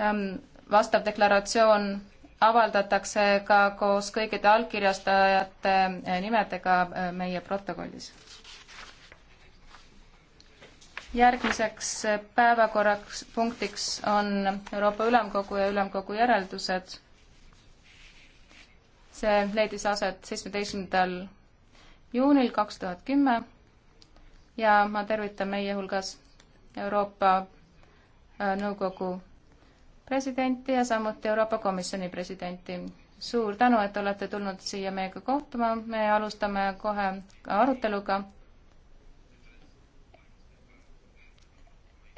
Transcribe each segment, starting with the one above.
Ähm, vastav deklaratsioon avaldatakse ka koos kõikide allkirjastajate äh, nimedega äh, meie protokollis. järgmiseks äh, päevakorraks punktiks on Euroopa Ülemkogu ja Ülemkogu järeldused. see leidis aset seitsmeteistkümnendal juunil kaks tuhat kümme ja ma tervitan meie hulgas Euroopa Nõukogu presidenti ja samuti Euroopa Komisjoni presidenti. suur tänu, et olete tulnud siia meiega kohtuma, me alustame kohe aruteluga.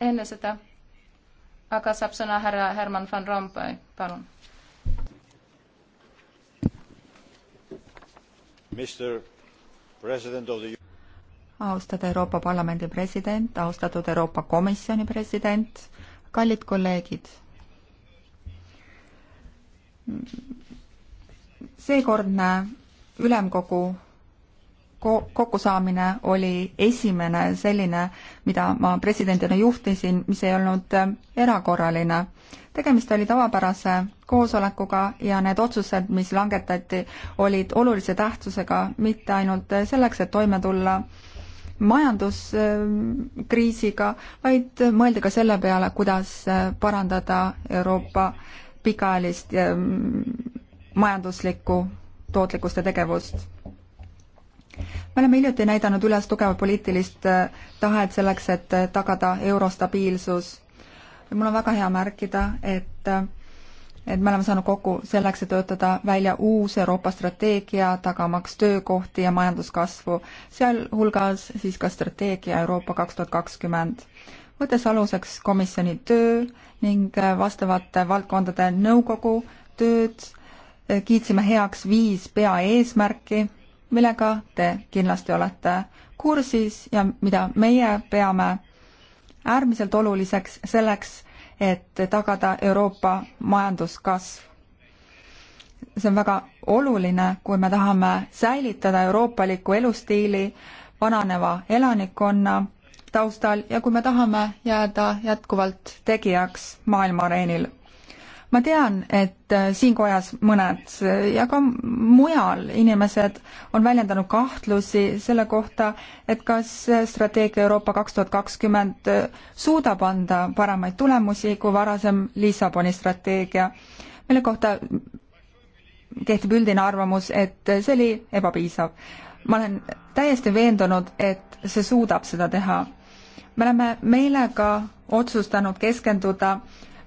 enne seda aga saab sõna härra Herman van Rompuy, palun. The... austatud Euroopa Parlamendi president, austatud Euroopa Komisjoni president, kallid kolleegid seekordne ülemkogu ko-, kokkusaamine oli esimene selline, mida ma presidendina juhtisin, mis ei olnud äh, erakorraline. tegemist oli tavapärase koosolekuga ja need otsused, mis langetati, olid olulise tähtsusega mitte ainult selleks, et toime tulla majanduskriisiga, vaid mõeldi ka selle peale, kuidas äh, parandada Euroopa pikaajalist ähm, majanduslikku tootlikkust ja tegevust. me oleme hiljuti näidanud üles tugevat poliitilist äh, tahet selleks, et äh, tagada euro stabiilsus. mul on väga hea märkida, et äh, et me oleme saanud kokku selleks, et töötada välja uus Euroopa strateegia, tagamaks töökohti ja majanduskasvu, sealhulgas siis ka strateegia Euroopa kaks tuhat kakskümmend võttes aluseks komisjoni töö ning äh, vastavate valdkondade nõukogu tööd, äh, kiitsime heaks viis peaeesmärki, millega te kindlasti olete kursis ja mida meie peame äärmiselt oluliseks selleks, et tagada Euroopa majanduskasv. see on väga oluline, kui me tahame säilitada euroopalikku elustiili vananeva elanikkonna taustal ja kui me tahame jääda jätkuvalt tegijaks maailma areenil. ma tean, et äh, siin kojas mõned äh, ja ka mujal inimesed on väljendanud kahtlusi selle kohta, et kas äh, strateegia Euroopa kaks tuhat kakskümmend suudab anda paremaid tulemusi kui varasem Lissaboni strateegia, mille kohta kehtib üldine arvamus, et see oli ebapiisav. ma olen täiesti veendunud, et see suudab seda teha me oleme meelega otsustanud keskenduda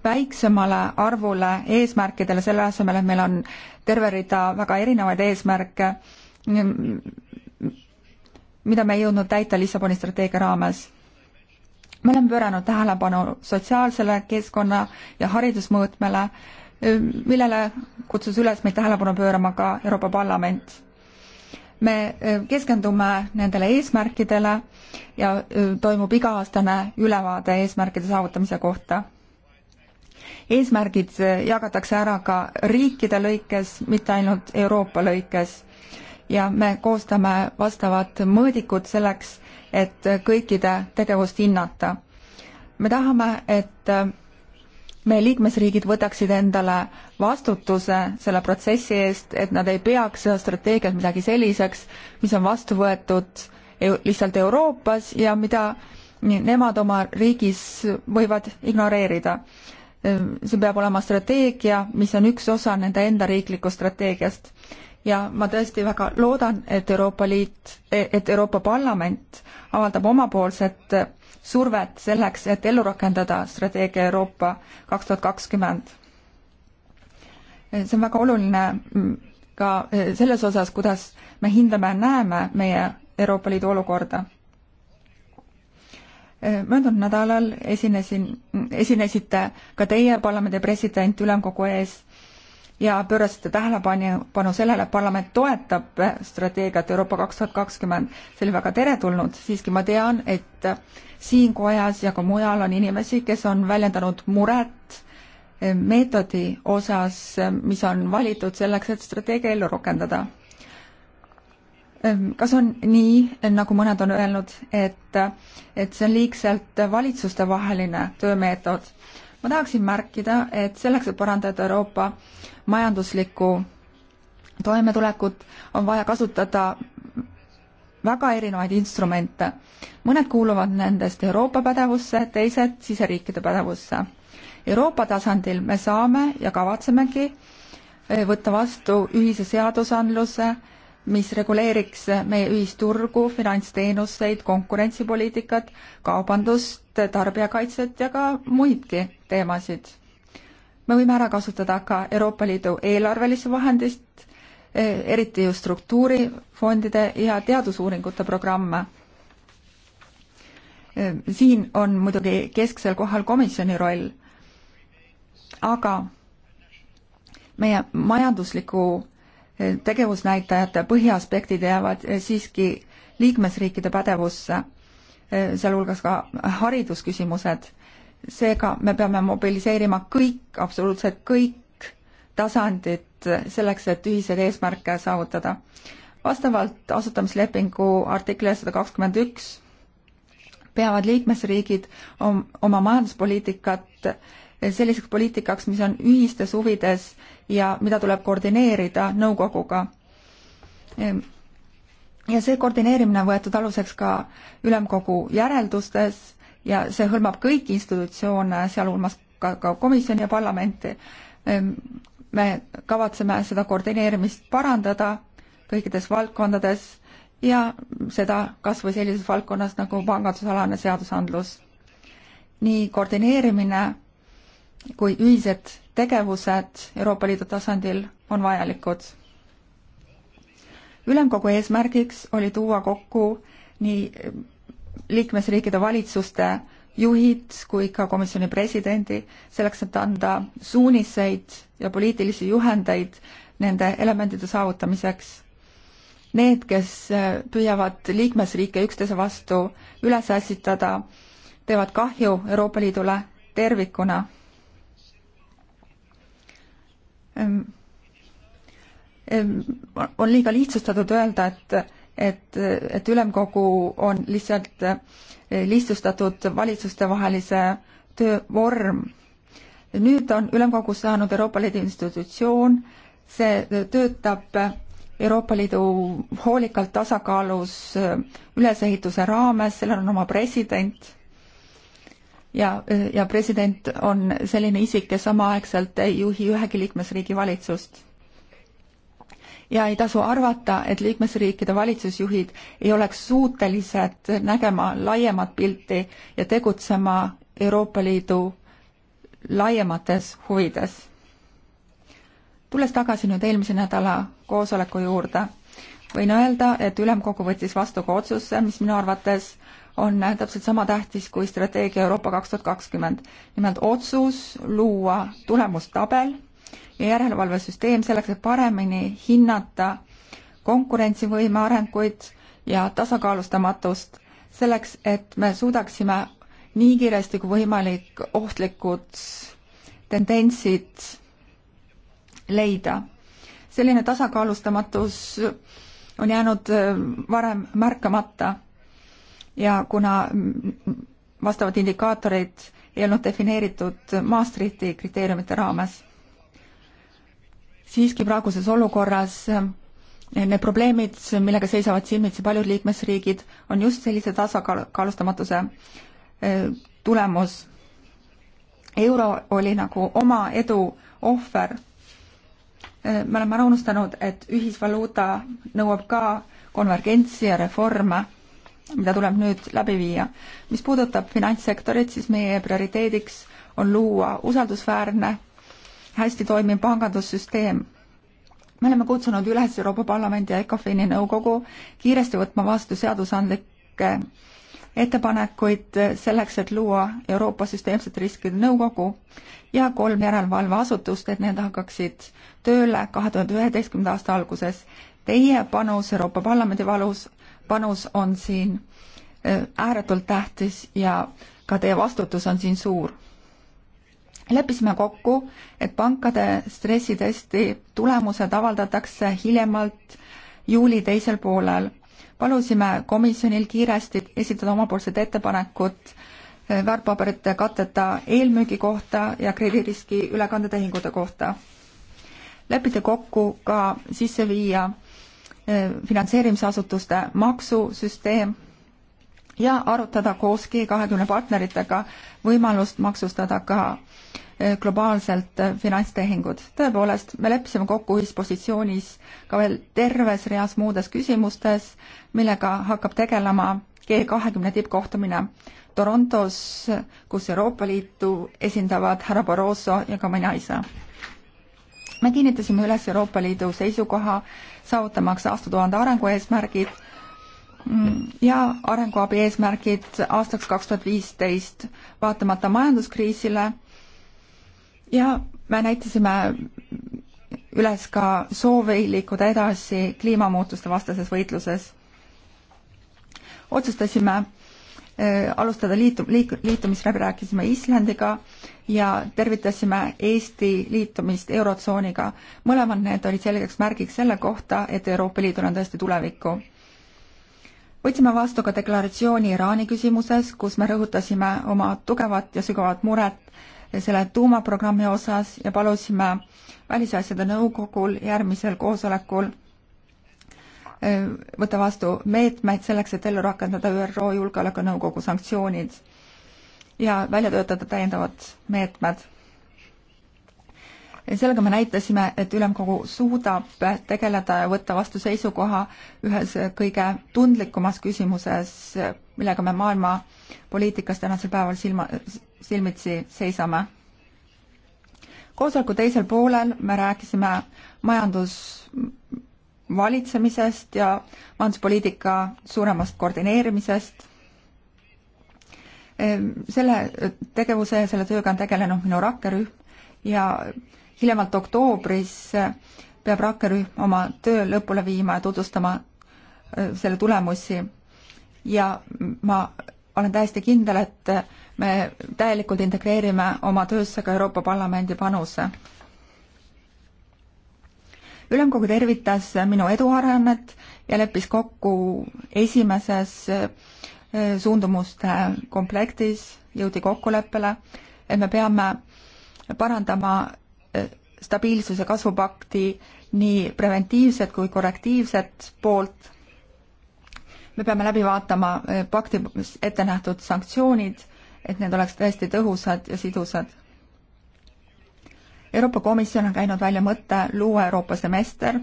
väiksemale arvule eesmärkidele, selle asemel, et meil on terve rida väga erinevaid eesmärke, mida me ei jõudnud täita Lissaboni strateegia raames. me oleme pööranud tähelepanu sotsiaalsele keskkonna ja haridusmõõtmele, millele kutsus üles meid tähelepanu pöörama ka Euroopa Parlament me eh, keskendume nendele eesmärkidele ja eh, toimub iga-aastane ülevaade eesmärkide saavutamise kohta. eesmärgid eh, jagatakse ära ka riikide lõikes, mitte ainult Euroopa lõikes. ja me koostame vastavad mõõdikud selleks, et kõikide tegevust hinnata. me tahame, et meie liikmesriigid võtaksid endale vastutuse selle protsessi eest, et nad ei peaks seda strateegiat midagi selliseks, mis on vastu võetud lihtsalt Euroopas ja mida nemad oma riigis võivad ignoreerida. see peab olema strateegia, mis on üks osa nende enda riiklikust strateegiast. ja ma tõesti väga loodan, et Euroopa Liit, et Euroopa Parlament avaldab omapoolset survet selleks, et ellu rakendada strateegia Euroopa kaks tuhat kakskümmend. see on väga oluline mm, ka e, selles osas, kuidas me hindame ja näeme meie Euroopa Liidu olukorda. E, möödunud nädalal esinesin, mm, esinesite ka teie parlamendi president ülemkogu ees ja pöörasite tähelepanu sellele, et parlament toetab strateegiat Euroopa kaks tuhat kakskümmend. see oli väga teretulnud, siiski ma tean, et siin kojas ja ka mujal on inimesi, kes on väljendanud muret meetodi osas, mis on valitud selleks, et strateegia ellu rakendada. kas on nii, nagu mõned on öelnud, et, et see on liigselt valitsustevaheline töömeetod? ma tahaksin märkida, et selleks, et parandada Euroopa majanduslikku toimetulekut, on vaja kasutada väga erinevaid instrumente. mõned kuuluvad nendest Euroopa pädevusse, teised siseriikide pädevusse. Euroopa tasandil me saame ja kavatsemegi eh, võtta vastu ühise seadusandluse, mis reguleeriks meie ühisturgu, finantsteenuseid, konkurentsipoliitikat, kaubandust, tarbijakaitset ja ka muidki teemasid me võime ära kasutada ka Euroopa Liidu eelarvelisi vahendist, e, eriti ju struktuurifondide ja teadusuuringute programme. E, siin on muidugi kesksel kohal komisjoni roll, aga meie majandusliku e, tegevusnäitajate põhiaspektid jäävad siiski liikmesriikide pädevusse, sealhulgas ka haridusküsimused seega me peame mobiliseerima kõik, absoluutselt kõik tasandid selleks, et ühiseid eesmärke saavutada. vastavalt asutamislepingu artiklile sada kakskümmend üks peavad liikmesriigid oma majanduspoliitikat selliseks poliitikaks, mis on ühistes huvides ja mida tuleb koordineerida nõukoguga. ja see koordineerimine on võetud aluseks ka ülemkogu järeldustes ja see hõlmab kõiki institutsioone, sealhulgas ka, ka komisjoni ja parlamenti. Ehm, me kavatseme seda koordineerimist parandada kõikides valdkondades ja seda kas või sellises valdkonnas nagu pangandusalane seadusandlus. nii koordineerimine kui ühised tegevused Euroopa Liidu tasandil on vajalikud. ülemkogu eesmärgiks oli tuua kokku nii liikmesriikide valitsuste juhid kui ka komisjoni presidendi, selleks et anda suuniseid ja poliitilisi juhendeid nende elementide saavutamiseks. Need, kes äh, püüavad liikmesriike üksteise vastu üles ässitada, teevad kahju Euroopa Liidule tervikuna. Ehm, ehm, on liiga lihtsustatud öelda, et et, et ülemkogu on lihtsalt eh, lihtsustatud valitsustevahelise töö vorm. nüüd on ülemkogus saanud Euroopa Liidu institutsioon, see töötab Euroopa Liidu hoolikalt tasakaalus eh, ülesehituse raames, sellel on oma president ja, eh, ja president on selline isik, kes samaaegselt ei juhi ühegi liikmesriigi valitsust ja ei tasu arvata, et liikmesriikide valitsusjuhid ei oleks suutelised nägema laiemat pilti ja tegutsema Euroopa Liidu laiemates huvides. tulles tagasi nüüd eelmise nädala koosoleku juurde, võin öelda, et ülemkogu võttis vastu ka otsuse, mis minu arvates on täpselt sama tähtis kui strateegia Euroopa kaks tuhat kakskümmend. nimelt otsus luua tulemustabel ja järelevalvesüsteem selleks, et paremini hinnata konkurentsivõime arenguid ja tasakaalustamatust, selleks et me suudaksime nii kiiresti kui võimalik ohtlikud tendentsid leida. selline tasakaalustamatus on jäänud äh, varem märkamata ja kuna vastavad indikaatorid ei olnud defineeritud Maastrichti kriteeriumite raames siiski praeguses olukorras eh, need probleemid, millega seisavad silmitsi paljud liikmesriigid, on just sellise tasakaalustamatuse eh, tulemus. euro oli nagu oma edu ohver. Eh, me oleme ära unustanud, et ühisvaluuta nõuab ka konvergentsi ja reforme, mida tuleb nüüd läbi viia. mis puudutab finantssektorit, siis meie prioriteediks on luua usaldusväärne hästi toimiv pangandussüsteem. me oleme kutsunud üles Euroopa Parlamendi ja ECOFIN-i nõukogu kiiresti võtma vastu seadusandlikke ettepanekuid selleks, et luua Euroopa Süsteemsete Riskide Nõukogu ja kolm järelevalveasutust, et need hakkaksid tööle kahe tuhande üheteistkümnenda aasta alguses. Teie panus, Euroopa Parlamendi valus, panus on siin äh, ääretult tähtis ja ka teie vastutus on siin suur leppisime kokku, et pankade stressitesti tulemused avaldatakse hiljemalt juuli teisel poolel. palusime komisjonil kiiresti esitada omapoolsed ettepanekud eh, väärtpaberite katteta eelmüügi kohta ja krediiriski ülekandetehingute kohta. lepiti kokku ka sisse viia eh, finantseerimisasutuste maksusüsteem ja arutada koos G kahekümne partneritega võimalust maksustada ka eh, globaalselt eh, finantstehingud. tõepoolest, me leppisime kokku ühispositsioonis ka veel terves reas muudes küsimustes, millega hakkab tegelema G kahekümne tippkohtumine Torontos, kus Euroopa Liitu esindavad härra Barroso ja ka mina ise. me kinnitasime üles Euroopa Liidu seisukoha, saavutamaks aastatuhande arengueesmärgid Mm, ja arenguabi eesmärgid aastaks kaks tuhat viisteist, vaatamata majanduskriisile ja me näitasime üles ka soovi liikuda edasi kliimamuutuste vastases võitluses. otsustasime äh, alustada liitu-, liik-, liitumisläbirääkimisi Islandiga ja tervitasime Eesti liitumist Eurotsooniga. mõlemad need olid selgeks märgiks selle kohta, et Euroopa Liidul on tõesti tulevikku võtsime vastu ka deklaratsiooni Iraani küsimuses, kus me rõhutasime oma tugevat ja sügavat muret selle tuumaprogrammi osas ja palusime Välisasjade Nõukogul järgmisel koosolekul äh, võtta vastu meetmeid selleks, et ellu rakendada ÜRO Julgeolekunõukogu sanktsioonid ja välja töötada täiendavad meetmed sellega me näitasime, et ülemkogu suudab tegeleda ja võtta vastu seisukoha ühes kõige tundlikumas küsimuses, millega me maailma poliitikas tänasel päeval silma, silmitsi seisame. koosoleku teisel poolel me rääkisime majandusvalitsemisest ja majanduspoliitika suuremast koordineerimisest selle tegevuse ja selle tööga on tegelenud minu rakkerühm ja hiljemalt oktoobris peab rakkerühm oma töö lõpule viima ja tutvustama äh, selle tulemusi. ja ma olen täiesti kindel, et me täielikult integreerime oma töösse ka Euroopa Parlamendi panuse. ülemkogu tervitas minu eduarennet ja leppis kokku esimeses äh, suundumuste komplektis, jõudi kokkuleppele, et me peame parandama stabiilsuse kasvupakti nii preventiivset kui korrektiivset poolt. me peame läbi vaatama eh, pakti ette nähtud sanktsioonid, et need oleks tõesti tõhusad ja sidusad. Euroopa Komisjon on käinud välja mõtte luua Euroopa semester,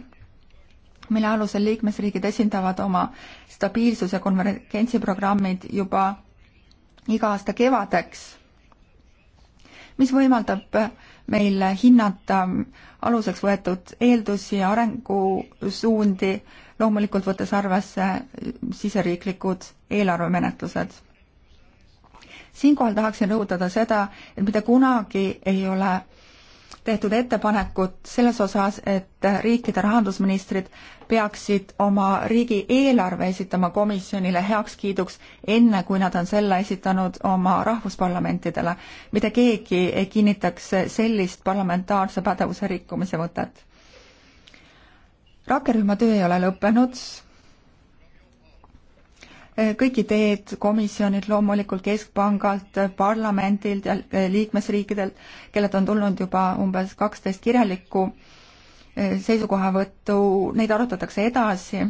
mille alusel liikmesriigid esindavad oma stabiilsuse konvergentsiprogrammid juba iga aasta kevadeks, mis võimaldab meil hinnata aluseks võetud eeldusi ja arengusuundi, loomulikult võttes arvesse siseriiklikud eelarvemenetlused. siinkohal tahaksin rõhutada seda, et mitte kunagi ei ole tehtud ettepanekut selles osas, et riikide rahandusministrid peaksid oma riigieelarve esitama komisjonile heakskiiduks, enne kui nad on selle esitanud oma rahvusparlamentidele. mitte keegi ei kinnitaks sellist parlamentaarse pädevuse rikkumise mõtet. rakkerühma töö ei ole lõppenud kõik ideed komisjonilt, loomulikult Keskpangalt, parlamendilt ja eh, liikmesriikidelt, kellelt on tulnud juba umbes kaksteist kirjalikku eh, seisukohavõttu, neid arutatakse edasi.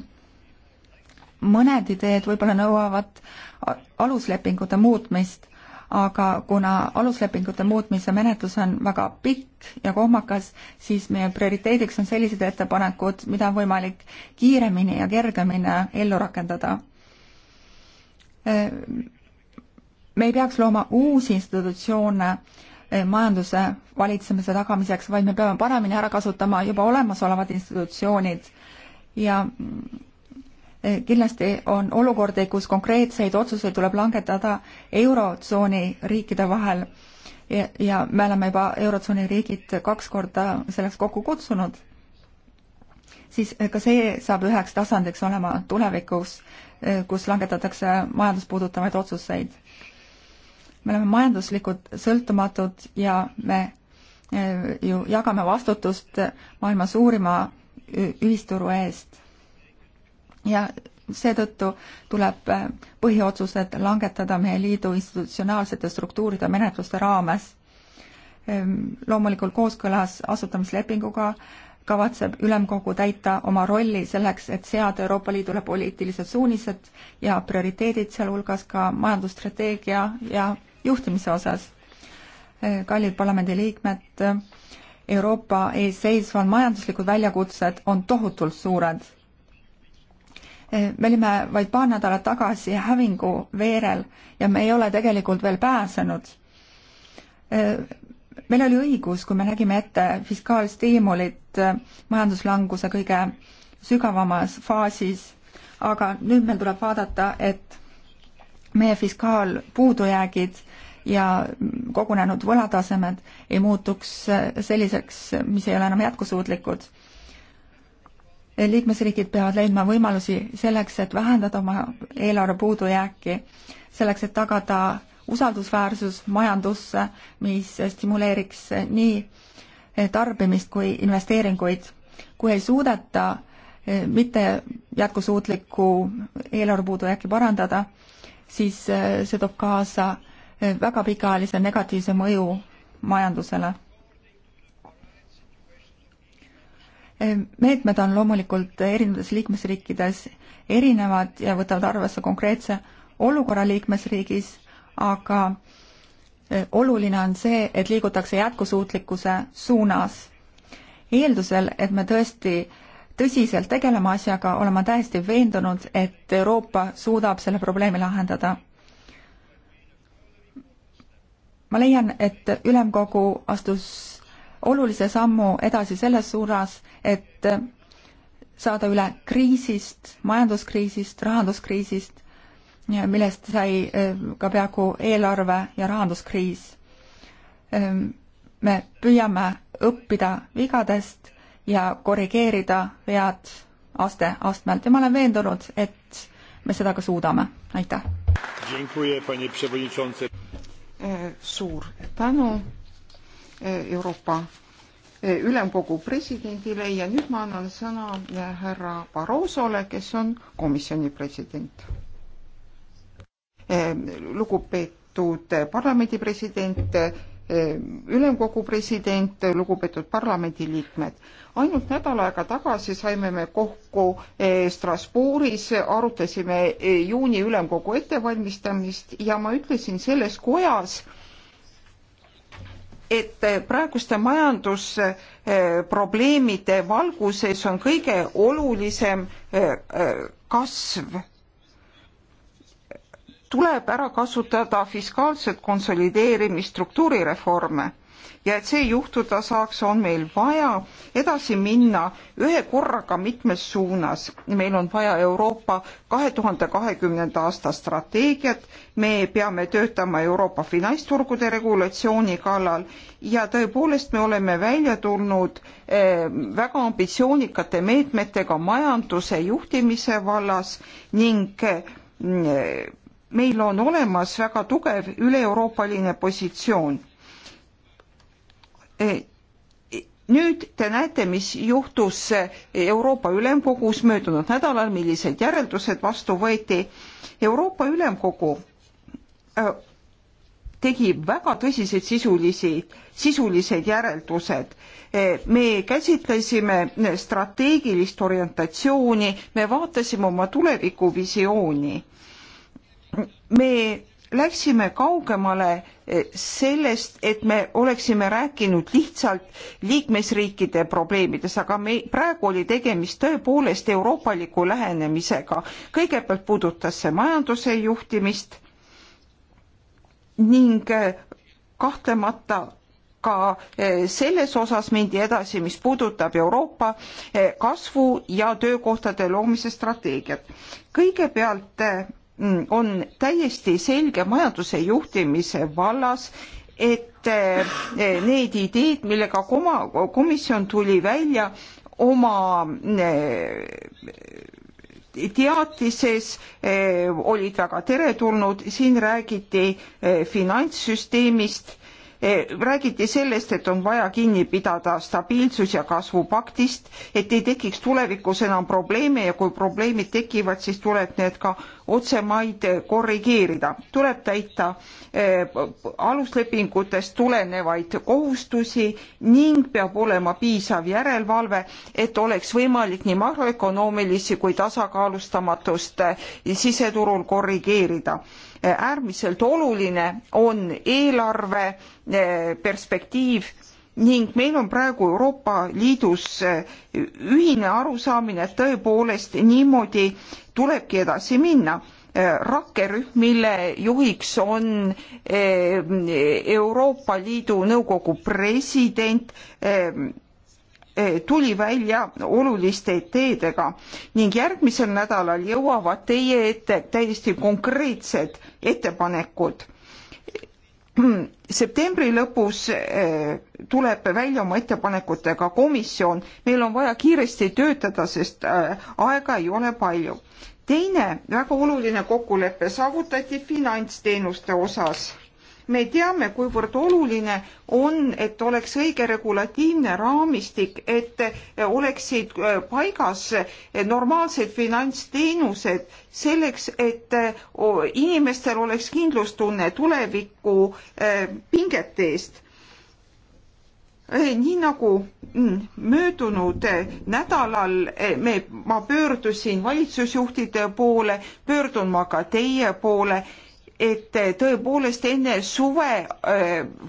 mõned ideed võib-olla nõuavad aluslepingute muutmist, aga kuna aluslepingute muutmise menetlus on väga pikk ja kohmakas, siis meie prioriteediks on sellised ettepanekud, mida on võimalik kiiremini ja kergemini ellu rakendada me ei peaks looma uusi institutsioone eh, majanduse valitsemise tagamiseks, vaid me peame paremini ära kasutama juba olemasolevad institutsioonid ja mm, eh, kindlasti on olukordi, kus konkreetseid otsuseid tuleb langetada Eurotsooni riikide vahel ja, ja me oleme juba Eurotsooni riigid kaks korda selleks kokku kutsunud, siis eh, ka see saab üheks tasandiks olema tulevikus kus langetatakse majandust puudutavaid otsuseid. me oleme majanduslikult sõltumatud ja me e, ju jagame vastutust maailma suurima ühisturu eest. ja seetõttu tuleb e, põhiotsused langetada meie liidu institutsionaalsete struktuuride menetluste raames. E, loomulikult kooskõlas asutamislepinguga, kavatseb ülemkogu täita oma rolli selleks, et seada Euroopa Liidule poliitilised suunised ja prioriteedid, sealhulgas ka majandusstrateegia ja juhtimise osas. kallid parlamendiliikmed, Euroopa ees seisvad majanduslikud väljakutsed on tohutult suured. me olime vaid paar nädalat tagasi hävingu veerel ja me ei ole tegelikult veel pääsenud meil oli õigus, kui me nägime ette fiskaalstiimulit äh, majanduslanguse kõige sügavamas faasis, aga nüüd meil tuleb vaadata, et meie fiskaalpuudujäägid ja kogunenud võlatasemed ei muutuks äh, selliseks, mis ei ole enam jätkusuutlikud. liikmesriigid peavad leidma võimalusi selleks, et vähendada oma eelarve puudujääki, selleks, et tagada usaldusväärsus majandusse, mis stimuleeriks nii tarbimist kui investeeringuid. kui ei suudeta eh, mitte jätkusuutliku eelarvepuudujääki parandada, siis eh, see toob kaasa eh, väga pikaajalise negatiivse mõju majandusele. meetmed on loomulikult erinevates liikmesriikides erinevad ja võtavad arvesse konkreetse olukorra liikmesriigis aga eh, oluline on see, et liigutakse jätkusuutlikkuse suunas. eeldusel, et me tõesti tõsiselt tegeleme asjaga, olen ma täiesti veendunud, et Euroopa suudab selle probleemi lahendada. ma leian, et ülemkogu astus olulise sammu edasi selles suunas, et saada üle kriisist, majanduskriisist, rahanduskriisist millest sai äh, ka peaaegu eelarve ja rahanduskriis. Ähm, me püüame õppida vigadest ja korrigeerida vead aste astmelt ja ma olen veendunud, et me seda ka suudame, aitäh. Äh, suur tänu äh, Euroopa Ülemkogu presidendile ja nüüd ma annan sõna härra Barrosole, kes on komisjoni president Ehm, lugupeetud parlamendi president, ehm, ülemkogu president, lugupeetud parlamendiliikmed. ainult nädal aega tagasi saime me kokku ehm, Strasbourgis, arutasime juuni ülemkogu ettevalmistamist ja ma ütlesin selles kojas, et praeguste majandusprobleemide valguses on kõige olulisem kasv tuleb ära kasutada fiskaalset konsolideerimist, struktuurireforme ja et see juhtuda saaks, on meil vaja edasi minna ühe korraga mitmes suunas. meil on vaja Euroopa kahe tuhande kahekümnenda aasta strateegiat, me peame töötama Euroopa finantsturgude regulatsiooni kallal ja tõepoolest me oleme välja tulnud eh, väga ambitsioonikate meetmetega majanduse juhtimise vallas ning eh, meil on olemas väga tugev üle-euroopaline positsioon. E, e, nüüd te näete, mis juhtus Euroopa Ülemkogus möödunud nädalal, millised järeldused vastu võeti. Euroopa Ülemkogu e, tegi väga tõsiseid sisulisi, sisulised järeldused. me käsitlesime strateegilist orientatsiooni, me vaatasime oma tulevikuvisiooni me läksime kaugemale eh, sellest, et me oleksime rääkinud lihtsalt liikmesriikide probleemidest, aga me praegu oli tegemist tõepoolest euroopaliku lähenemisega. kõigepealt puudutas see majanduse juhtimist ning eh, kahtlemata ka eh, selles osas mindi edasi, mis puudutab Euroopa kasvu ja töökohtade loomise strateegiat. kõigepealt Mm, on täiesti selge majanduse juhtimise vallas, et eh, eh, need ideed, millega koma, komisjon tuli välja oma eh, teatises olid väga teretulnud, siin räägiti finantssüsteemist Eh, räägiti sellest, et on vaja kinni pidada stabiilsus- ja kasvupaktist, et ei tekiks tulevikus enam probleeme ja kui probleemid tekivad, siis tuleb need ka otsemaid korrigeerida. tuleb täita eh, aluslepingutest tulenevaid kohustusi ning peab olema piisav järelevalve, et oleks võimalik nii makroökonoomilisi kui tasakaalustamatust eh, siseturul korrigeerida äärmiselt oluline on eelarve eh, perspektiiv ning meil on praegu Euroopa Liidus eh, ühine arusaamine, et tõepoolest niimoodi tulebki edasi minna eh, rakkerühm, mille juhiks on Euroopa Liidu Nõukogu president Eh, tuli välja oluliste ideedega ning järgmisel nädalal jõuavad teie ette täiesti konkreetsed ettepanekud. septembri lõpus eh, tuleb välja oma ettepanekutega komisjon, meil on vaja kiiresti töötada, sest eh, aega ei ole palju. teine väga oluline kokkulepe saavutati finantsteenuste osas me teame, kuivõrd oluline on, et oleks õige regulatiivne raamistik, et oleksid äh, paigas äh, normaalsed finantsteenused selleks, et äh, inimestel oleks kindlustunne tuleviku pingete eest nii nagu mm, möödunud nädalal me, ma pöördusin valitsusjuhtide poole, pöördun ma ka teie poole et eh, tõepoolest enne suve eh,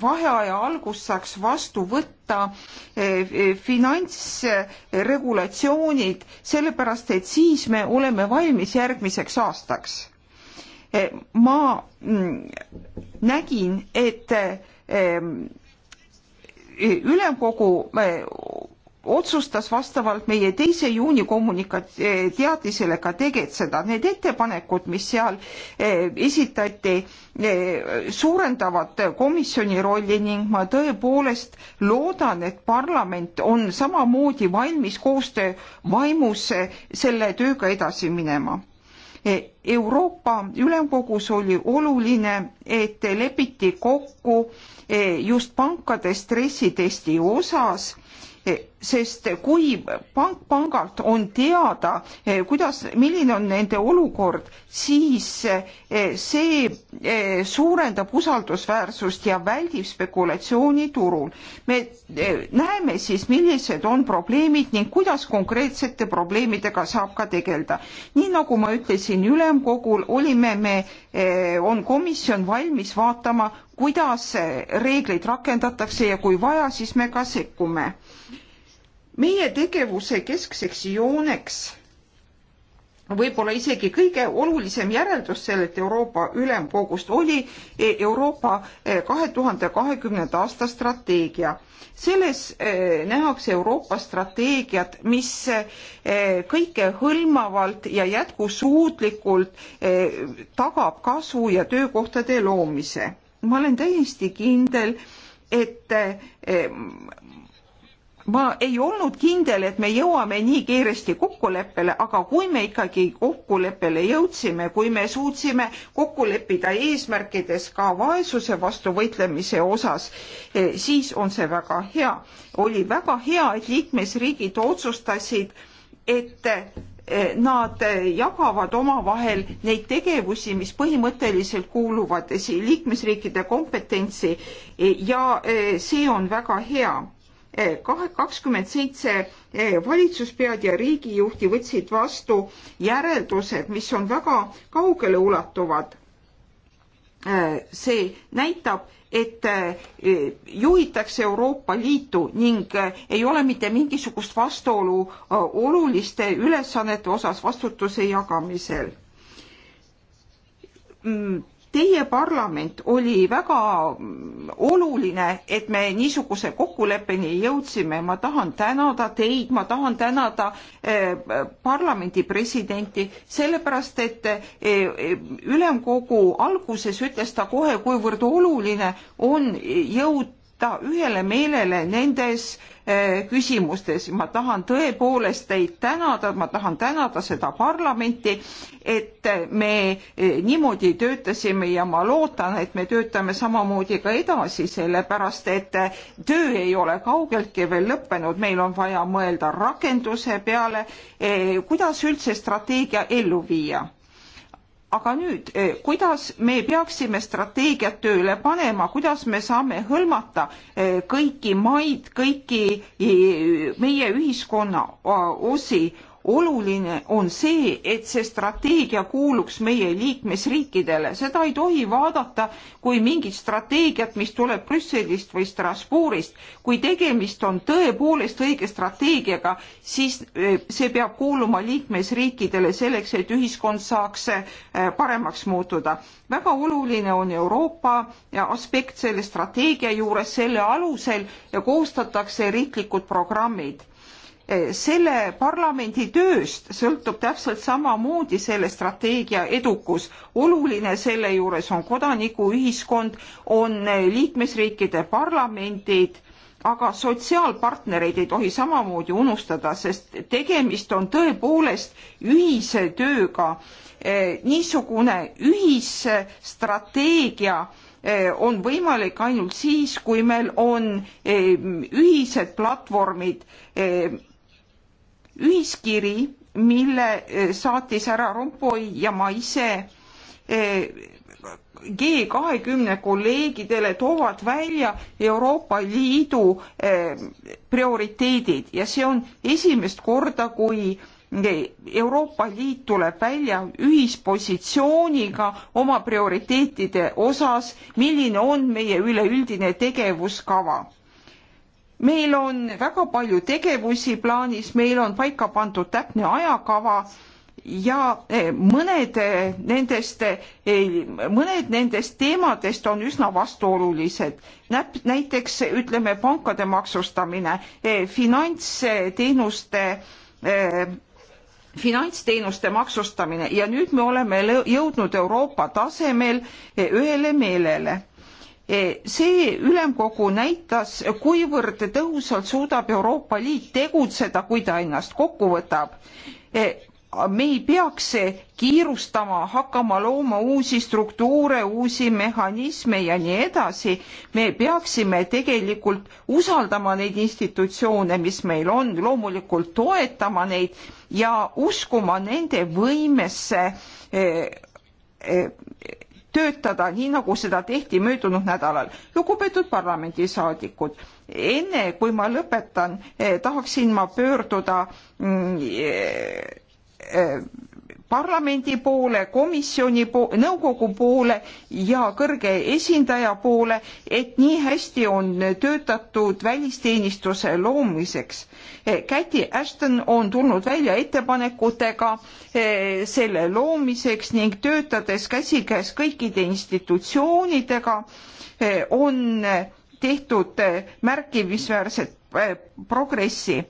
vaheaja algust saaks vastu võtta eh, finantsregulatsioonid, sellepärast et siis me oleme valmis järgmiseks aastaks. ma mm, nägin, et ülemkogu otsustas vastavalt meie teise juuni eh, teadisele ka tegutseda. Need ettepanekud, mis seal eh, esitati, eh, suurendavad komisjoni rolli ning ma tõepoolest loodan, et parlament on samamoodi valmis koostöö vaimus selle tööga edasi minema Euroopa Ülemkogus oli oluline, et lepiti kokku just pankade stressitesti osas sest kui pank pangalt on teada, eh, kuidas, milline on nende olukord, siis eh, see eh, suurendab usaldusväärsust ja väldib spekulatsiooni turul. me näeme siis, millised on probleemid ning kuidas konkreetsete probleemidega saab ka tegeleda. nii nagu ma ütlesin, ülemkogul olime me, on komisjon valmis vaatama, kuidas reegleid rakendatakse ja kui vaja, siis me ka sekkume meie tegevuse keskseks jooneks võib-olla isegi kõige olulisem järeldus sellelt Euroopa Ülemkogust oli e- Euroopa e, kahe tuhande kahekümnenda aasta strateegia. selles e, nähakse Euroopa strateegiat, mis kõikehõlmavalt ja jätkusuutlikult tagab kasvu ja töökohtade loomise. ma olen täiesti kindel, et ma ei olnud kindel, et me jõuame nii kiiresti kokkuleppele, aga kui me ikkagi kokkuleppele jõudsime, kui me suutsime kokku leppida eesmärkides ka vaesuse vastu võitlemise osas, eh, siis on see väga hea. oli väga hea, et liikmesriigid otsustasid, et eh, nad jagavad omavahel neid tegevusi, mis põhimõtteliselt kuuluvad liikmesriikide kompetentsi eh, ja see on väga hea kahe, kakskümmend seitse e, valitsuspead ja riigijuhti võtsid vastu järeldused, mis on väga kaugeleulatuvad. E, see näitab, et e, juhitakse Euroopa Liitu ning ei ole mitte mingisugust vastuolu oluliste ülesannete osas vastutuse jagamisel mm, teie parlament oli väga oluline, et me niisuguse kokkuleppeni jõudsime. ma tahan tänada teid, ma tahan tänada eh, parlamendi presidenti, sellepärast et eh, ülemkogu alguses ütles ta kohe, kuivõrd oluline on jõud ta ühele meelele nendes eh, küsimustes. ma tahan tõepoolest teid tänada, ma tahan tänada seda parlamenti, et me eh, niimoodi töötasime ja ma loodan, et me töötame samamoodi ka edasi, sellepärast et eh, töö ei ole kaugeltki veel lõppenud, meil on vaja mõelda rakenduse peale, kuidas üldse strateegia ellu viia aga nüüd, e, kuidas me peaksime strateegiat tööle panema, kuidas me saame hõlmata e, kõiki maid, kõiki e, meie ühiskonna osi oluline on see, et see strateegia kuuluks meie liikmesriikidele, seda ei tohi vaadata kui mingit strateegiat, mis tuleb Brüsselist või Strasbourgist. kui tegemist on tõepoolest õige strateegiaga, siis eh, see peab kuuluma liikmesriikidele selleks, et ühiskond saaks eh, paremaks muutuda. väga oluline on Euroopa aspekt selle strateegia juures, selle alusel koostatakse riiklikud programmid selle parlamendi tööst sõltub täpselt samamoodi selle strateegia edukus. oluline selle juures on kodanikuühiskond, on liikmesriikide parlamendid, aga sotsiaalpartnereid ei tohi samamoodi unustada, sest tegemist on tõepoolest ühise tööga. E, niisugune ühisstrateegia e, on võimalik ainult siis, kui meil on e, ühised platvormid ühiskiri, mille eh, saatis härra Rompoi ja ma ise eh, G kahekümne kolleegidele toovad välja Euroopa Liidu eh, prioriteedid ja see on esimest korda, kui Euroopa Liit tuleb välja ühispositsiooniga oma prioriteetide osas, milline on meie üleüldine tegevuskava meil on väga palju tegevusi plaanis, meil on paika pandud täpne ajakava ja eh, mõned eh, nendest, eh, mõned nendest teemadest on üsna vastuolulised. näiteks ütleme pankade maksustamine, finantsteenuste finantsteenuste maksustamine ja nüüd me oleme jõudnud Euroopa tasemel ühele meelele Eh, see ülemkogu näitas, kuivõrd tõhusalt suudab Euroopa Liit tegutseda, kui ta ennast kokku võtab. Eh, me ei peaks kiirustama, hakkama looma uusi struktuure, uusi mehhanisme ja nii edasi. me peaksime tegelikult usaldama neid institutsioone, mis meil on, loomulikult toetama neid ja uskuma nende võimesse eh, töötada, nii nagu seda tehti möödunud nädalal. lugupeetud parlamendisaadikud, enne kui ma lõpetan eh,, tahaksin ma pöörduda mm, eh, eh parlamendi poole, komisjoni po-, nõukogu poole ja kõrge esindaja poole, et nii hästi on töötatud välisteenistuse loomiseks Käti eh, Ashton on tulnud välja ettepanekutega eh, selle loomiseks ning töötades käsikäes kõikide institutsioonidega eh, on tehtud märkimisväärset progressi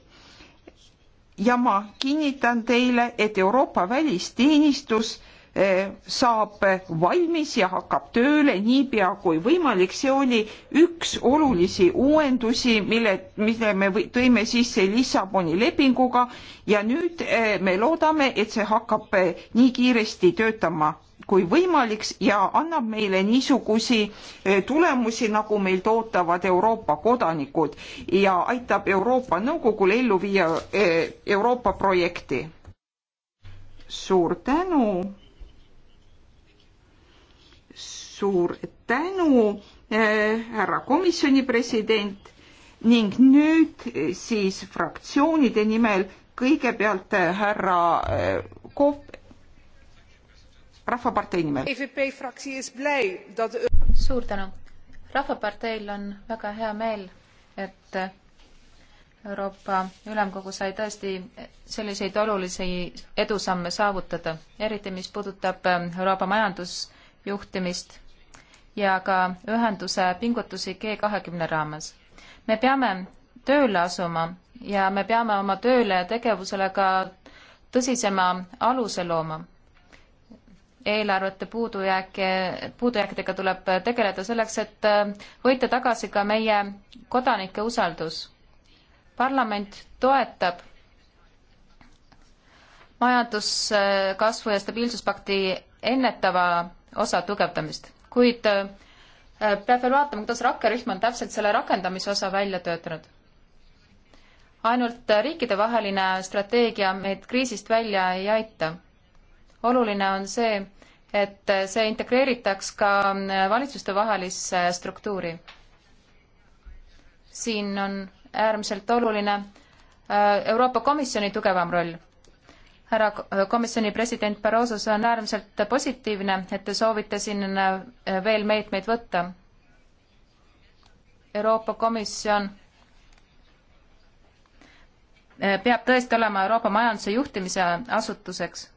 ja ma kinnitan teile, et Euroopa välisteenistus Eh, saab valmis ja hakkab tööle niipea kui võimalik. see oli üks olulisi uuendusi, mille, mille me tõime sisse Lissaboni lepinguga ja nüüd eh, me loodame, et see hakkab eh, nii kiiresti töötama kui võimalik ja annab meile niisugusi tulemusi, nagu meilt ootavad Euroopa kodanikud ja aitab Euroopa Nõukogul ellu viia Euroopa projekti. suur tänu suur tänu, eh, härra komisjoni president ning nüüd eh, siis fraktsioonide nimel kõigepealt eh, härra Koop, Rahvapartei nimel. E suur tänu. rahvaparteil on väga hea meel, et Euroopa Ülemkogu sai tõesti selliseid olulisi edusamme saavutada, eriti mis puudutab Euroopa majandus- juhtimist ja ka ühenduse pingutusi G20 raames. me peame tööle asuma ja me peame oma tööle ja tegevusele ka tõsisema aluse looma. eelarvete puudujääke, puudujääkidega tuleb tegeleda selleks, et võita tagasi ka meie kodanike usaldus. parlament toetab majanduskasvu ja stabiilsuspakti ennetava osa tugevdamist, kuid äh, äh, peab veel vaatama, kuidas rakkerühm on täpselt selle rakendamise osa välja töötanud. ainult äh, riikidevaheline strateegia meid kriisist välja ei aita. oluline on see, et see integreeritaks ka valitsustevahelisse struktuuri. siin on äärmiselt oluline Euroopa Komisjoni tugevam roll härra äh, komisjoni president Barroso, see on äärmiselt positiivne, et te soovite siin äh, veel meetmeid võtta. Euroopa Komisjon äh, peab tõesti olema Euroopa majanduse juhtimise asutuseks.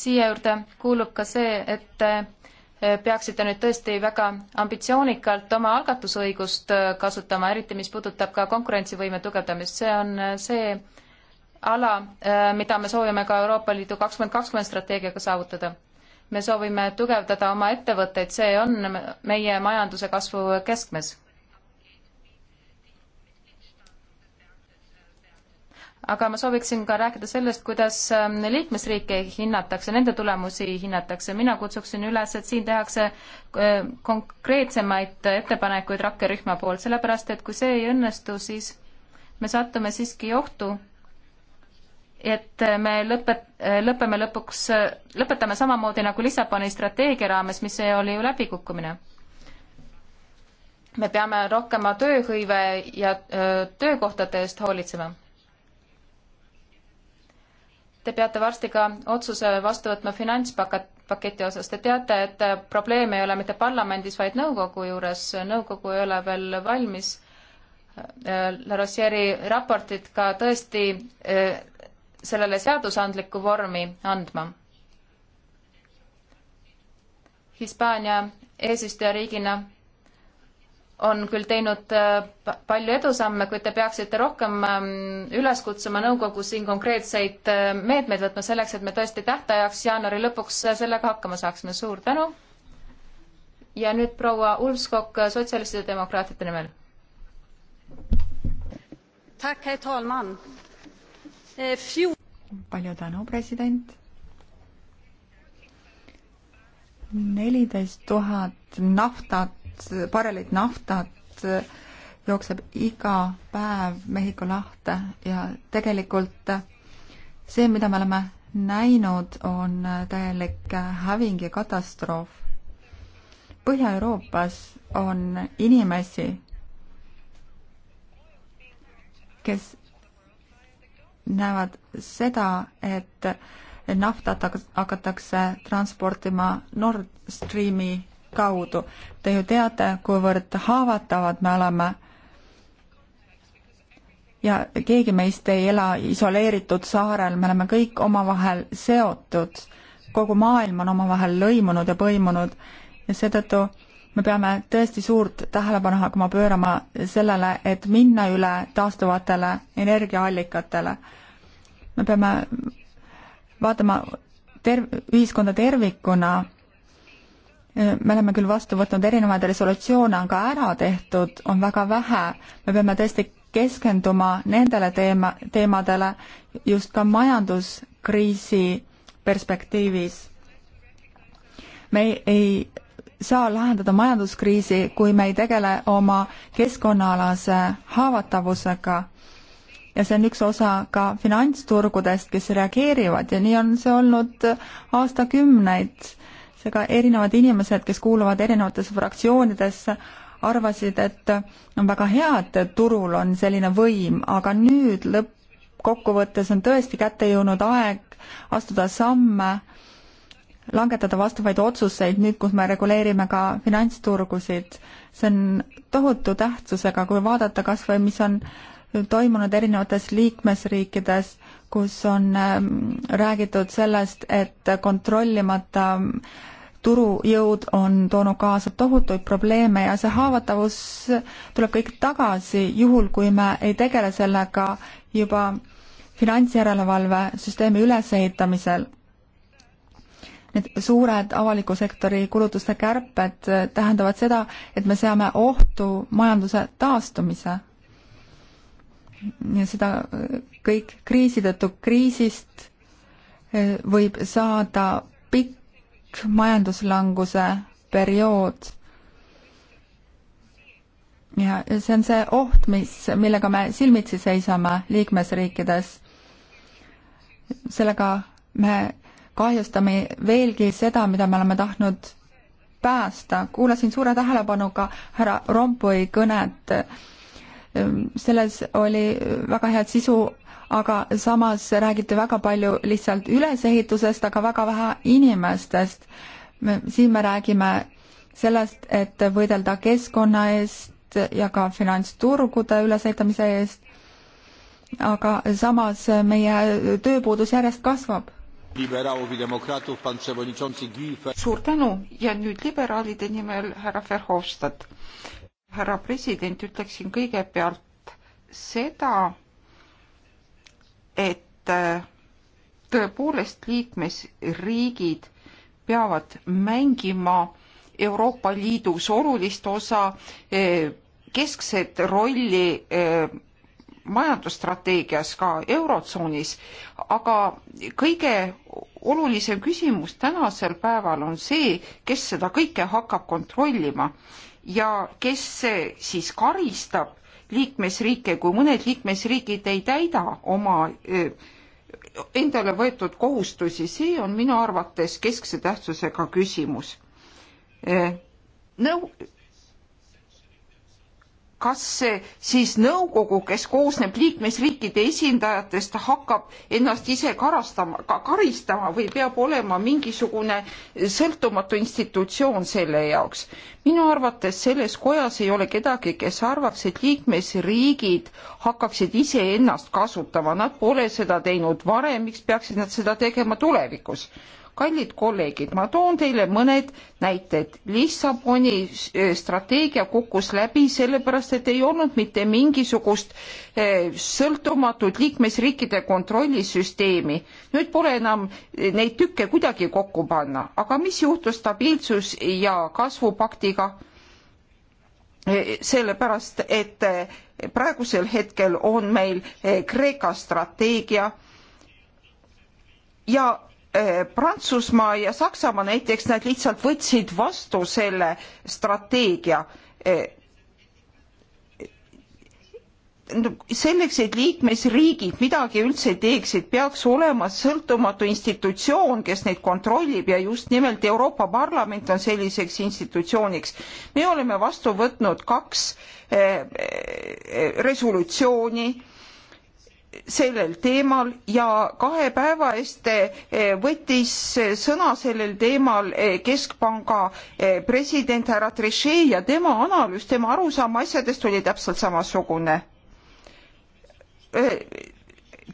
siia juurde kuulub ka see, et peaksite nüüd tõesti väga ambitsioonikalt oma algatusõigust äh, kasutama, eriti mis puudutab ka konkurentsivõime tugevdamist, see on äh, see ala, äh, mida me soovime ka Euroopa Liidu kakskümmend kakskümmend strateegiaga saavutada. me soovime tugevdada oma ettevõtteid, see on meie majanduse kasvu keskmes aga ma sooviksin ka rääkida sellest, kuidas ähm, liikmesriike hinnatakse, nende tulemusi hinnatakse. mina kutsuksin üles, et siin tehakse äh, konkreetsemaid ettepanekuid rakkerühma poolt, sellepärast et kui see ei õnnestu, siis me sattume siiski ohtu, et me lõpet-, äh, lõpeme lõpuks, äh, lõpetame samamoodi nagu Lissaboni strateegia raames, mis oli ju läbikukkumine me peame rohkema tööhõive ja öö, töökohtade eest hoolitsema Te peate varsti ka otsuse vastu võtma finantspaketi osas. Te teate, et probleem ei ole mitte parlamendis, vaid nõukogu juures. nõukogu ei ole veel valmis La äh, Rosieri raportit ka tõesti äh, sellele seadusandlikku vormi andma. Hispaania eesistujariigina on küll teinud äh, palju edusamme, kuid te peaksite rohkem ähm, üles kutsuma nõukogu siin konkreetseid äh, meetmeid võtma selleks, et me tõesti tähtajaks jaanuari lõpuks äh, sellega hakkama saaksime. suur tänu. ja nüüd proua Ulfskog sotsialistide demokraatide nimel. Eh, palju tänu, president neliteist tuhat naftat barrelit naftat jookseb iga päev Mehhiko lahte ja tegelikult see, mida me oleme näinud, on täielik häving ja katastroof. Põhja-Euroopas on inimesi, kes näevad seda, et naftat hakatakse transportima Nord Streami kaudu. Te ju teate, kuivõrd haavatavad me oleme ja keegi meist ei ela isoleeritud saarel, me oleme kõik omavahel seotud, kogu maailm on omavahel lõimunud ja põimunud ja seetõttu me peame tõesti suurt tähelepanu hakkama pöörama sellele, et minna üle taastuvatele energiaallikatele. me peame vaatama ter-, ühiskonda tervikuna Äh, me oleme küll vastu võtnud erinevaid resolutsioone, aga ära tehtud on väga vähe. me peame tõesti keskenduma nendele teema, teemadele just ka majanduskriisi perspektiivis. me ei, ei saa lahendada majanduskriisi, kui me ei tegele oma keskkonnaalase haavatavusega ja see on üks osa ka finantsturgudest, kes reageerivad ja nii on see olnud aastakümneid seega erinevad inimesed, kes kuuluvad erinevatesse fraktsioonidesse, arvasid, et on väga hea, et turul on selline võim, aga nüüd lõppkokkuvõttes on tõesti kätte jõudnud aeg astuda samme, langetada vastavaid otsuseid, nüüd kus me reguleerime ka finantsturgusid. see on tohutu tähtsusega, kui vaadata kas või mis on toimunud erinevates liikmesriikides, kus on ähm, räägitud sellest, et kontrollimata turujõud on toonud kaasa tohutuid probleeme ja see haavatavus tuleb kõik tagasi, juhul kui me ei tegele sellega juba finantsjärelevalve süsteemi ülesehitamisel. Need suured avaliku sektori kulutuste kärped tähendavad seda, et me seame ohtu majanduse taastumise. ja seda kõik kriisi tõttu, kriisist võib saada pikk pikk majanduslanguse periood. ja see on see oht, mis, millega me silmitsi seisame liikmesriikides. sellega me kahjustame veelgi seda, mida me oleme tahtnud päästa. kuulasin suure tähelepanuga härra Rompui kõnet. selles oli väga head sisu, aga samas räägiti väga palju lihtsalt ülesehitusest, aga väga vähe inimestest. siin me räägime sellest, et võidelda keskkonna eest ja ka finantsturgude ülesehitamise eest, aga samas meie tööpuudus järjest kasvab. suur tänu ja nüüd liberaalide nimel härra Verhofstadt. härra president, ütleksin kõigepealt seda, et äh, tõepoolest liikmesriigid peavad mängima Euroopa Liidus olulist osa, äh, keskset rolli äh, majandusstrateegias ka Eurotsoonis, aga kõige olulisem küsimus tänasel päeval on see, kes seda kõike hakkab kontrollima ja kes siis karistab liikmesriike, kui mõned liikmesriigid ei täida oma endale võetud kohustusi, see on minu arvates keskse tähtsusega küsimus. nõu- no,, kas siis nõukogu, kes koosneb liikmesriikide esindajatest, hakkab ennast ise karastama ka, karistama või peab olema mingisugune sõltumatu institutsioon selle jaoks? minu arvates selles kojas ei ole kedagi, kes arvaks, et liikmesriigid hakkaksid iseennast kasutama, nad pole seda teinud varem, miks peaksid nad seda tegema tulevikus? kallid kolleegid, ma toon teile mõned näited. Lissaboni äh, strateegia kukkus läbi sellepärast, et ei olnud mitte mingisugust äh, sõltumatut liikmesriikide kontrollisüsteemi. nüüd pole enam äh, neid tükke kuidagi kokku panna, aga mis juhtus stabiilsus ja kasvupaktiga? sellepärast, et praegusel hetkel on meil Kreeka strateegia ja Eh, Prantsusmaa ja Saksamaa näiteks, nad lihtsalt võtsid vastu selle strateegia eh, selleks, et liikmesriigid midagi üldse teeksid, peaks olema sõltumatu institutsioon, kes neid kontrollib ja just nimelt Euroopa Parlament on selliseks institutsiooniks. me oleme vastu võtnud kaks eh, resolutsiooni sellel teemal ja kahe päeva eest eh, võttis eh, sõna sellel teemal eh, keskpanga president härra Trichet ja tema analüüs, tema arusaam asjadest oli täpselt samasugune.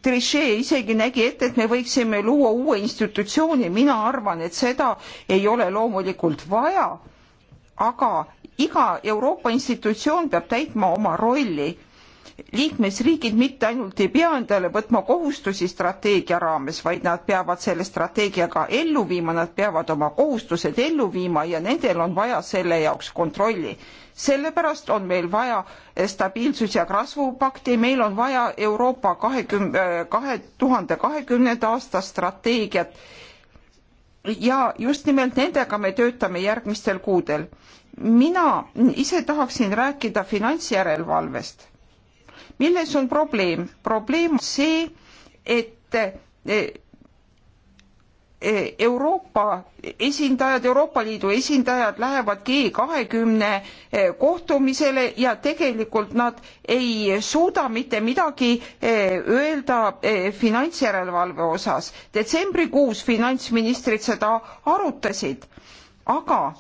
Trichet isegi nägi ette, et me võiksime luua uue institutsiooni, mina arvan, et seda ei ole loomulikult vaja, aga iga Euroopa institutsioon peab täitma oma rolli liikmesriigid mitte ainult ei pea endale võtma kohustusi strateegia raames, vaid nad peavad selle strateegiaga ellu viima, nad peavad oma kohustused ellu viima ja nendel on vaja selle jaoks kontrolli. sellepärast on meil vaja stabiilsus- ja kasvupakti, meil on vaja Euroopa kahekümne, kahe tuhande kahekümnenda aasta strateegiat ja just nimelt nendega me töötame järgmistel kuudel. mina ise tahaksin rääkida finantsjärelevalvest milles on probleem? probleem on see, et eh, eh, Euroopa esindajad, Euroopa Liidu esindajad lähevad G kahekümne eh, kohtumisele ja tegelikult nad ei suuda mitte midagi öelda finantsjärelevalve osas. detsembrikuus finantsministrid seda arutasid, aga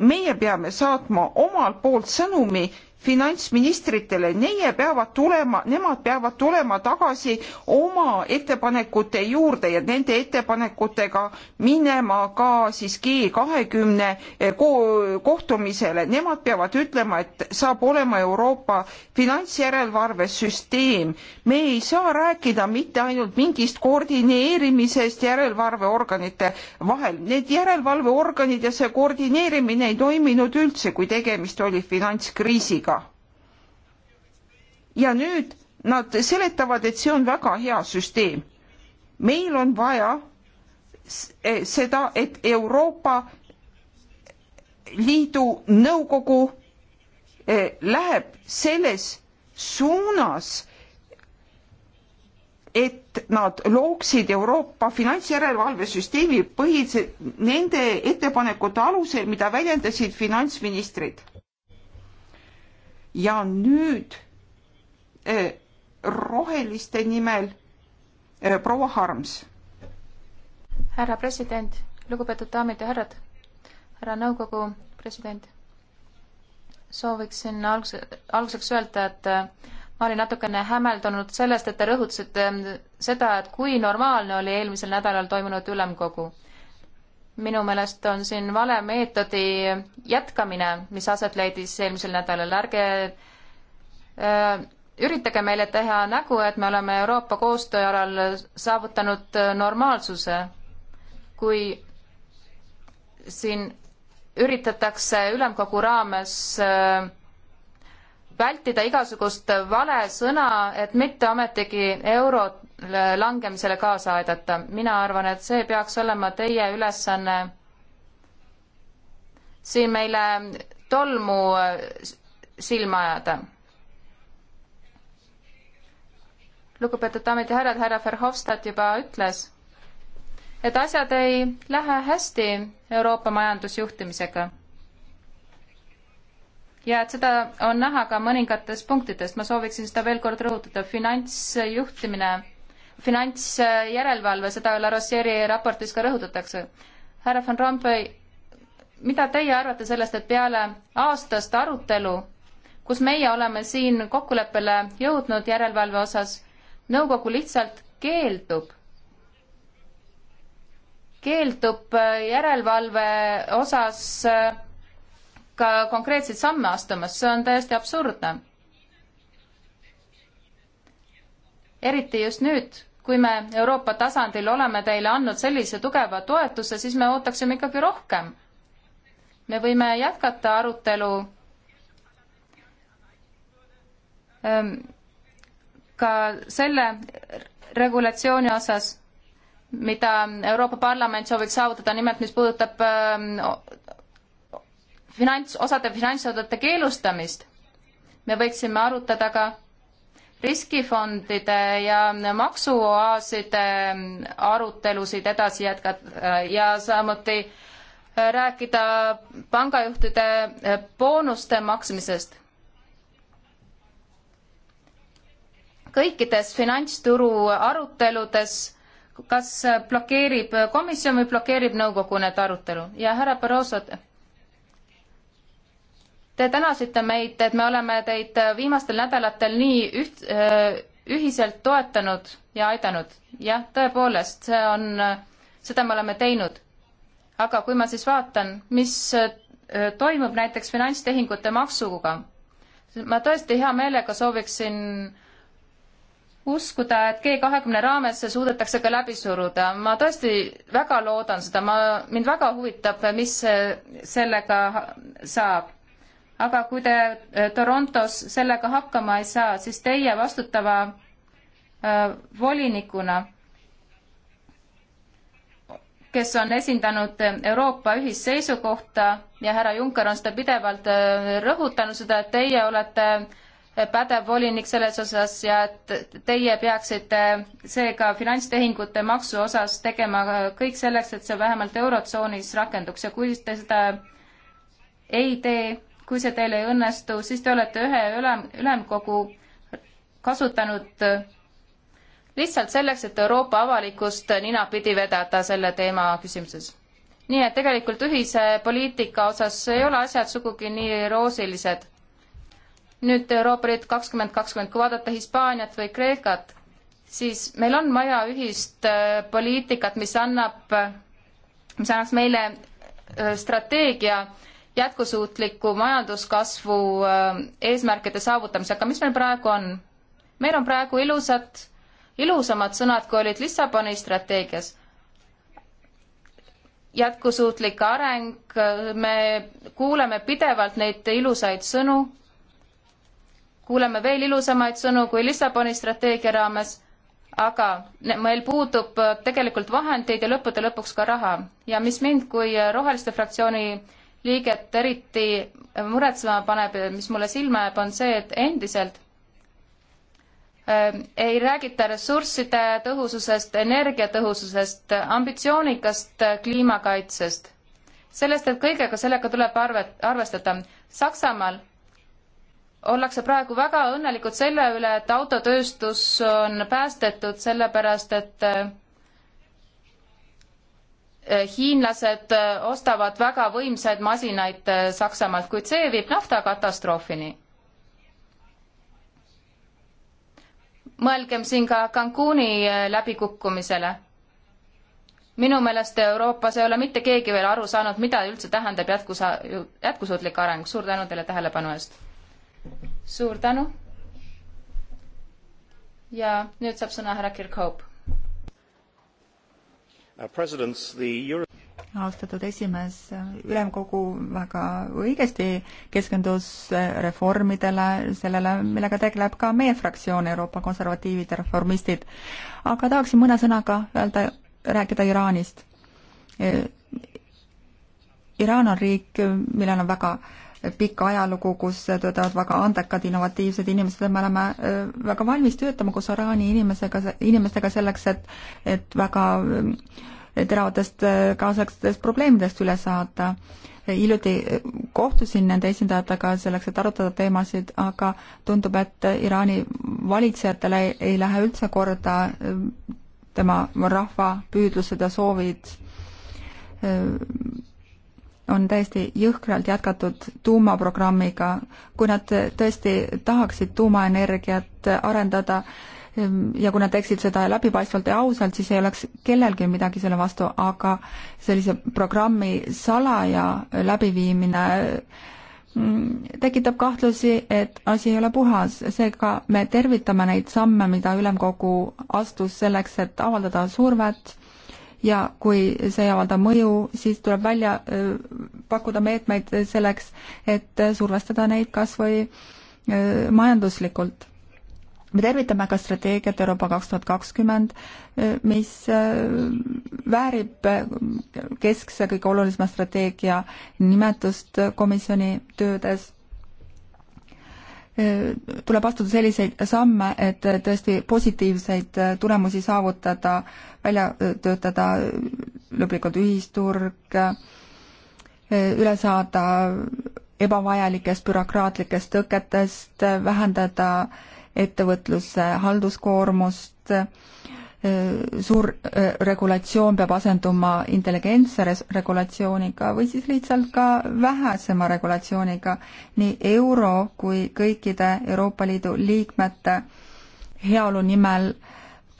meie peame saatma omalt poolt sõnumi, finantsministritele, neie peavad tulema, nemad peavad tulema tagasi oma ettepanekute juurde ja nende ettepanekutega minema ka siis G kahekümne kohtumisele. Nemad peavad ütlema, et saab olema Euroopa finantsjärelevalvesüsteem. me ei saa rääkida mitte ainult mingist koordineerimisest järelevalveorganite vahel. Need järelevalveorganid ja see koordineerimine ei toiminud üldse, kui tegemist oli finantskriisiga ja nüüd nad seletavad, et see on väga hea süsteem. meil on vaja e, seda, et Euroopa Liidu Nõukogu e, läheb selles suunas, et nad looksid Euroopa finantsjärelevalvesüsteemi põhilise nende ettepanekute alusel, mida väljendasid finantsministrid. ja nüüd Äh, roheliste nimel äh, proua Harms. härra president, lugupeetud daamid ja härrad, härra nõukogu president, sooviksin algs-, alguseks öelda, et äh, ma olin natukene hämmeldunud sellest, et te rõhutasite ähm, seda, et kui normaalne oli eelmisel nädalal toimunud ülemkogu. minu meelest on siin vale meetodi jätkamine, mis aset leidis eelmisel nädalal, ärge äh, üritage meile teha nägu, et me oleme Euroopa koostöö alal saavutanud normaalsuse, kui siin üritatakse ülemkogu raames äh, vältida igasugust vale sõna, et mitte ometigi euro äh, langemisele kaasa aidata. mina arvan, et see peaks olema teie ülesanne siin meile tolmu äh, silma ajada lugupeetud daamid ja härrad, härra Verhofstadt juba ütles, et asjad ei lähe hästi Euroopa majandusjuhtimisega. ja et seda on näha ka mõningatest punktidest, ma sooviksin seda veel kord rõhutada, finantsjuhtimine, finantsjärelevalve, seda Larosieri raportis ka rõhutatakse. härra Van Rompuy, mida teie arvate sellest, et peale aastast arutelu kus meie oleme siin kokkuleppele jõudnud järelevalve osas, nõukogu lihtsalt keeldub, keeldub äh, järelevalve osas äh, ka konkreetseid samme astumas, see on täiesti absurdne. eriti just nüüd, kui me Euroopa tasandil oleme teile andnud sellise tugeva toetuse, siis me ootaksime ikkagi rohkem. me võime jätkata arutelu ähm, ka selle regulatsiooni osas, mida Euroopa Parlament sooviks saavutada, nimelt mis puudutab ähm, finants, osade finantsoodete keelustamist. me võiksime arutada ka riskifondide ja maksuoaaside ähm, arutelusid edasi jätkata ja samuti äh, rääkida pangajuhtide äh, boonuste maksmisest. kõikides finantsturu aruteludes, kas blokeerib komisjon või blokeerib nõukogu need arutelu ja härra Barroso, te tänasite meid, et me oleme teid viimastel nädalatel nii üht, äh, ühiselt toetanud ja aidanud. jah, tõepoolest, see on, seda me oleme teinud. aga kui ma siis vaatan, mis äh, toimub näiteks finantstehingute maksuga, ma tõesti hea meelega sooviksin uskuda, et G kahekümne raames see suudetakse ka läbi suruda. ma tõesti väga loodan seda, ma, mind väga huvitab, mis sellega saab. aga kui te äh, Torontos sellega hakkama ei saa, siis teie vastutava äh, volinikuna, kes on esindanud Euroopa ühisseisukohta ja härra Juncker on seda pidevalt äh, rõhutanud, seda, et teie olete äh, pädev volinik selles osas ja et teie peaksite seega finantstehingute maksu osas tegema kõik selleks, et see vähemalt Eurotsoonis rakenduks ja kui te seda ei tee, kui see teil ei õnnestu, siis te olete ühe ülem, ülemkogu kasutanud lihtsalt selleks, et Euroopa avalikkust ninapidi vedada selle teema küsimuses nii et tegelikult ühise poliitika osas ei ole asjad sugugi nii roosilised nüüd Euroopa Liit kakskümmend kakskümmend, kui vaadata Hispaaniat või Kreekat, siis meil on vaja ühist äh, poliitikat, mis annab, mis annaks meile äh, strateegia jätkusuutliku majanduskasvu äh, eesmärkide saavutamisega, mis meil praegu on? meil on praegu ilusad, ilusamad sõnad, kui olid Lissaboni strateegias. jätkusuutlik areng, me kuuleme pidevalt neid ilusaid sõnu kuuleme veel ilusamaid sõnu kui Lissaboni strateegia raames, aga meil puudub äh, tegelikult vahendeid ja lõppude lõpuks ka raha. ja mis mind kui äh, Roheliste fraktsiooni liiget eriti äh, muretsema paneb ja mis mulle silma jääb, on see, et endiselt äh, ei räägita ressursside tõhususest, energiatõhususest, ambitsioonikast kliimakaitsest, sellest, et kõigega sellega tuleb arvet, arvestada. Saksamaal ollakse praegu väga õnnelikud selle üle, et autotööstus on päästetud, sellepärast et eh, hiinlased eh, ostavad väga võimsaid masinaid eh, Saksamaalt, kuid see viib naftakatastroofini. mõelgem siin ka Cancuni läbikukkumisele. minu meelest Euroopas ei ole mitte keegi veel aru saanud, mida üldse tähendab jätkusa-, jätkusuutlik areng. suur tänu teile tähelepanu eest! suur tänu. ja nüüd saab sõna härra Kirkhope. Uh, austatud esimees, ülemkogu väga õigesti keskendus äh, reformidele, sellele, millega tegeleb ka meie fraktsioon, Euroopa konservatiivid ja reformistid. aga tahaksin mõne sõnaga öelda, rääkida Iraanist. Äh, Iraan on riik, millel on väga äh, pikka ajalugu, kus töötavad väga andekad, innovatiivsed inimesed ja me oleme äh, väga valmis töötama koos Araani inimesega, inimestega selleks, et, et väga äh, teravatest äh, kaasaegsetest probleemidest üle saada. hiljuti kohtusin nende esindajatega selleks, et arutada teemasid, aga tundub, et Iraani valitsejatele ei, ei lähe üldse korda tema rahva püüdlused ja soovid on täiesti jõhkralt jätkatud tuumaprogrammiga. kui nad tõesti tahaksid tuumaenergiat arendada ja kui nad teeksid seda läbipaistvalt ja ausalt, siis ei oleks kellelgi midagi selle vastu, aga sellise programmi salaja läbiviimine tekitab kahtlusi, et asi ei ole puhas, seega me tervitame neid samme, mida ülemkogu astus selleks, et avaldada survet ja kui see ei avalda mõju, siis tuleb välja äh, pakkuda meetmeid selleks, et survestada neid kas või äh, majanduslikult. me tervitame ka strateegiat Euroopa kaks tuhat kakskümmend, äh, mis väärib keskse kõige olulisema strateegia nimetust komisjoni töödes Äh, tuleb astuda selliseid samme, et tõesti positiivseid äh, tulemusi saavutada, välja äh, töötada lõplikult ühisturg, üle saada ebavajalikest bürokraatlikest tõketest, vähendada ettevõtluse halduskoormust, Äh, suur äh, regulatsioon peab asenduma intelligentse regulatsiooniga või siis lihtsalt ka vähesema regulatsiooniga. nii euro kui kõikide Euroopa Liidu liikmete heaolu nimel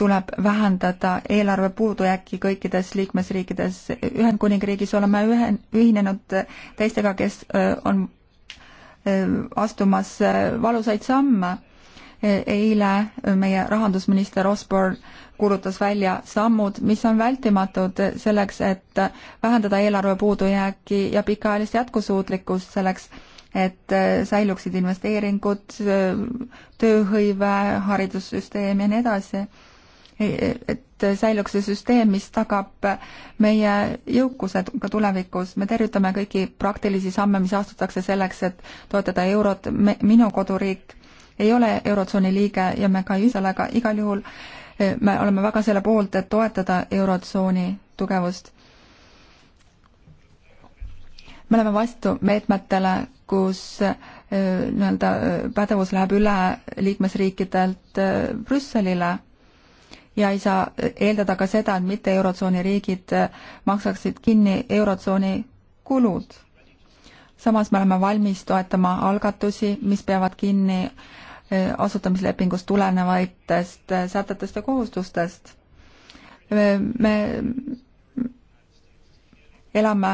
tuleb vähendada eelarve puudujääki kõikides liikmesriikides. Ühendkuningriigis oleme ühe, ühinenud teistega, kes äh, on astumas valusaid samme E, eile meie rahandusminister Osborne kuulutas välja sammud, mis on vältimatud selleks, et vähendada eelarve puudujääki ja pikaajalist jätkusuutlikkust selleks, et e, säiluksid investeeringud, e, tööhõive, haridussüsteem ja nii edasi. et säiluks see süsteem, mis tagab meie jõukused ka tulevikus. me tervitame kõiki praktilisi samme, mis astutakse selleks, et toetada eurot. minu koduriik ei ole Eurotsooni liige ja me ka ei ühisele, aga igal juhul eh, me oleme väga selle poolt, et toetada Eurotsooni tugevust. me oleme vastu meetmetele, kus eh, nii-öelda eh, pädevus läheb üle liikmesriikidelt Brüsselile ja ei saa eeldada ka seda, et mitte Eurotsooni riigid maksaksid kinni Eurotsooni kulud. samas me oleme valmis toetama algatusi, mis peavad kinni Äh, asutamislepingust tulenevatest äh, sätetest ja kohustustest. me elame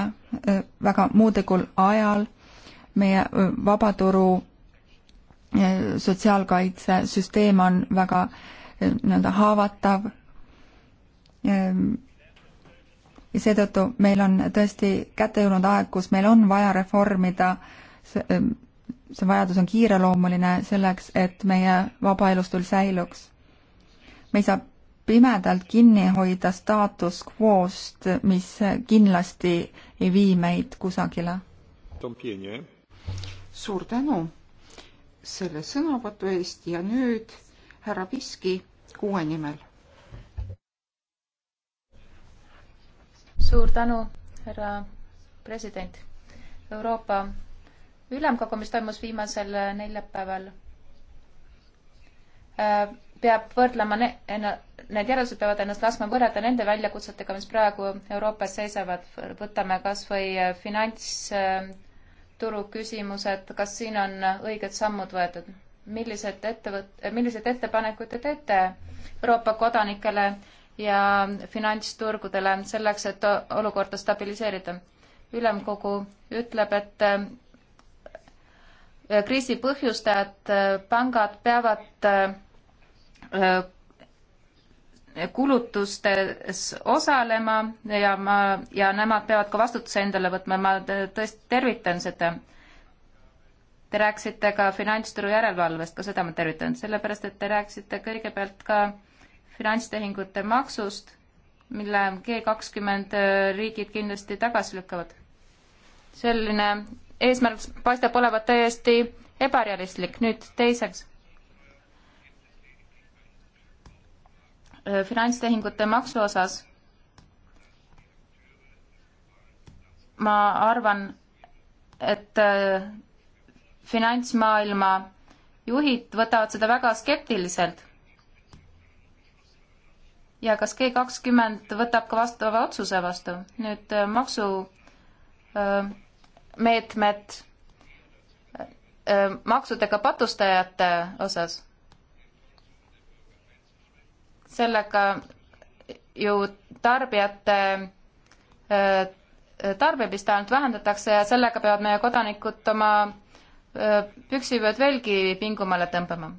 äh, väga muudlikul ajal, meie vabaturu sotsiaalkaitsesüsteem on väga nii-öelda haavatav ähm, ja seetõttu meil on tõesti kätte jõudnud aeg, kus meil on vaja reformida ähm, see vajadus on kiireloomuline selleks, et meie vabaelustul säiluks. me ei saa pimedalt kinni hoida staatus quo'st, mis kindlasti ei vii meid kusagile. suur tänu selle sõnavõtu eest ja nüüd härra Piski kuue nimel. suur tänu, härra president. Euroopa ülemkogu, mis toimus viimasel äh, neljapäeval, äh, peab võrdlema ne-, need järeldused peavad ennast laskma võrrelda nende väljakutsetega, mis praegu Euroopas seisavad. võtame kas või äh, finantsturu küsimused, kas siin on õiged sammud võetud? millised ettevõt-, milliseid ettepanekuid te teete Euroopa kodanikele ja finantsturgudele selleks, et olukorda stabiliseerida? ülemkogu ütleb, et Äh, kriisi põhjustajad, äh, pangad peavad äh, kulutustes osalema ja ma, ja nemad peavad ka vastutuse endale võtma, ma tõesti tervitan seda Te rääkisite ka finantsturu järelevalvest, ka seda ma tervitan, sellepärast et te rääkisite kõigepealt ka finantstehingute maksust, mille G kakskümmend riigid kindlasti tagasi lükkavad. selline eesmärk paistab olevat täiesti ebarealistlik. nüüd teiseks. Äh, finantstehingute maksu osas ma arvan, et äh, finantsmaailma juhid võtavad seda väga skeptiliselt. ja kas G kakskümmend võtab ka vastava otsuse vastu? nüüd äh, maksu öö, meetmed äh, maksudega patustajate osas, sellega ju tarbijate äh, tarbimist ainult vähendatakse ja sellega peavad meie kodanikud oma äh, püksivööd veelgi pingumale tõmbama.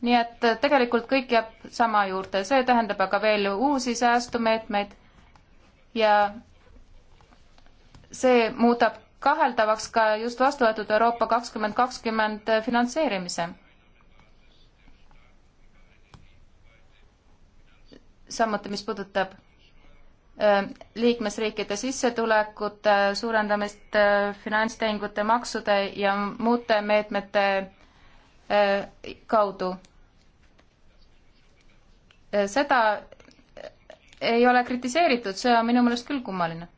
nii et tegelikult kõik jääb sama juurde, see tähendab aga veel uusi säästumeetmeid ja see muudab kaheldavaks ka just vastu võetud Euroopa kakskümmend kakskümmend finantseerimise. samuti, mis puudutab äh, liikmesriikide sissetulekute äh, suurendamist äh, finantstehingute maksude ja muude meetmete kaudu. seda ei ole kritiseeritud, see on minu meelest küll kummaline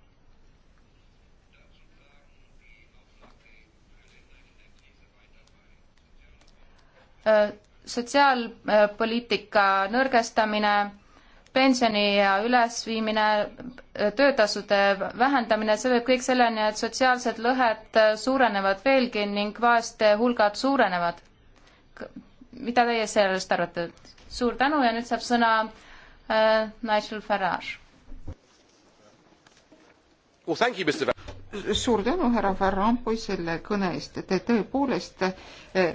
sotsiaalpoliitika nõrgestamine, pensioniea ülesviimine, töötasude vähendamine, see viib kõik selleni, et sotsiaalsed lõhed suurenevad veelgi ning vaeste hulgad suurenevad. mida teie sellest arvate? suur tänu ja nüüd saab sõna äh, Nigel Farage well,. suur tänu, härra Farrampo, selle kõne eest, te tõepoolest äh,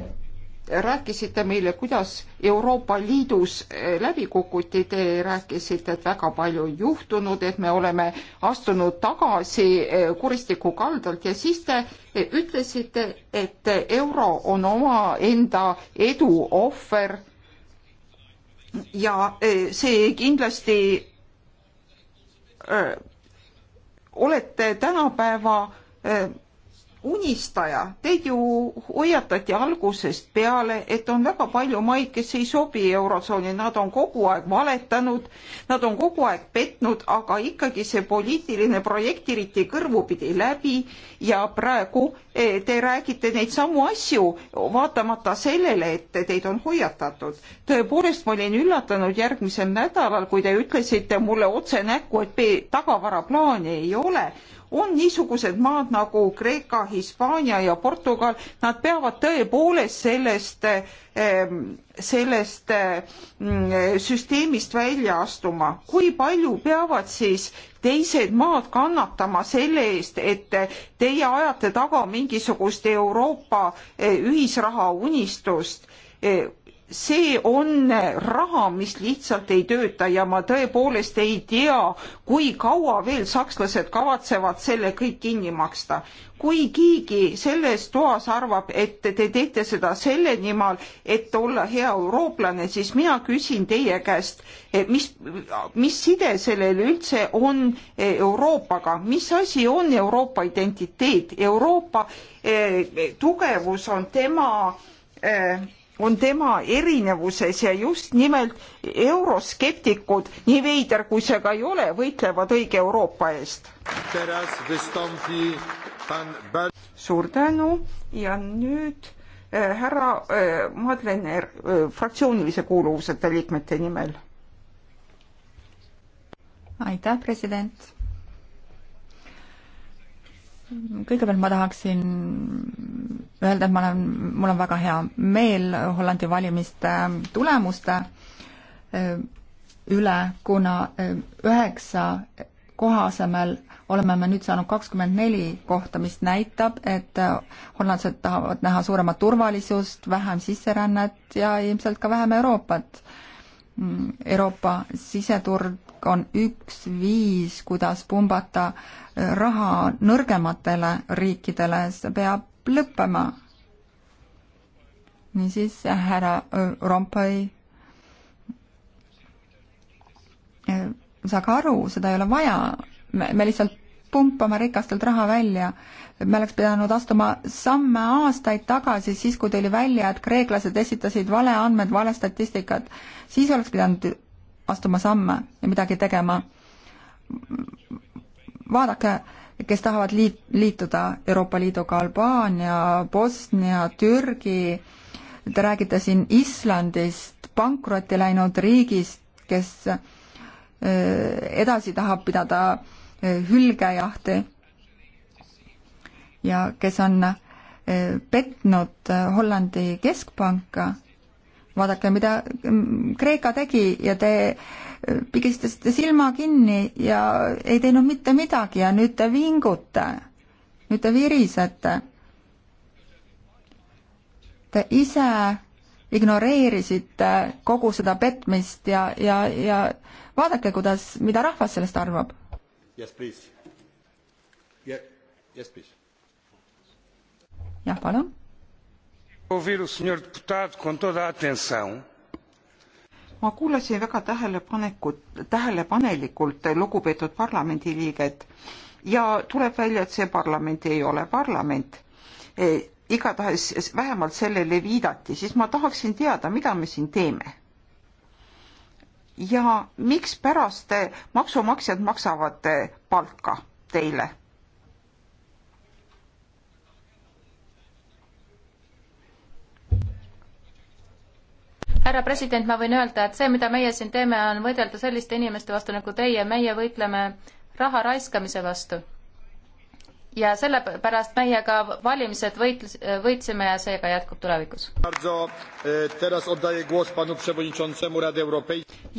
rääkisite meile, kuidas Euroopa Liidus eh, läbi kukuti, te rääkisite, et väga palju on juhtunud, et me oleme astunud tagasi eh, kuristiku kaldalt ja siis te eh, ütlesite, et euro on omaenda edu ohver. ja see kindlasti olete tänapäeva unistaja, teid ju hoiatati algusest peale, et on väga palju maid, kes ei sobi eurotsooni, nad on kogu aeg valetanud, nad on kogu aeg petnud, aga ikkagi see poliitiline projekt iriti kõrvupidi läbi ja praegu eh, te räägite neid samu asju, vaatamata sellele, et teid on hoiatatud. tõepoolest, ma olin üllatunud järgmisel nädalal, kui te ütlesite mulle otse näkku, et tagavaraplan plaani ei ole on niisugused maad nagu Kreeka, Hispaania ja Portugal, nad peavad tõepoolest sellest, ehm, sellest mm, süsteemist välja astuma. kui palju peavad siis teised maad kannatama selle eest, et teie ajate taga mingisugust Euroopa eh, ühisraha unistust? Eh, see on raha, mis lihtsalt ei tööta ja ma tõepoolest ei tea, kui kaua veel sakslased kavatsevad selle kõik kinni maksta. kui keegi selles toas arvab, et te teete seda selle nimel, et olla hea eurooplane, siis mina küsin teie käest, mis, mis side sellel üldse on eh, Euroopaga, mis asi on Euroopa identiteet, Euroopa eh, tugevus on tema eh, on tema erinevuses ja just nimelt euroskeptikud, nii veider kui see ka ei ole, võitlevad õige Euroopa eest. suur tänu ja nüüd äh, härra äh, Madlener äh, fraktsioonilise kuuluvuseta liikmete nimel. aitäh, president kõigepealt ma tahaksin öelda, et ma olen, mul on väga hea meel Hollandi valimiste tulemuste e, üle, kuna e, üheksa koha asemel oleme me nüüd saanud kakskümmend neli kohta, mis näitab, et e, hollandlased tahavad näha suuremat turvalisust, vähem sisserännet ja ilmselt ka vähem Euroopat. Mm, Euroopa siseturg turg on üks viis, kuidas pumbata raha nõrgematele riikidele, see peab lõppema. niisiis, härra Rompuy saage aru, seda ei ole vaja, me lihtsalt pumpame rikastelt raha välja. me oleks pidanud astuma samme aastaid tagasi, siis kui tuli välja, et kreeklased esitasid valeandmed, valestatistikat, siis oleks pidanud astuma samme ja midagi tegema. vaadake, kes tahavad liit-, liituda Euroopa Liiduga, Albaania, Bosnia, Türgi, te räägite siin Islandist, pankrotti läinud riigist, kes eh, edasi tahab pidada eh, hülgejahti ja kes on eh, petnud Hollandi keskpanka vaadake, mida Kreeka tegi ja te äh, pigistasite silma kinni ja ei teinud mitte midagi ja nüüd te vingute, nüüd te virisete. Te ise ignoreerisite kogu seda petmist ja, ja, ja vaadake, kuidas, mida rahvas sellest arvab. jah, palun ma kuulasin väga tähelepanekut, tähelepanelikult lugupeetud parlamendiliiget ja tuleb välja, et see parlament ei ole parlament e,. igatahes vähemalt sellele viidati, siis ma tahaksin teada, mida me siin teeme. ja mikspärast maksumaksjad maksavad palka teile härra president, ma võin öelda, et see, mida meie siin teeme, on võidelda selliste inimeste vastu nagu teie, meie võitleme raha raiskamise vastu. ja sellepärast meie ka valimised võitles, võitsime ja see ka jätkub tulevikus. E,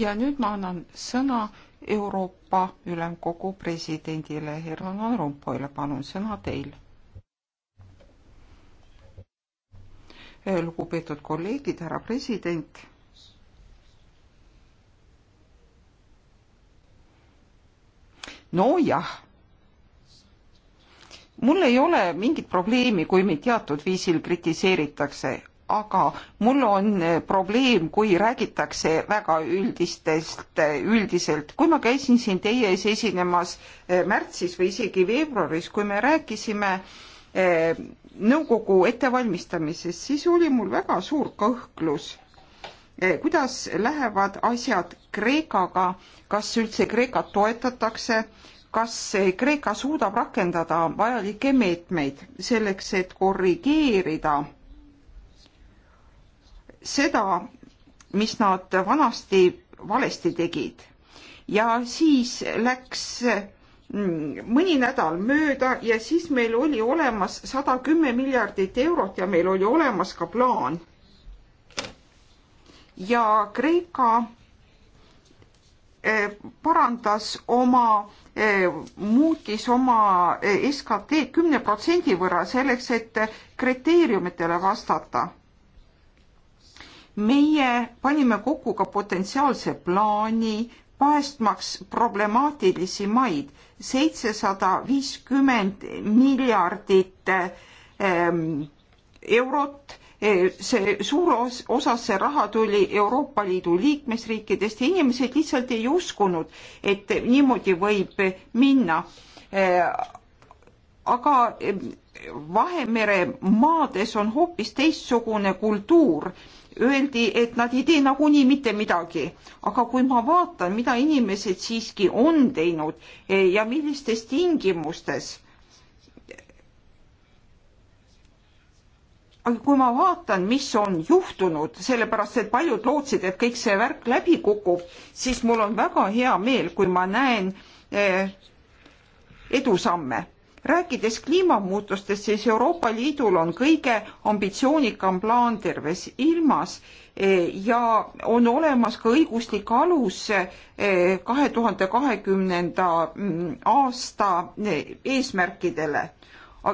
ja nüüd ma annan sõna Euroopa Ülemkogu presidendile Herman Van Rompuyle, palun sõna teil lugupeetud kolleegid, härra president. nojah, mul ei ole mingit probleemi, kui mind teatud viisil kritiseeritakse, aga mul on eh, probleem, kui räägitakse väga üldistest, eh, üldiselt. kui ma käisin siin teie ees esinemas eh, märtsis või isegi veebruaris, kui me rääkisime nõukogu ettevalmistamises, siis oli mul väga suur kõhklus, eh, kuidas lähevad asjad Kreekaga, kas üldse Kreekat toetatakse, kas Kreeka suudab rakendada vajalikke meetmeid selleks, et korrigeerida seda, mis nad vanasti valesti tegid. ja siis läks mõni nädal mööda ja siis meil oli olemas sada kümme miljardit eurot ja meil oli olemas ka plaan. ja Kreeka eh, parandas oma, eh, muutis oma eh, SKT kümne protsendi võrra selleks, et kriteeriumitele vastata. meie panime kokku ka potentsiaalse plaani päästmaks problemaatilisi maid seitsesada viiskümmend miljardit ähm, eurot äh, see suur os osas see raha tuli Euroopa Liidu liikmesriikidest ja inimesed lihtsalt ei uskunud, et niimoodi võib minna. Äh, aga äh, Vahemere maades on hoopis teistsugune kultuur öeldi, et nad ei tee nagunii mitte midagi. aga kui ma vaatan, mida inimesed siiski on teinud eh, ja millistes tingimustes. aga kui ma vaatan, mis on juhtunud, sellepärast et paljud lootsid, et kõik see värk läbi kukub, siis mul on väga hea meel, kui ma näen eh, edusamme rääkides kliimamuutustest, siis Euroopa Liidul on kõige ambitsioonikam plaan terves ilmas e, ja on olemas ka õiguslik alus e, kahe tuhande kahekümnenda mm, aasta e, eesmärkidele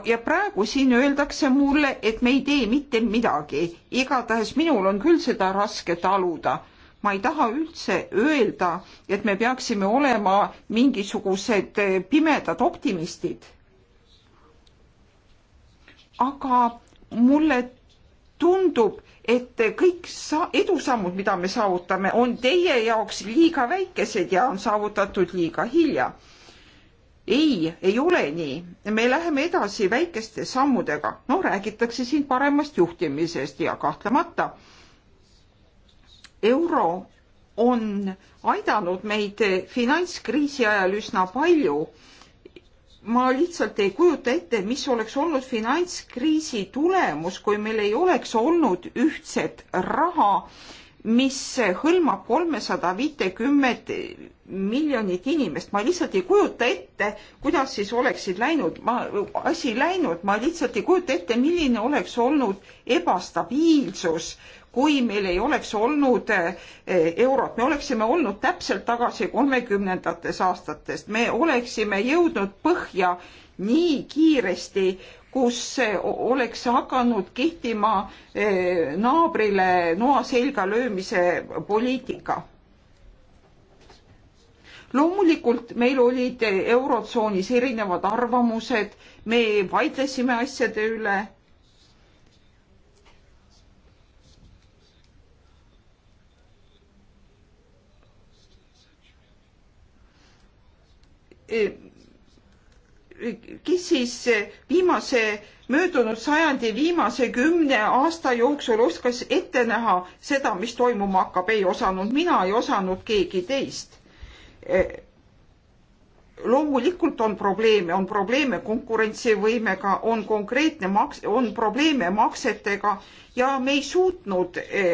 ja praegu siin öeldakse mulle, et me ei tee mitte midagi, igatahes minul on küll seda raske taluda. ma ei taha üldse öelda, et me peaksime olema mingisugused pimedad optimistid aga mulle tundub, et kõik sa-, edusammud, mida me saavutame, on teie jaoks liiga väikesed ja on saavutatud liiga hilja. ei, ei ole nii. me läheme edasi väikeste sammudega. no räägitakse siin paremast juhtimisest ja kahtlemata euro on aidanud meid finantskriisi ajal üsna palju ma lihtsalt ei kujuta ette, mis oleks olnud finantskriisi tulemus, kui meil ei oleks olnud ühtset raha, mis hõlmab kolmesada viitekümmet miljonit inimest. ma lihtsalt ei kujuta ette, kuidas siis oleksid läinud, ma, asi läinud, ma lihtsalt ei kujuta ette, milline oleks olnud ebastabiilsus kui meil ei oleks olnud eh, eurot, me oleksime olnud täpselt tagasi kolmekümnendates aastates, me oleksime jõudnud põhja nii kiiresti, kus eh, oleks hakanud kehtima eh, naabrile noa selga löömise poliitika loomulikult meil olid Eurotsoonis erinevad arvamused, me vaidlesime asjade üle Äh, kes siis viimase, möödunud sajandi viimase kümne aasta jooksul oskas ette näha seda, mis toimuma hakkab, ei osanud mina, ei osanud keegi teist äh, loomulikult on probleeme, on probleeme konkurentsivõimega, on konkreetne maks-, on probleeme maksetega ja me ei suutnud äh,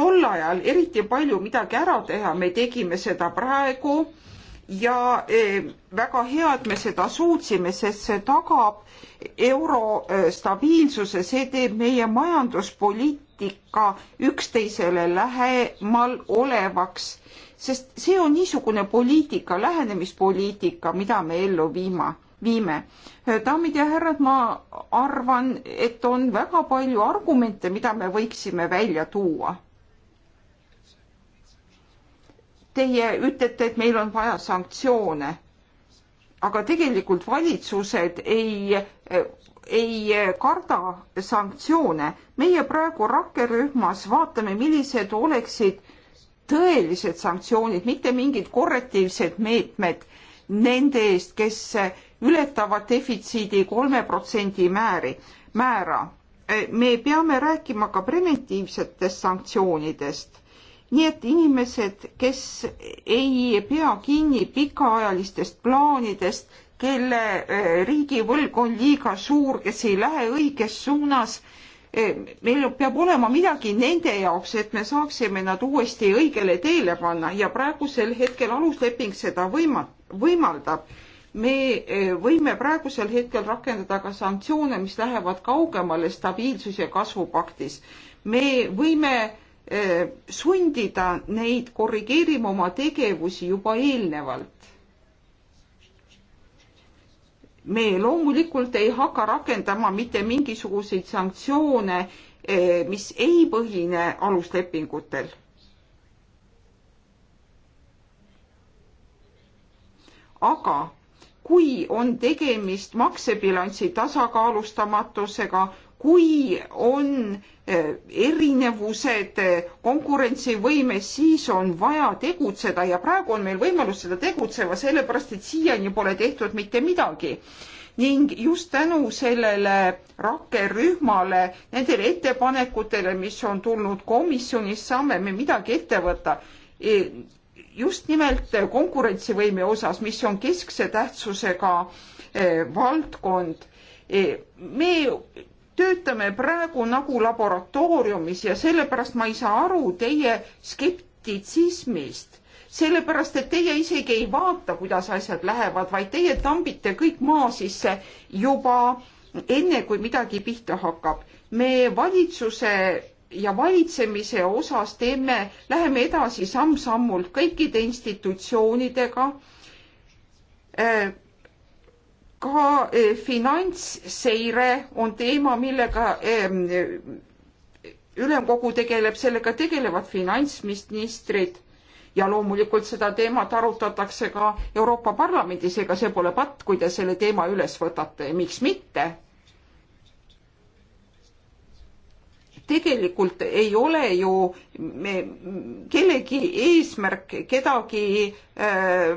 tol ajal eriti palju midagi ära teha, me tegime seda praegu ja e, väga hea, et me seda suutsime, sest see tagab euro e, stabiilsuse, see teeb meie majanduspoliitika üksteisele lähemal olevaks, sest see on niisugune poliitika, lähenemispoliitika, mida me ellu viima, viime. E, daamid ja härrad, ma arvan, et on väga palju argumente, mida me võiksime välja tuua teie ütlete, et meil on vaja sanktsioone, aga tegelikult valitsused ei, ei karda sanktsioone. meie praegu rakkerühmas vaatame, millised oleksid tõelised sanktsioonid, mitte mingid korrektiivsed meetmed nende eest, kes ületavad defitsiidi kolme protsendi määri, määra. me peame rääkima ka preventiivsetest sanktsioonidest nii et inimesed, kes ei pea kinni pikaajalistest plaanidest, kelle eh, riigivõlg on liiga suur, kes ei lähe õiges suunas, eh, meil peab olema midagi nende jaoks, et me saaksime nad uuesti õigele teele panna ja praegusel hetkel alusleping seda võima-, võimaldab. me eh, võime praegusel hetkel rakendada ka sanktsioone, mis lähevad kaugemale stabiilsus- ja kasvupaktis. me võime Äh, sundida neid korrigeerima oma tegevusi juba eelnevalt. me loomulikult ei hakka rakendama mitte mingisuguseid sanktsioone, äh, mis ei põhine aluslepingutel aga kui on tegemist maksebilansi tasakaalustamatusega, kui on eh, erinevused eh, konkurentsivõimes, siis on vaja tegutseda ja praegu on meil võimalus seda tegutsema, sellepärast et siiani pole tehtud mitte midagi. ning just tänu sellele rakkerühmale, nendele ettepanekutele, mis on tulnud komisjonist, saame me midagi ette võtta eh, just nimelt konkurentsivõime osas, mis on keskse tähtsusega valdkond me töötame praegu nagu laboratooriumis ja sellepärast ma ei saa aru teie skeptitsismist, sellepärast et teie isegi ei vaata, kuidas asjad lähevad, vaid teie tambite kõik maa sisse juba enne, kui midagi pihta hakkab. me valitsuse ja valitsemise osas teeme, läheme edasi samm-sammult kõikide institutsioonidega äh, ka e, finantsseire on teema, millega e, ülemkogu tegeleb, sellega tegelevad finantsministrid ja loomulikult seda teemat arutatakse ka Euroopa Parlamendis, ega see pole patt, kui te selle teema üles võtate ja miks mitte. tegelikult ei ole ju me, kellegi eesmärk kedagi äh,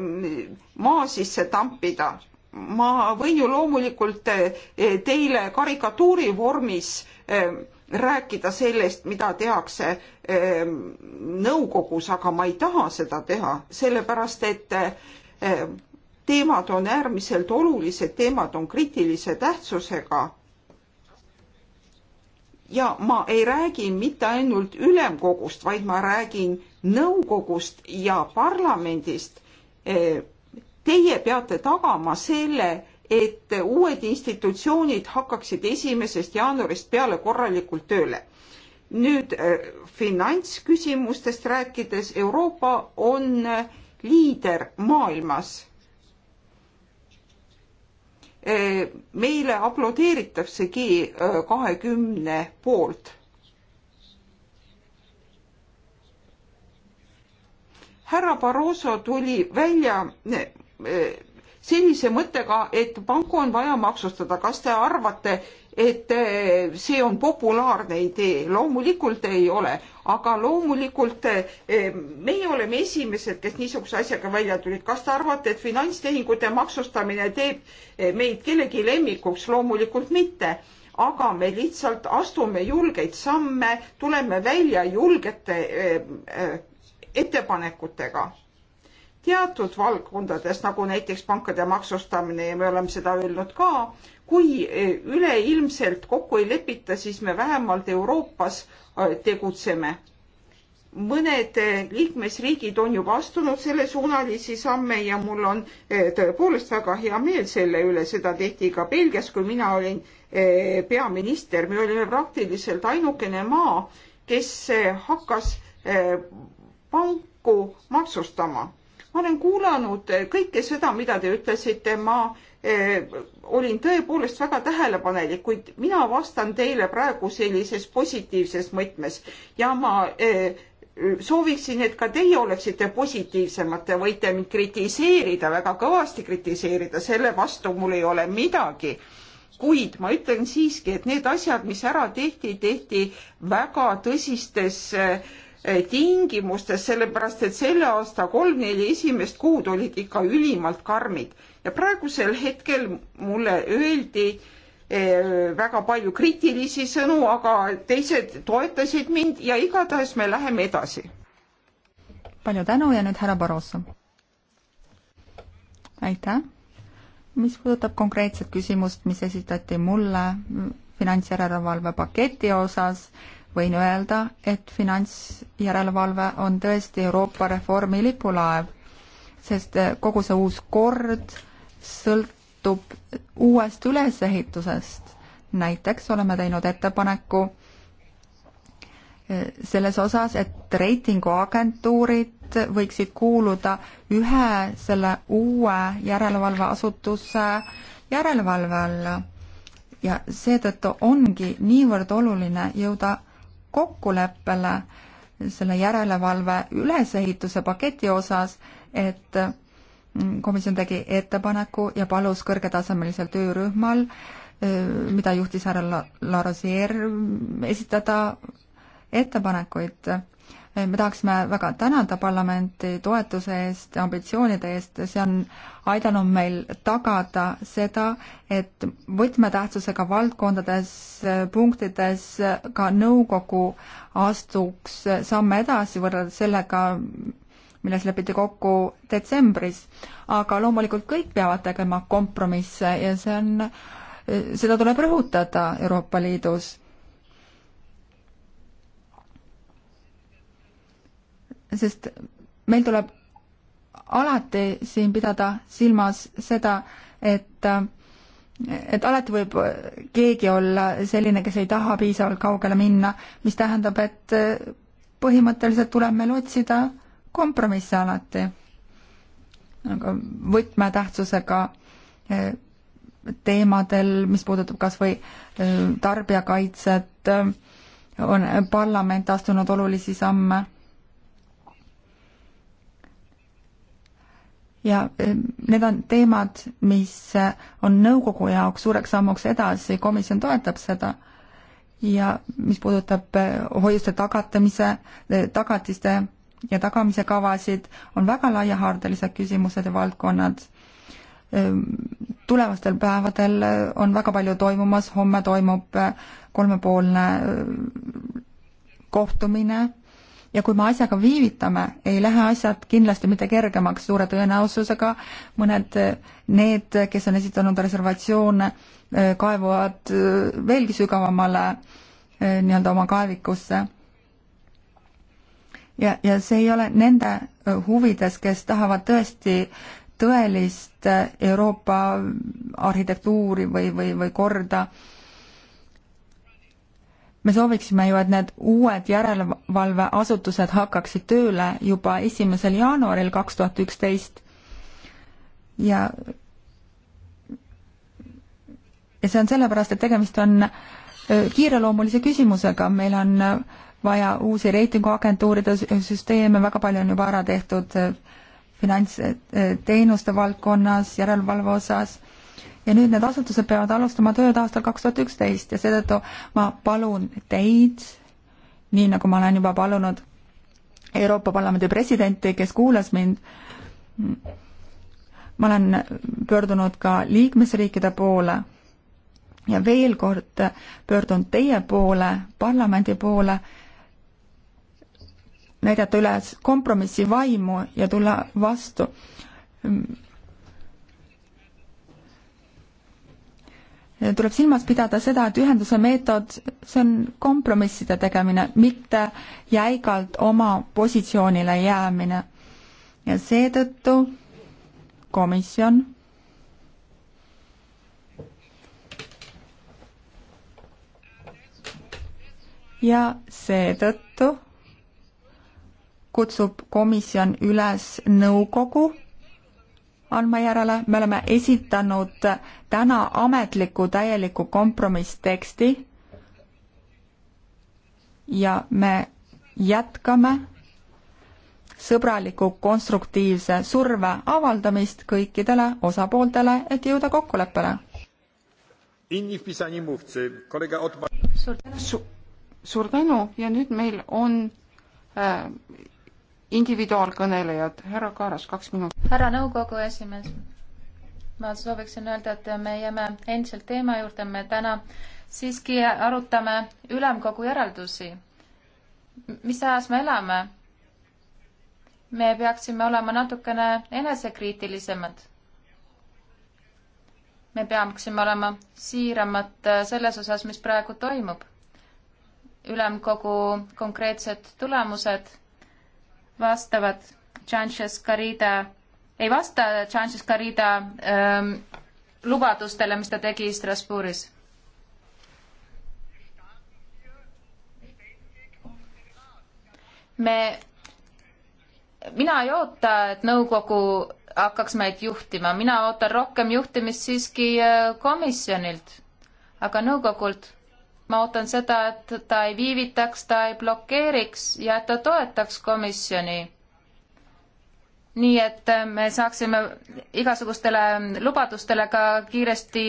maa sisse tampida ma võin ju loomulikult eh, eh, teile karikatuuri vormis eh, rääkida sellest, mida tehakse nõukogus, aga ma ei taha seda teha, sellepärast et teemad on äärmiselt olulised, teemad on kriitilise tähtsusega ja ma ei räägi mitte ainult ülemkogust, vaid ma räägin nõukogust ja parlamendist. Teie peate tagama selle, et uued institutsioonid hakkaksid esimesest jaanuarist peale korralikult tööle. nüüd äh, finantsküsimustest rääkides, Euroopa on äh, liider maailmas. Äh, meile aplodeeritaksegi kahekümne poolt. härra Barroso tuli välja sellise mõttega, et panku on vaja maksustada, kas te arvate, et eh, see on populaarne idee, loomulikult ei ole, aga loomulikult eh, meie oleme esimesed, kes niisuguse asjaga välja tulid. kas te arvate, et finantstehingute maksustamine teeb eh, meid kellegi lemmikuks? loomulikult mitte, aga me lihtsalt astume julgeid samme, tuleme välja julgete ettepanekutega teatud valdkondades, nagu näiteks pankade maksustamine ja me oleme seda öelnud ka, kui e, üleilmselt kokku ei lepita, siis me vähemalt Euroopas e, tegutseme. mõned e, liikmesriigid on juba astunud sellesuunalisi samme ja mul on tõepoolest väga hea meel selle üle, seda tehti ka Belgias, kui mina olin peaminister, me olime praktiliselt ainukene maa, kes hakkas panku maksustama ma olen kuulanud eh, kõike seda, mida te ütlesite, ma eh, olin tõepoolest väga tähelepanelik, kuid mina vastan teile praegu sellises positiivses mõtmes ja ma eh, sooviksin, et ka teie oleksite positiivsemad, te võite mind kritiseerida, väga kõvasti kritiseerida, selle vastu mul ei ole midagi. kuid ma ütlen siiski, et need asjad, mis ära tehti, tehti väga tõsistes äh, Eh, tingimustes, sellepärast et selle aasta kolm-neli esimest kuud olid ikka ülimalt karmid ja praegusel hetkel mulle öeldi eh, väga palju kriitilisi sõnu, aga teised toetasid mind ja igatahes me läheme edasi. palju tänu ja nüüd härra Barossa. aitäh. mis puudutab konkreetset küsimust, mis esitati mulle finantsjärelevalve paketi osas, võin öelda, et finantsjärelevalve on tõesti Euroopa reformi lipulaev, sest eh, kogu see uus kord sõltub uuest ülesehitusest. näiteks oleme teinud ettepaneku eh, selles osas, et reitinguagentuurid võiksid kuuluda ühe selle uue järelevalveasutuse järelevalve alla. ja seetõttu ongi niivõrd oluline jõuda kokkuleppele selle järelevalve ülesehituse paketi osas, et komisjon tegi ettepaneku ja palus kõrgetasemelisel töörühmal, mida juhtis härra La-, La Rosier, esitada ettepanekuid Eh, me tahaksime väga tänada parlamenti toetuse eest ja ambitsioonide eest, see on aidanud meil tagada seda, et võtmetähtsusega valdkondades, eh, punktides ka nõukogu astuks samme edasi võrreldes sellega, milles lepiti kokku detsembris. aga loomulikult kõik peavad tegema kompromisse ja see on, eh, seda tuleb rõhutada Euroopa Liidus sest meil tuleb alati siin pidada silmas seda, et et alati võib keegi olla selline, kes ei taha piisavalt kaugele minna, mis tähendab, et põhimõtteliselt tuleb meil otsida kompromisse alati. aga võtmetähtsusega eh, teemadel, mis puudutab kas või eh, tarbijakaitset, eh, on parlament astunud olulisi samme ja eh, need on teemad, mis eh, on nõukogu jaoks suureks sammuks edasi, komisjon toetab seda ja mis puudutab eh, hoiuste tagatamise, tagatiste ja tagamise kavasid, on väga laiahaardelised küsimused ja valdkonnad. Ehm, tulevastel päevadel on väga palju toimumas, homme toimub kolmepoolne kohtumine ja kui me asjaga viivitame, ei lähe asjad kindlasti mitte kergemaks, suure tõenäosusega mõned eh, need, kes on esitanud reservatsioone, eh, kaevuvad eh, veelgi sügavamale nii-öelda oma kaevikusse. ja, ja see ei ole nende huvides, kes tahavad tõesti tõelist Euroopa arhitektuuri või, või, või korda äh, me sooviksime ju, et need uued järelevalveasutused hakkaksid tööle juba esimesel jaanuaril kaks tuhat üksteist ja ja see on sellepärast, et tegemist on kiireloomulise küsimusega, meil on vaja uusi reitinguagentuuride süsteeme, väga palju on juba ära tehtud finantsteenuste valdkonnas, järelevalve osas ja nüüd need asutused peavad alustama tööd aastal kaks tuhat üksteist ja seetõttu ma palun teid, nii nagu ma olen juba palunud Euroopa Parlamendi presidenti, kes kuulas mind, ma olen pöördunud ka liikmesriikide poole ja veel kord pöördun teie poole, parlamendi poole, näidata üles kompromissi vaimu ja tulla vastu tuleb silmas pidada seda, et ühenduse meetod, see on kompromisside tegemine, mitte jäigalt oma positsioonile jäämine. ja seetõttu komisjon ja seetõttu kutsub komisjon üles nõukogu andma järele, me oleme esitanud täna ametliku täieliku kompromissteksti ja me jätkame sõbraliku konstruktiivse surve avaldamist kõikidele osapooltele, et jõuda kokkuleppele. suur tänu, suur tänu ja nüüd meil on äh, individuaalkõnelejad, härra Kaaras, kaks minutit. härra nõukogu esimees, ma sooviksin öelda, et me jääme endiselt teema juurde, me täna siiski arutame ülemkogu järeldusi. mis ajas me elame? me peaksime olema natukene enesekriitilisemad. me peaksime olema siiramad selles osas, mis praegu toimub. ülemkogu konkreetsed tulemused vastavad Sanchez Carida, ei vasta Sanchez Carida ähm, lubadustele, mis ta tegi Strasbourgis. me, mina ei oota, et nõukogu hakkaks meid juhtima, mina ootan rohkem juhtimist siiski äh, komisjonilt, aga nõukogult ma ootan seda, et ta ei viivitaks, ta ei blokeeriks ja et ta toetaks komisjoni. nii et me saaksime igasugustele lubadustele ka kiiresti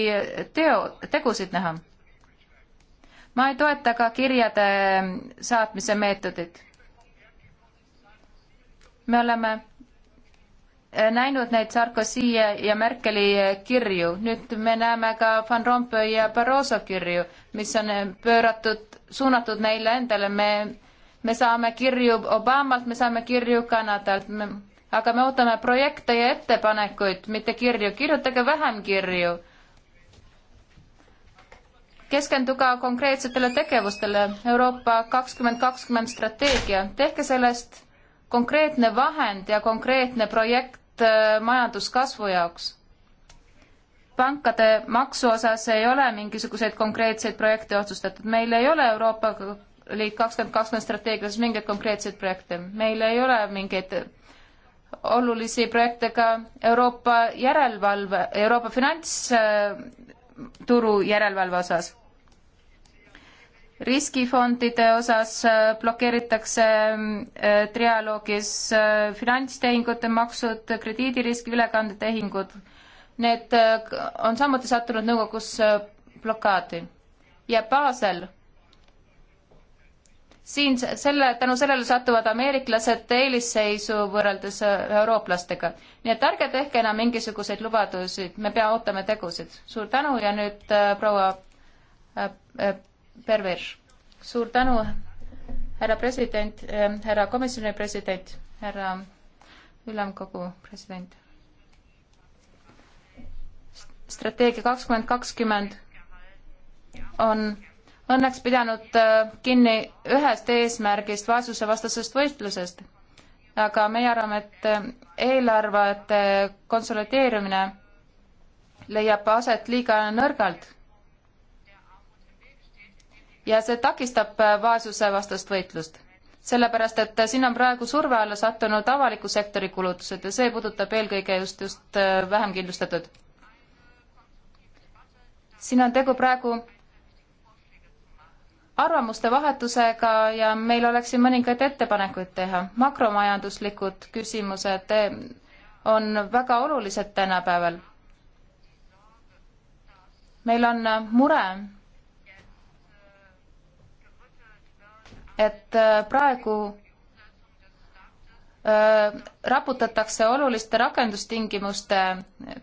teo, tegusid näha. ma ei toeta ka kirjade saatmise meetodit. me oleme Äh, näinud neid Sarkozy ja, ja Merkeli kirju, nüüd me näeme ka Van Rompuy ja Barroso kirju, mis on äh, pööratud, suunatud neile endale, me, me saame kirju Obamalt, me saame kirju Kanadalt, aga me ootame projekte ja ettepanekuid, mitte kirju, kirjutage vähem kirju. keskenduge konkreetsetele tegevustele, Euroopa kakskümmend kakskümmend strateegia, tehke sellest konkreetne vahend ja konkreetne projekt, ainult äh, majanduskasvu jaoks. pankade maksu osas ei ole mingisuguseid konkreetseid projekte otsustatud, meil ei ole Euroopa Liit kakskümmend kakskümmend strateegias mingeid konkreetseid projekte, meil ei ole mingeid olulisi projekte ka Euroopa järelevalve, Euroopa finantsturu järelevalve osas riskifondide osas äh, blokeeritakse mm, äh, trialoogis äh, finantstehingute maksud, krediidiriski ülekandetehingud. Need on samuti sattunud nõukogus blokaadi. ja Basel, siin selle, tänu sellele satuvad ameeriklased eelisseisu võrreldes eurooplastega. nii et ärge tehke enam mingisuguseid lubadusi, me pea ootame tegusid. suur tänu ja nüüd proua äh, äh, Perverš. suur tänu, härra president, äh, härra komisjoni president, härra ülemkogu president. strateegia kakskümmend kakskümmend on õnneks pidanud äh, kinni ühest eesmärgist, vaesusevastasest võitlusest. aga meie arvame, et äh, eelarvete konsolideerimine leiab aset liiga nõrgalt ja see takistab vaesusevastast võitlust. sellepärast, et siin on praegu surve alla sattunud avaliku sektori kulutused ja see puudutab eelkõige just, just äh, vähem kindlustatud. siin on tegu praegu arvamuste vahetusega ja meil oleks siin mõningaid ettepanekuid teha. makromajanduslikud küsimused äh, on väga olulised tänapäeval. meil on mure et äh, praegu äh, raputatakse oluliste rakendustingimuste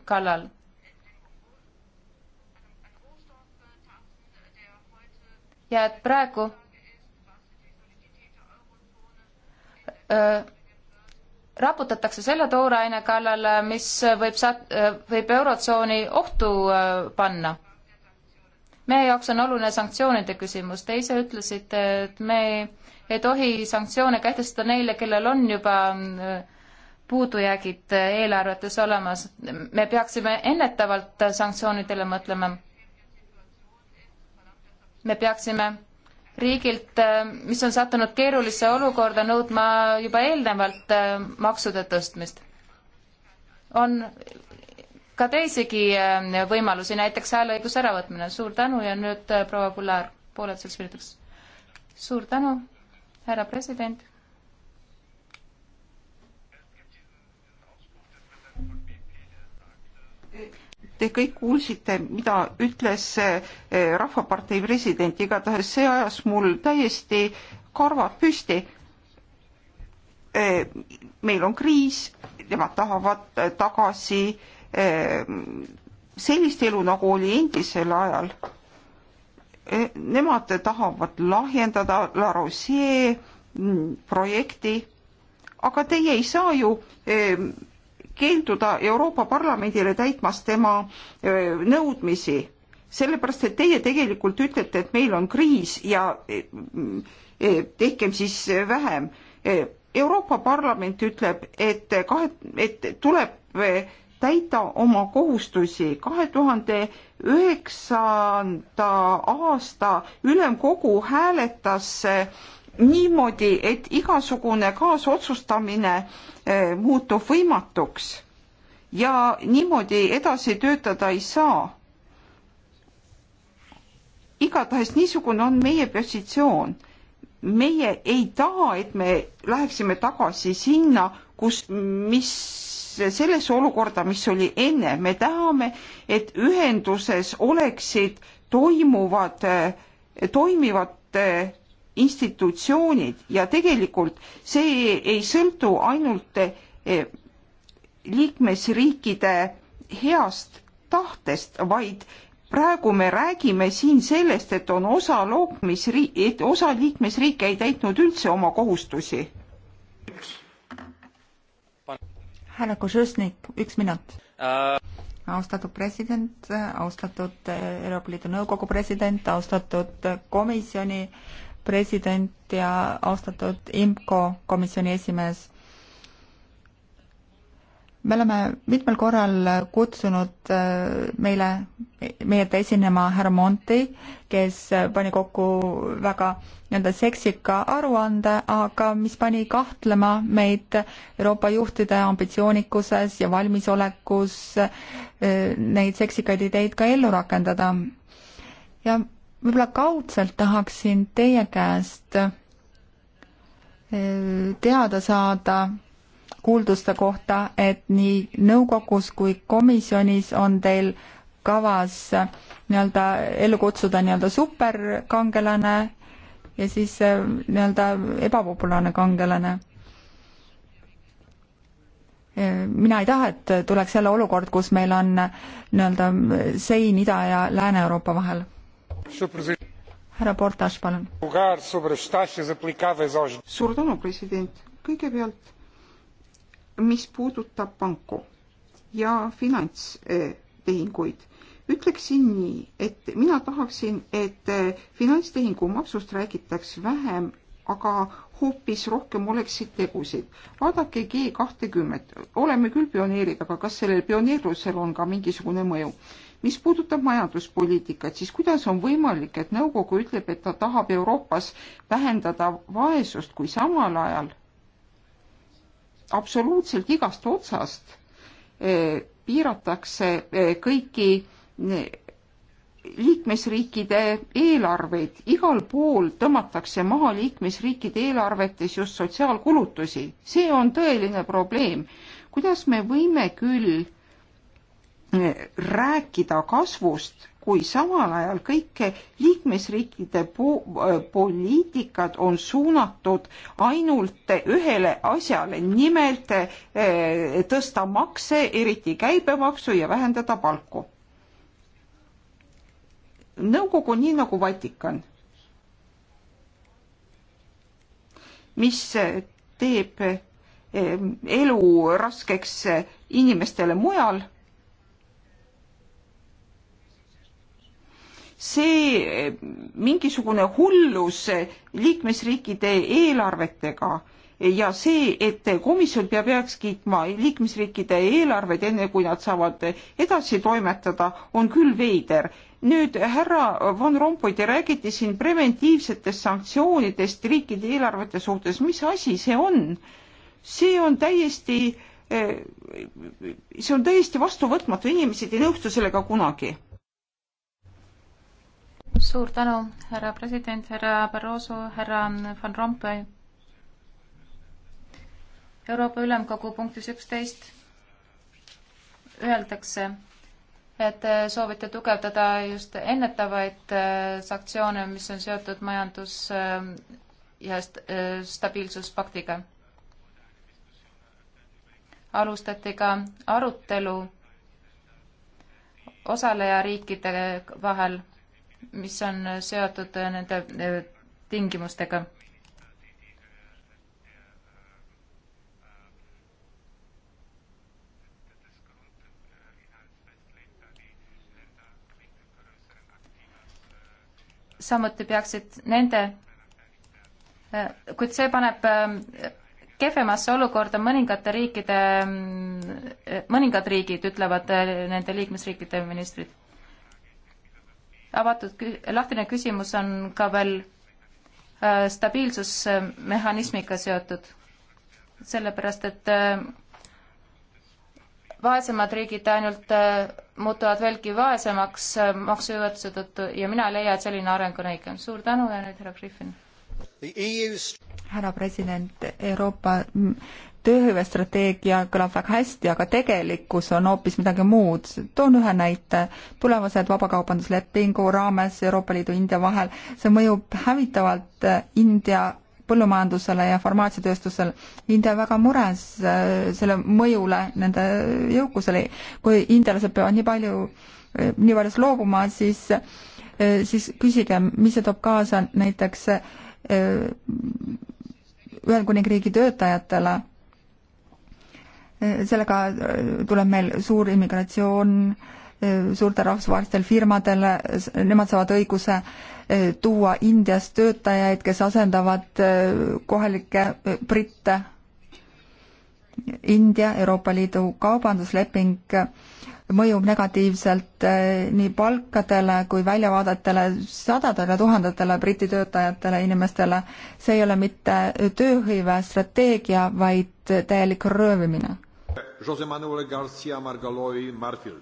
kallal. ja et praegu äh, raputatakse selle tooraine kallal, mis võib, võib Eurotsooni ohtu panna meie jaoks on oluline sanktsioonide küsimus, te ise ütlesite, et me ei tohi sanktsioone kehtestada neile, kellel on juba äh, puudujäägid äh, eelarvetes olemas. me peaksime ennetavalt sanktsioonidele mõtlema. me peaksime riigilt, äh, mis on sattunud keerulisse olukorda, nõudma juba eelnevalt maksude tõstmist. on ka teisigi äh, võimalusi, näiteks hääleõiguse äravõtmine. suur tänu ja nüüd äh, proua Kullar pooletuseks minutiks. suur tänu, härra president. Te kõik kuulsite, mida ütles äh, Rahvapartei president, igatahes see ajas mul täiesti karvad püsti. meil on kriis, nemad tahavad tagasi äh, Ehm, sellist elu, nagu oli endisel ajal. E, nemad tahavad lahjendada La Rosier mm, projekti, aga teie ei saa ju ehm, keelduda Euroopa Parlamendile täitmast tema e, nõudmisi, sellepärast et teie tegelikult ütlete, et meil on kriis ja e, tehkem siis vähem. Euroopa Parlament ütleb, et kahe, et tuleb täita oma kohustusi. kahe tuhande üheksanda aasta ülemkogu hääletas eh, niimoodi, et igasugune kaasotsustamine eh, muutub võimatuks ja niimoodi edasi töötada ei saa. igatahes niisugune on meie positsioon. meie ei taha, et me läheksime tagasi sinna, kus, mis sellesse olukorda, mis oli enne, me tahame, et ühenduses oleksid toimuvad, eh, toimivad eh, institutsioonid ja tegelikult see ei sõltu ainult eh, liikmesriikide heast tahtest, vaid praegu me räägime siin sellest, et on osa lookmisriik, et osa liikmesriike ei täitnud üldse oma kohustusi härra Kožõšnik, üks minut uh.... austatud president, austatud äh, Euroopa Liidu Nõukogu president, austatud äh, komisjoni president ja austatud IMCO komisjoni esimees me oleme mitmel korral kutsunud äh, meile, meie ette esinema härra Monti, kes pani kokku väga nii-öelda seksika aruande, aga mis pani kahtlema meid Euroopa juhtide ambitsioonikuses ja valmisolekus äh, neid seksikaid ideid ka ellu rakendada. ja võib-olla kaudselt tahaksin teie käest äh, teada saada kuulduste kohta, et nii nõukogus kui komisjonis on teil kavas nii-öelda ellu kutsuda nii-öelda superkangelane ja siis äh, nii-öelda ebapopulaarne kangelane. mina ei taha, et tuleks jälle olukord, kus meil on äh, nii-öelda äh, sein Ida- ja Lääne-Euroopa vahel. härra Portaž, palun. suur tänu, president. kõigepealt mis puudutab panku ja finantstehinguid, ütleksin nii, et mina tahaksin, et eh, finantstehingu maksust räägitaks vähem, aga hoopis rohkem oleksid tegusid. vaadake G kahtekümmet, oleme küll pioneerid, aga kas sellel pioneerlusel on ka mingisugune mõju? mis puudutab majanduspoliitikat, siis kuidas on võimalik, et nõukogu ütleb, et ta tahab Euroopas vähendada vaesust, kui samal ajal absoluutselt igast otsast eh, piiratakse eh, kõiki eh, liikmesriikide eelarveid, igal pool tõmmatakse maha liikmesriikide eelarvetes just sotsiaalkulutusi, see on tõeline probleem. kuidas me võime küll rääkida kasvust, kui samal ajal kõik liikmesriikide po äh, poliitikad on suunatud ainult ühele asjale, nimelt äh, tõsta makse, eriti käibemaksu ja vähendada palku. nõukogu nii nagu Vatikan, mis teeb äh, elu raskeks inimestele mujal see mingisugune hullus liikmesriikide eelarvetega ja see, et komisjon peab heaks kiitma liikmesriikide eelarved, enne kui nad saavad edasi toimetada, on küll veider. nüüd härra Van Rompuy, te räägite siin preventiivsetest sanktsioonidest riikide eelarvete suhtes, mis asi see on? see on täiesti, eh, see on täiesti vastuvõtmatu, inimesed ei nõustu sellega kunagi suur tänu, härra president, härra Barroso, härra Van Rompuy. Euroopa Ülemkogu punktis üksteist öeldakse, et soovite tugevdada just ennetavaid äh, sanktsioone, mis on seotud majandus- äh, ja äh, stabiilsuspaktiga. alustati ka arutelu osalejariikide vahel mis on seotud äh, nende äh, tingimustega. samuti peaksid nende, äh, kuid see paneb kehvemasse olukorda mõningate riikide, mm, mõningad riigid, ütlevad nende liikmesriikide ministrid avatud, lahtine küsimus on ka veel äh, stabiilsusmehhanismiga seotud, sellepärast et äh, vaesemad riigid ainult äh, muutuvad veelgi vaesemaks maksujõuetuse tõttu ja mina ei leia, et selline areng on õige. suur tänu ja nüüd härra Griffin. E härra president, Euroopa tööhõivestrateegia kõlab väga hästi, aga tegelikkus on hoopis midagi muud. toon ühe näite. tulevased vabakaubanduslepingu raames Euroopa Liidu India vahel, see mõjub hävitavalt äh, India põllumajandusele ja farmaatsiatööstusele. India väga mures äh, selle mõjule nende jõukusele. kui indialased peavad nii palju, äh, nii paljust loobuma, siis, siis küsige, mis see toob kaasa näiteks Ühendkuningriigi töötajatele Eh, sellega eh, tuleb meil suur immigratsioon eh, suurtel rahvusvahelistel firmadel, nemad saavad õiguse tuua Indiast töötajaid, kes asendavad kohalikke britte. India Euroopa Liidu kaubandusleping mõjub negatiivselt nii palkadele kui väljavaadetele sadadele tuhandetele Briti töötajatele, inimestele. see ei ole mitte tööhõive strateegia, vaid täielik röövimine Jose Manuel Garcia Margaloi Marfil.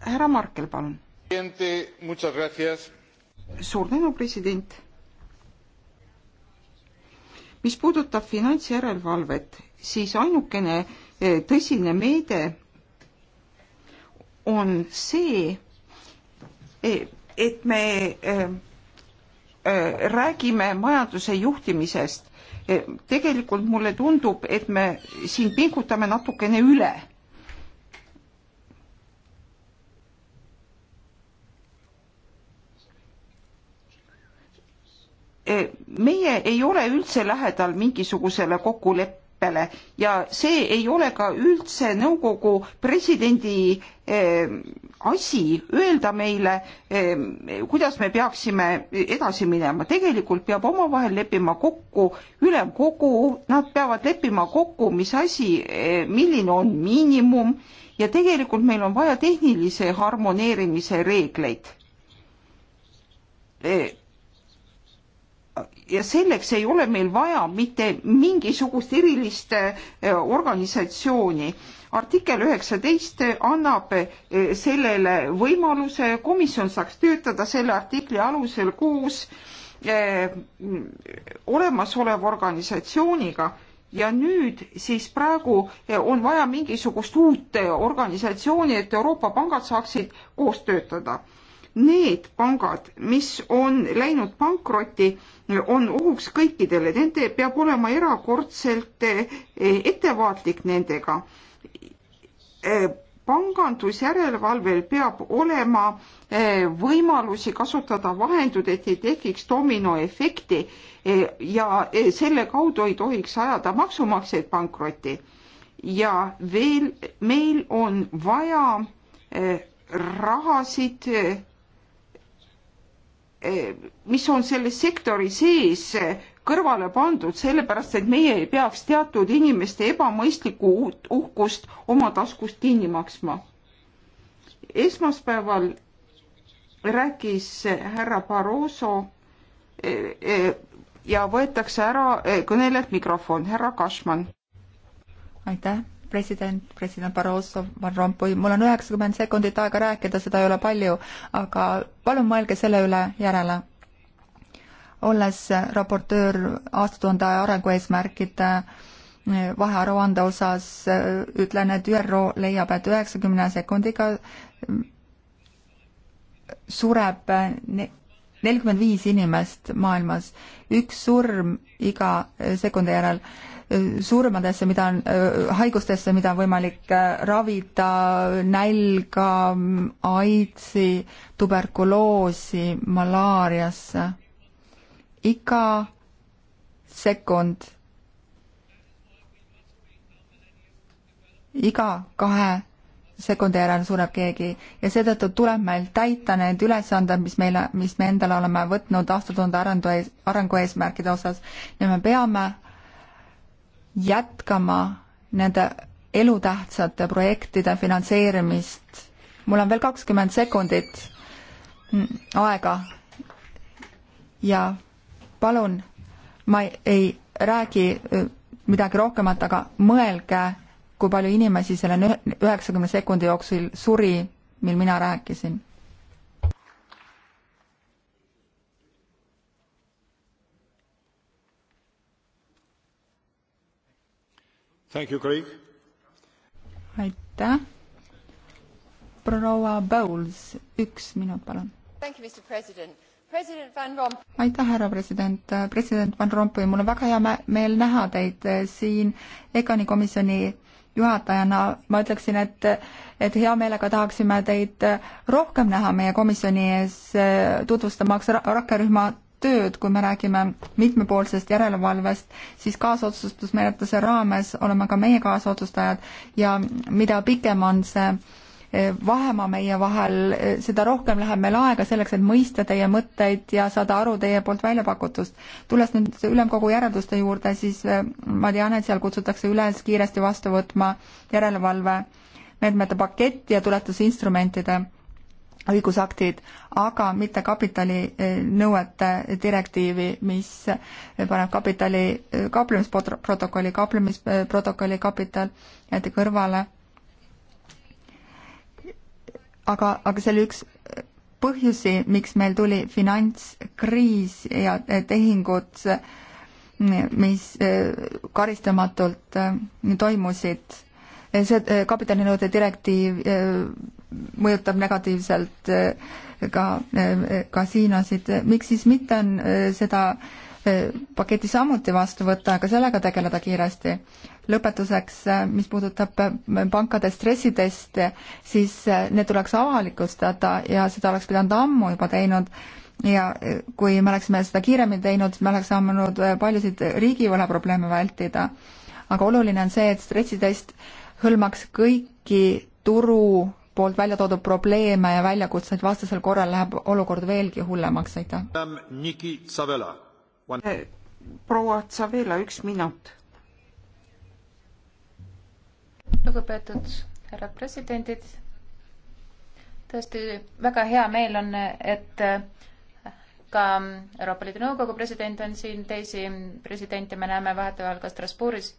härra Markel, palun. suur tänu, president. mis puudutab finantsjärelevalvet, siis ainukene eh, tõsine meede on see, eh, et me eh, räägime majanduse juhtimisest Eh, tegelikult mulle tundub, et me siin pingutame natukene üle. Eh, meie ei ole üldse lähedal mingisugusele kokkuleppele ja see ei ole ka üldse nõukogu presidendi eh, asi öelda meile, kuidas me peaksime edasi minema, tegelikult peab omavahel leppima kokku ülemkogu, nad peavad leppima kokku, mis asi, e, milline on miinimum ja tegelikult meil on vaja tehnilise harmoneerimise reegleid. E, ja selleks ei ole meil vaja mitte mingisugust erilist e, organisatsiooni artikkel üheksateist annab eh, sellele võimaluse, komisjon saaks töötada selle artikli alusel koos eh, olemasoleva organisatsiooniga ja nüüd siis praegu eh, on vaja mingisugust uut organisatsiooni, et Euroopa pangad saaksid koos töötada. Need pangad, mis on läinud pankrotti, on ohuks kõikidele, nende peab olema erakordselt ettevaatlik nendega Eh, pangandusjärelevalvel peab olema eh, võimalusi kasutada vahendid, et ei tekiks dominoefekti eh, ja selle kaudu ei tohiks ajada maksumaksjaid pankrotti. ja veel meil on vaja rahasid, mis on selle sektori sees kõrvale pandud, sellepärast et meie ei peaks teatud inimeste ebamõistlikku uhkust oma taskust kinni maksma. esmaspäeval rääkis härra Barroso eh, eh, ja võetakse ära eh, kõnelejalt mikrofon, härra Kašman. aitäh, president, president Barroso, Van Rompuy, mul on üheksakümmend sekundit aega rääkida, seda ei ole palju, aga palun mõelge selle üle järele olles raportöör aastatuhande arengueesmärkide eh, vahearuande osas, eh, ütlen, et ÜRO leiab, et üheksakümne sekundiga mm, sureb eh, nelikümmend viis inimest maailmas, üks surm iga sekundi järel surmadesse, mida on, haigustesse, mida on võimalik ravida, nälga, mm, aidsi, tuberkuloosi, malaariasse iga sekund, iga kahe sekundi järel sureb keegi ja seetõttu tuleb meil täita need ülesanded, mis meile, mis me endale oleme võtnud aastatuhande arengu ees, arengueesmärkide osas ja me peame jätkama nende elutähtsate projektide finantseerimist. mul on veel kakskümmend sekundit mm, aega ja palun, ma ei räägi midagi rohkemat, aga mõelge, kui palju inimesi selle üheksakümne sekundi jooksul suri, mil mina rääkisin You, aitäh. proua Bowles, üks minut, palun aitäh, härra president, president Van Rompuy, mul on väga hea meel näha teid eh, siin EKANi komisjoni juhatajana, ma ütleksin, et et hea meelega tahaksime teid eh, rohkem näha meie komisjoni ees eh, tutvustamaks rakkerühma tööd, kui me räägime mitmepoolsest järelevalvest, siis kaasotsustusmenetluse raames oleme ka meie kaasotsustajad ja mida pikem on see vahemaa meie vahel, seda rohkem läheb meil aega selleks, et mõista teie mõtteid ja saada aru teie poolt väljapakutust. tulles nüüd ülemkogu järelduste juurde, siis äh, ma tean, et seal kutsutakse üles kiiresti vastu võtma järelevalvemeetmete paketti ja tuletusinstrumentide õigusaktid, aga mitte kapitalinõuete äh, direktiivi, mis äh, paneb kapitali kauplemisprotokolli, kauplemisprotokolli kapital jäeti kõrvale aga, aga see oli üks äh, põhjusi, miks meil tuli finantskriis ja äh, tehingud, äh, mis karistamatult toimusid. see kapitalinõude direktiiv mõjutab negatiivselt ka kasiinosid, miks siis mitte on seda paketi samuti vastu võtta, aga sellega tegeleda kiiresti. lõpetuseks, mis puudutab pankade stressiteste, siis need tuleks avalikustada ja seda oleks pidanud ammu juba teinud ja kui me oleksime seda kiiremini teinud, siis me oleks saanud paljusid riigivõla probleeme vältida. aga oluline on see, et stressitest hõlmaks kõiki turu poolt välja toodud probleeme ja väljakutseid, vastasel korral läheb olukord veelgi hullemaks, aitäh. One... Eh, proua Tsavela, üks minut. lugupeetud härra presidendid, tõesti väga hea meel on, et ka Euroopa Liidu Nõukogu president on siin, teisi presidente me näeme vahetevahel ka Strasbourgis.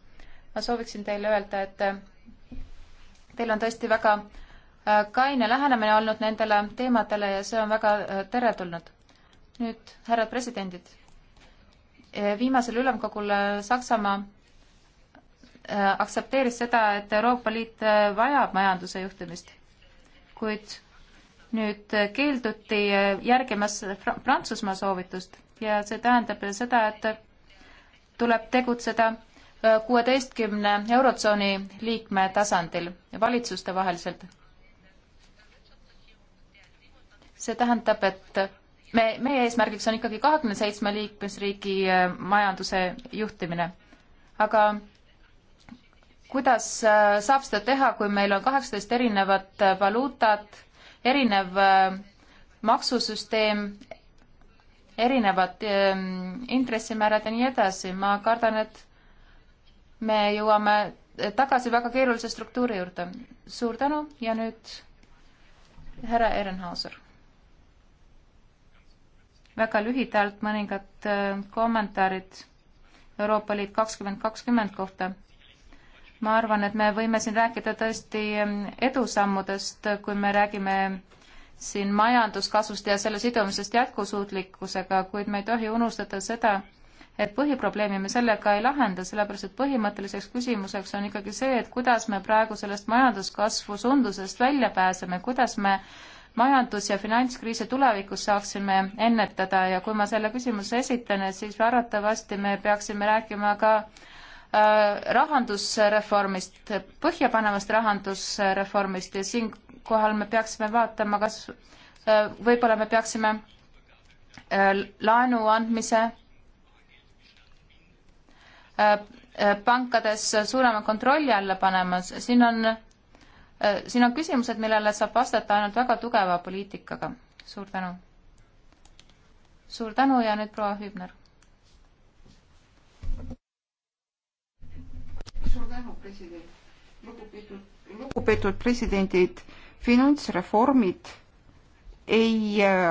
ma sooviksin teile öelda, et teil on tõesti väga äh, kaine lähenemine olnud nendele teemadele ja see on väga äh, teretulnud. nüüd, härrad presidendid Eh, viimasel ülemkogul eh, Saksamaa eh, aktsepteeris seda, et Euroopa Liit vajab majanduse juhtimist, kuid nüüd keelduti järgimas Prantsusmaa soovitust ja see tähendab seda, et tuleb tegutseda kuueteistkümne Eurotsooni liikme tasandil valitsuste vaheliselt. see tähendab, et me, meie eesmärgiks on ikkagi kahekümne seitsme liikmesriigi äh, majanduse juhtimine. aga kuidas äh, saab seda teha, kui meil on kaheksateist erinevat äh, valuutat, erinev maksusüsteem, erinevad ähm, intressimäärad ja nii edasi, ma kardan, et me jõuame tagasi väga keerulise struktuuri juurde. suur tänu ja nüüd härra Ehrenhauser väga lühidalt mõningad äh, kommentaarid Euroopa Liit kakskümmend kakskümmend kohta. ma arvan, et me võime siin rääkida tõesti ähm, edusammudest, kui me räägime siin majanduskasvust ja selle sidumisest jätkusuutlikkusega, kuid me ei tohi unustada seda, et põhiprobleemi me sellega ei lahenda, sellepärast et põhimõtteliseks küsimuseks on ikkagi see, et kuidas me praegu sellest majanduskasvu sundusest välja pääseme, kuidas me äh, majandus- ja finantskriise tulevikus saaksime ennetada ja kui ma selle küsimuse esitan, siis arvatavasti me peaksime rääkima ka äh, rahandusreformist, põhjapanevast rahandusreformist ja siinkohal me peaksime vaatama, kas äh, võib-olla me peaksime äh, laenu andmise pankades suurema kontrolli alla panema, siin on Äh, siin on küsimused, millele saab vastata ainult väga tugeva poliitikaga. suur tänu. suur tänu ja nüüd proua Hübner. suur tänu, president. lugupeetud, lugupeetud presidendid, finantsreformid ei äh,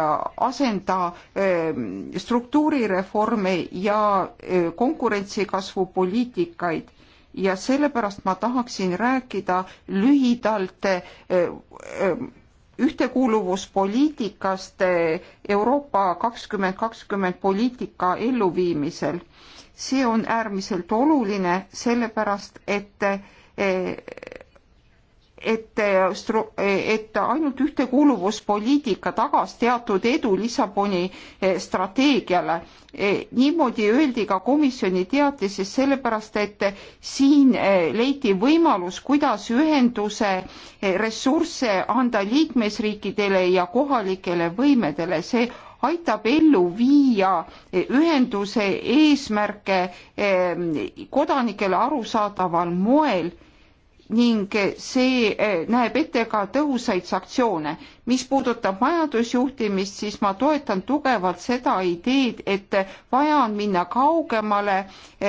asenda ähm, struktuurireforme ja äh, konkurentsikasvu poliitikaid ja sellepärast ma tahaksin rääkida lühidalt eh, eh, ühtekuuluvuspoliitikast eh, Euroopa kakskümmend kakskümmend poliitika elluviimisel. see on äärmiselt oluline, sellepärast et et, et ainult ühtekuuluvuspoliitika tagas teatud edu Lissaboni eh, strateegiale. Eh, niimoodi öeldi ka komisjoni teatises, sellepärast et siin eh, leiti võimalus, kuidas ühenduse ressursse anda liikmesriikidele ja kohalikele võimedele, see aitab ellu viia ühenduse eesmärke kodanikele arusaadaval moel ning see eh, näeb ette ka tõhusaid sanktsioone. mis puudutab majandusjuhtimist, siis ma toetan tugevalt seda ideed, et vaja on minna kaugemale eh,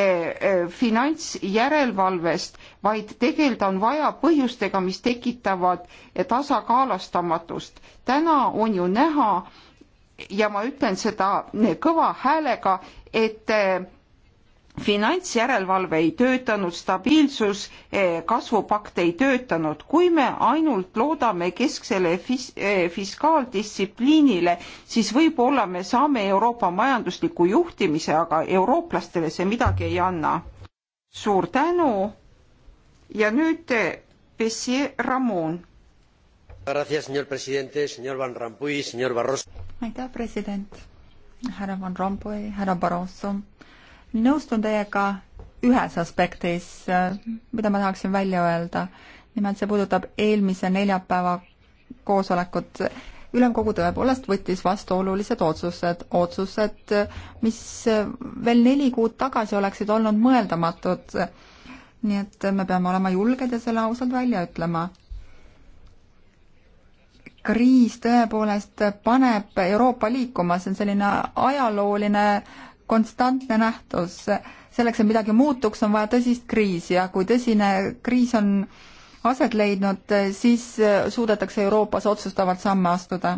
eh, finantsjärelevalvest, vaid tegeleda on vaja põhjustega, mis tekitavad tasakaalustamatust. täna on ju näha ja ma ütlen seda kõva häälega, et finantsjärelevalve ei töötanud, stabiilsus eh, kasvupakt ei töötanud. kui me ainult loodame kesksele fis eh, fiskaaldistsipliinile, siis võib-olla me saame Euroopa majandusliku juhtimise, aga eurooplastele see midagi ei anna. suur tänu ja nüüd Bessie eh, Ramon. aitäh, president, härra Van Rompuy, härra Barroso nõustun teiega ühes aspektis, mida ma tahaksin välja öelda. nimelt see puudutab eelmise neljapäeva koosolekut. ülemkogu tõepoolest võttis vastu olulised otsused, otsused, mis veel neli kuud tagasi oleksid olnud mõeldamatud. nii et me peame olema julged ja selle ausalt välja ütlema. kriis tõepoolest paneb Euroopa liikuma, see on selline ajalooline äh, konstantne nähtus. selleks, et midagi muutuks, on vaja tõsist kriisi ja kui tõsine kriis on aset leidnud, siis suudetakse Euroopas otsustavalt samme astuda.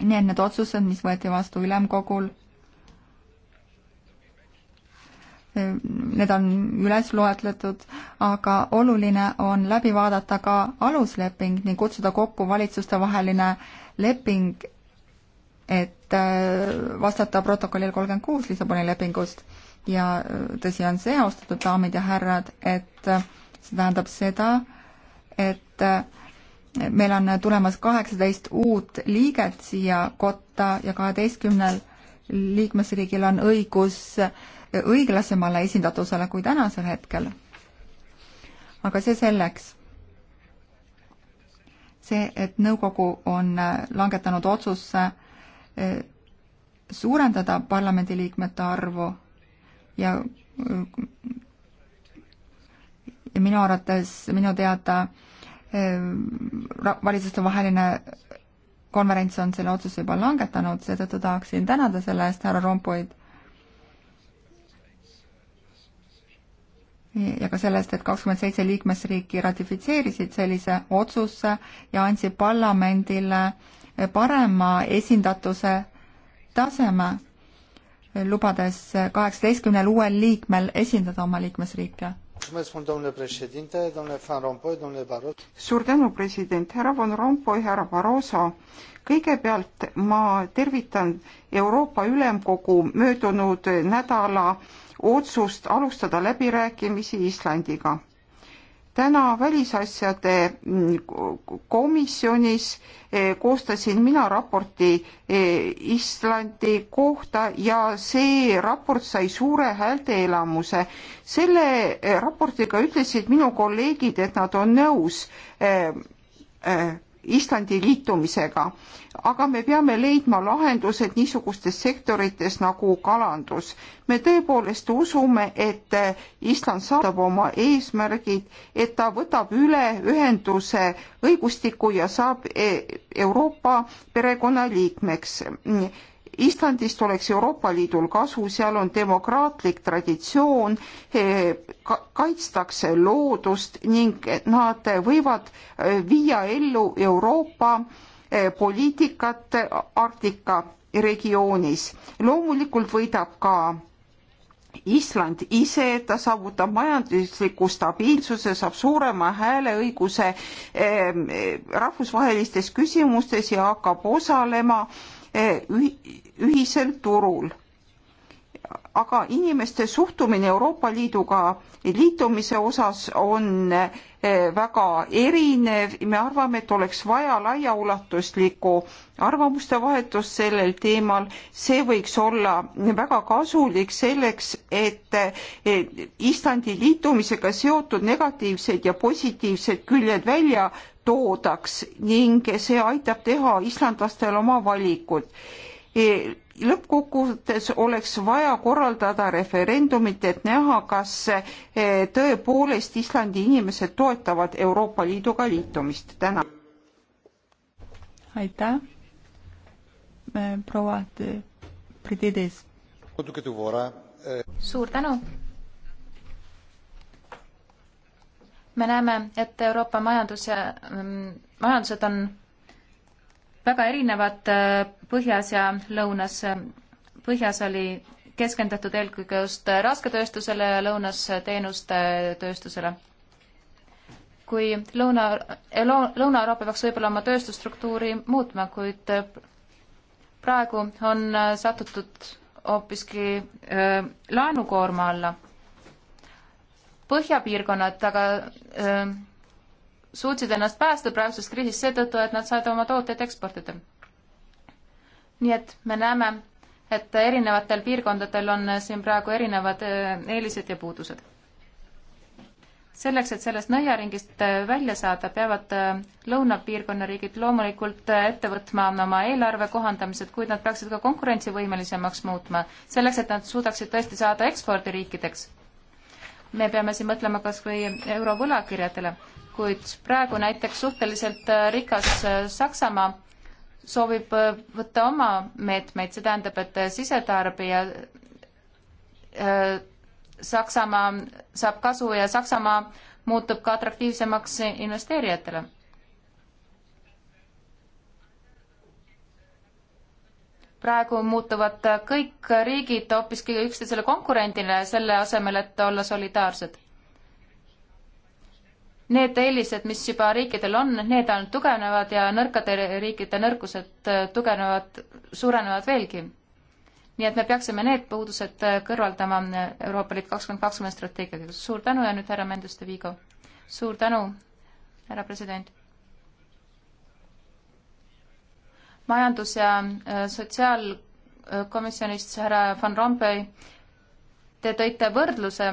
nii et need otsused, mis võeti vastu ülemkogul, need on üles loetletud, aga oluline on läbi vaadata ka alusleping ning kutsuda kokku valitsustevaheline leping et äh, vastata protokollil kolmkümmend kuus Lissaboni lepingust ja äh, tõsi on see, austatud daamid ja härrad, et äh, see tähendab seda, et meil on tulemas kaheksateist uut liiget siia kotta ja kaheteistkümnel liikmesriigil on õigus õiglasemale esindatusele kui tänasel hetkel. aga see selleks. see, et nõukogu on langetanud otsusse Eh, suurendada parlamendiliikmete arvu ja, ja minu arvates, minu teada eh, valitsuste vaheline konverents on selle otsuse juba langetanud, seetõttu tahaksin tänada selle eest härra Rompuid ja ka sellest, et kakskümmend seitse liikmesriiki ratifitseerisid sellise otsuse ja andsid parlamendile parema esindatuse taseme, lubades kaheksateistkümnel uuel liikmel esindada oma liikmesriike. suur tänu, president, härra Van Rompuy, härra Barroso. kõigepealt ma tervitan Euroopa Ülemkogu möödunud nädala otsust alustada läbirääkimisi Islandiga täna välisasjade mm, komisjonis eh, koostasin mina raporti eh, Islandi kohta ja see raport sai suure häälteelamuse. selle eh, raportiga ütlesid minu kolleegid, et nad on nõus Islandi liitumisega. aga me peame leidma lahendused niisugustes sektorites nagu kalandus. me tõepoolest usume, et Island saadab oma eesmärgid, et ta võtab üle ühenduse õigustiku ja saab e-, Euroopa perekonnaliikmeks Islandist oleks Euroopa Liidul kasu, seal on demokraatlik traditsioon, eh, kaitstakse loodust ning nad võivad eh, viia ellu Euroopa eh, poliitikat Arktika regioonis. loomulikult võidab ka Island ise, ta saavutab majandusliku stabiilsuse, saab suurema hääleõiguse rahvusvahelistes küsimustes ja hakkab osalema äh, Eh, ühisel turul. aga inimeste suhtumine Euroopa Liiduga liitumise osas on eh, väga erinev, me arvame, et oleks vaja laiaulatuslikku arvamuste vahetust sellel teemal, see võiks olla väga kasulik selleks, et eh, Islandi liitumisega seotud negatiivsed ja positiivsed küljed välja toodaks ning see aitab teha islandlastel oma valikud. E, lõppkokkuvõttes oleks vaja korraldada referendumit, et näha, kas e, tõepoolest Islandi inimesed toetavad Euroopa Liiduga liitumist. tänan. aitäh, e, proua Pridides. suur tänu me näeme, et Euroopa majandus ja mm, majandused on väga erinevad äh, põhjas ja lõunas. põhjas oli keskendatud eelkõige just rasketööstusele ja lõunas teenuste tööstusele. kui lõuna, eh, Lõuna-Euroopa peaks võib-olla oma tööstusstruktuuri muutma, kuid äh, praegu on äh, satutud hoopiski laenukoorma alla põhjapiirkonnad aga äh, suutsid ennast päästa praegusest kriisist seetõttu, et nad said oma tooteid eksportida. nii et me näeme, et erinevatel piirkondadel on siin praegu erinevad äh, eelised ja puudused. selleks, et sellest nõiaringist äh, välja saada, peavad äh, lõunapiirkonna riigid loomulikult ette võtma oma eelarve kohandamised, kuid nad peaksid ka konkurentsivõimelisemaks muutma, selleks et nad suudaksid tõesti saada ekspordiriikideks me peame siin mõtlema kas või eurovõlakirjadele, kuid praegu näiteks suhteliselt äh, rikas äh, Saksamaa soovib äh, võtta oma meetmeid, see tähendab, et sisetarbija Saksamaa saab kasu ja Saksamaa muutub ka atraktiivsemaks investeerijatele praegu muutuvad kõik riigid hoopiski üksteisele konkurendile, selle asemel, et olla solidaarsed. Need eelised, mis juba riikidel on, need ainult tugevnevad ja nõrkade riikide nõrkused tugevnevad, suurenevad veelgi. nii et me peaksime need puudused kõrvaldama Euroopa Liit kakskümmend kakskümmend strateegiaga. suur tänu ja nüüd härra Menduste Viigo. suur tänu, härra president majandus- ja äh, sotsiaalkomisjonist, härra Van Rompuy, te tõite võrdluse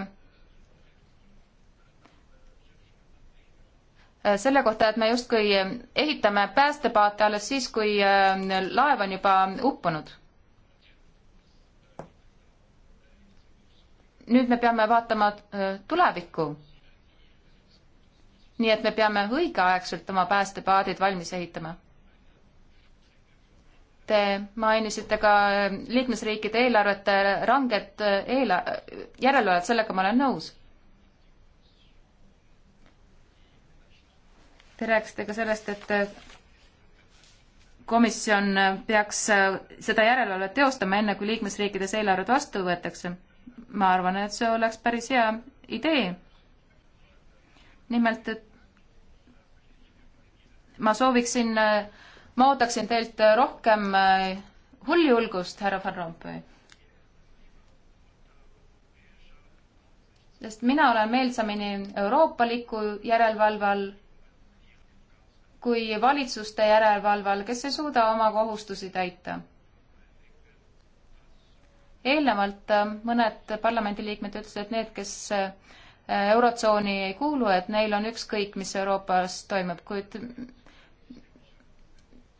äh, selle kohta, et me justkui ehitame päästepaate alles siis, kui äh, laev on juba uppunud. nüüd me peame vaatama tulevikku. nii et me peame õigeaegselt oma päästepaadid valmis ehitama Te mainisite ka äh, liikmesriikide eelarvete ranged äh, eela-, järelevalvet, sellega ma olen nõus. Te rääkisite ka sellest, et äh, komisjon peaks seda järelevalvet teostama, enne kui liikmesriikides eelarved vastu võetakse. ma arvan, et see oleks päris hea idee. nimelt, et ma sooviksin äh, ma ootaksin teilt rohkem äh, hulljulgust, härra Van Rompuy. sest mina olen meelsamini euroopaliku järelevalve all kui valitsuste järelevalve all, kes ei suuda oma kohustusi täita. eelnevalt äh, mõned parlamendiliikmed ütlesid, et need, kes äh, eurotsooni ei kuulu, et neil on ükskõik, mis Euroopas toimub, kuid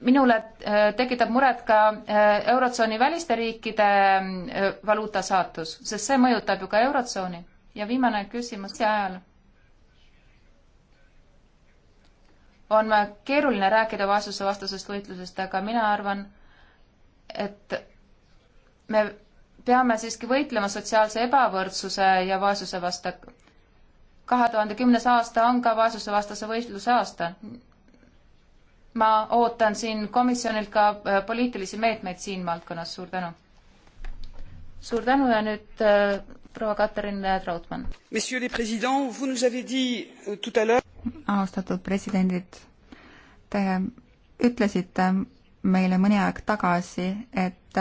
minule äh, tekitab muret ka äh, Eurotsooni väliste riikide äh, valuuta saatus, sest see mõjutab ju ka Eurotsooni. ja viimane küsimus see ajal. on keeruline rääkida vaesusevastasest võitlusest, aga mina arvan, et me peame siiski võitlema sotsiaalse ebavõrdsuse ja vaesuse vastu. kahe tuhande kümnes aasta on ka vaesusevastase võitluse aasta ma ootan siin komisjonilt ka äh, poliitilisi meetmeid siin valdkonnas, suur tänu. suur tänu ja nüüd äh, proua Katrin Trautmann. Euh, austatud presidendid, te ütlesite meile mõni aeg tagasi, et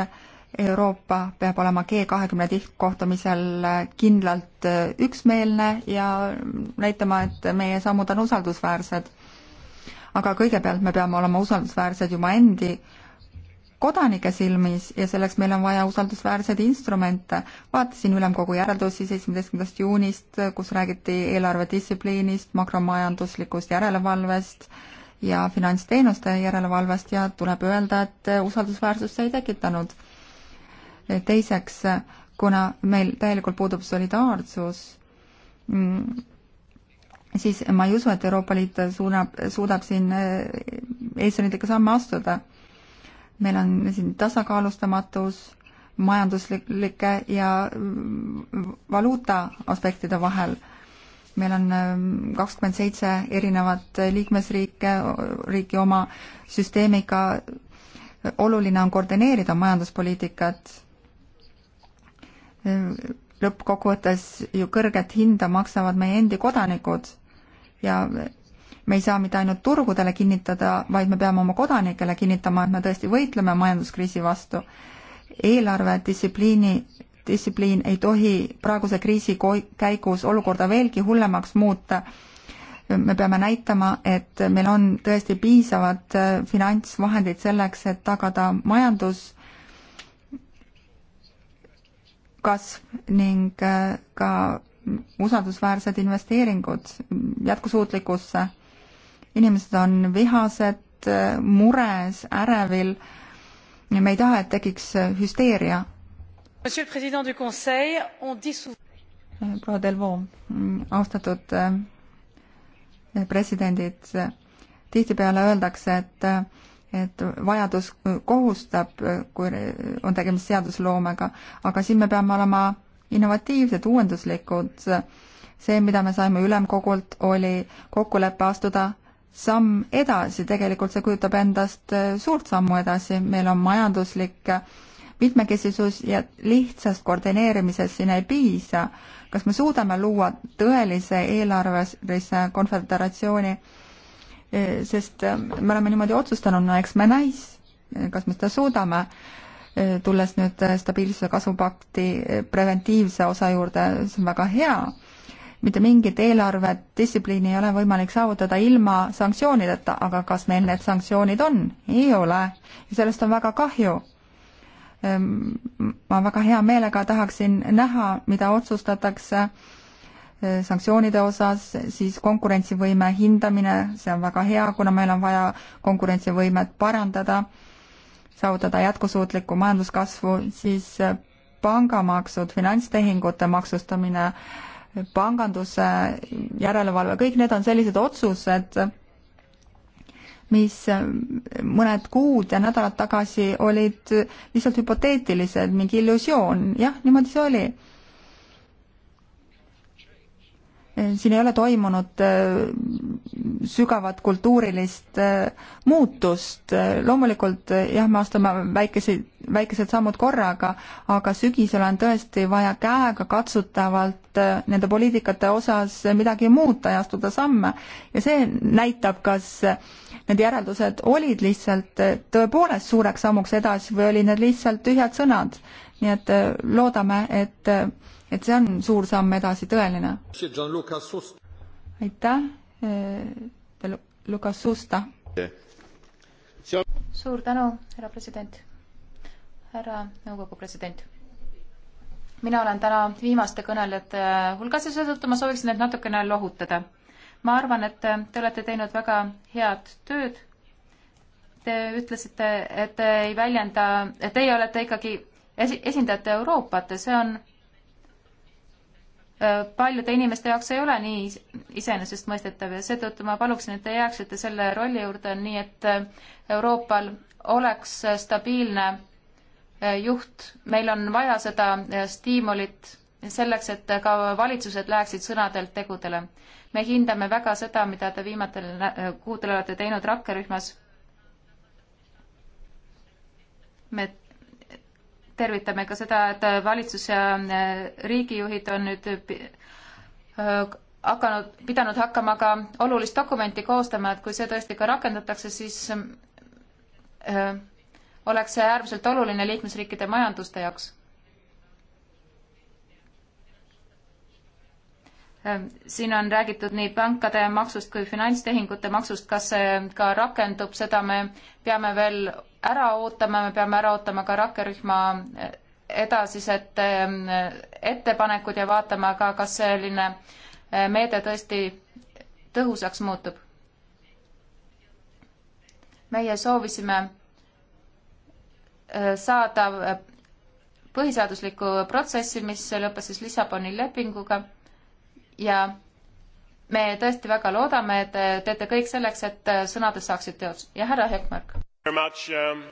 Euroopa peab olema G kahekümne tippkohtumisel kindlalt üksmeelne ja näitama, et meie sammud on usaldusväärsed aga kõigepealt me peame olema usaldusväärsed juba endi kodanike silmis ja selleks meil on vaja usaldusväärseid instrumente. vaatasin ülemkogu järeldusi seitsmeteistkümnendast juunist, kus räägiti eelarvedistsipliinist, makromajanduslikust järelevalvest ja finantsteenuste järelevalvest ja tuleb öelda, et usaldusväärsust see ei tekitanud. teiseks, kuna meil täielikult puudub solidaarsus, mm, siis ma ei usu, et Euroopa Liit suunab, suudab siin eh, eesrindlikke samme astuda. meil on siin tasakaalustamatus, majanduslike ja mm, valuuta aspektide vahel meil on mm, kakskümmend seitse erinevat liikmesriike, riigi oma süsteemiga. oluline on koordineerida majanduspoliitikat. Eh, lõppkokkuvõttes ju kõrget hinda maksavad meie endi kodanikud ja me ei saa mitte ainult turgudele kinnitada, vaid me peame oma kodanikele kinnitama, et me tõesti võitleme majanduskriisi vastu. eelarvedistsipliini, distsipliin ei tohi praeguse kriisi käigus olukorda veelgi hullemaks muuta. me peame näitama, et meil on tõesti piisavad äh, finantsvahendid selleks, et tagada majandus kasv ning äh, ka usaldusväärsed investeeringud jätkusuutlikkusse. inimesed on vihased, mures, ärevil ja me ei taha, et tekiks hüsteeria. proua Delvaux, austatud eh, presidendid, tihtipeale öeldakse, et et vajadus kohustab, kui on tegemist seadusloomega, aga siin me peame olema innovatiivsed, uuenduslikud. see, mida me saime ülemkogult, oli kokkulepe astuda samm edasi, tegelikult see kujutab endast eh, suurt sammu edasi, meil on majanduslik mitmekesisus ja lihtsast koordineerimisest siin ei piisa. kas me suudame luua tõelise eelarvelise konföderatsiooni? Eh, sest eh, me oleme niimoodi otsustanud, no eks me näis, kas me seda suudame Äh, tulles nüüd äh, stabiilsuse kasvupakti äh, preventiivse osa juurde, see on väga hea, mitte mingit eelarvedistsipliini ei ole võimalik saavutada ilma sanktsioonideta, aga kas meil need sanktsioonid on? ei ole. ja sellest on väga kahju. Ähm, ma väga hea meelega tahaksin näha, mida otsustatakse sanktsioonide osas, siis konkurentsivõime hindamine, see on väga hea, kuna meil on vaja konkurentsivõimet parandada saavutada jätkusuutlikku majanduskasvu, siis äh, pangamaksud, finantstehingute maksustamine, panganduse järelevalve, kõik need on sellised otsused, mis äh, mõned kuud ja nädalad tagasi olid äh, lihtsalt hüpoteetilised, mingi illusioon, jah, niimoodi see oli siin ei ole toimunud äh, sügavat kultuurilist äh, muutust. loomulikult äh, jah, me astume väikeseid, väikesed sammud korraga, aga sügisel on tõesti vaja käegakatsutavalt nende poliitikate osas midagi muuta ja astuda samme. ja see näitab, kas need järeldused olid lihtsalt tõepoolest suureks sammuks edasi või olid need lihtsalt tühjad sõnad. nii et loodame, et et see on suur samm edasi, tõeline. aitäh, eh, Lukas Susta. suur tänu, härra president, härra nõukogu president mina olen täna viimaste kõnelejate hulgas ja seetõttu ma sooviksin neid natukene lohutada. ma arvan, et te olete teinud väga head tööd. Te ütlesite, et te ei väljenda, teie olete ikkagi esi-, esindajate Euroopat ja see on Äh, paljude inimeste jaoks ei ole nii iseenesestmõistetav ja seetõttu ma paluksin, et te jääksite selle rolli juurde, nii et äh, Euroopal oleks äh, stabiilne juht, meil on vaja seda stiimulit selleks, et ka valitsused läheksid sõnadelt tegudele. me hindame väga seda, mida te viimatel kuudel olete teinud rakkerühmas. me tervitame ka seda, et valitsus ja äh, riigijuhid on nüüd äh, hakanud, pidanud hakkama ka olulist dokumenti koostama, et kui see tõesti ka rakendatakse, siis öö, äh, oleks see äärmiselt oluline liikmesriikide majanduste jaoks. siin on räägitud nii pankade maksust kui finantstehingute maksust, kas see ka rakendub, seda me peame veel ära ootama, me peame ära ootama ka rakkerühma edasised eh, ettepanekud ja vaatama ka, kas selline eh, meede tõesti tõhusaks muutub. meie soovisime eh, saada põhiseaduslikku protsessi, mis lõppes siis Lissaboni lepinguga ja me tõesti väga loodame, et teete kõik selleks, et sõnadest saaksid teod ja härra Hekmark. Um,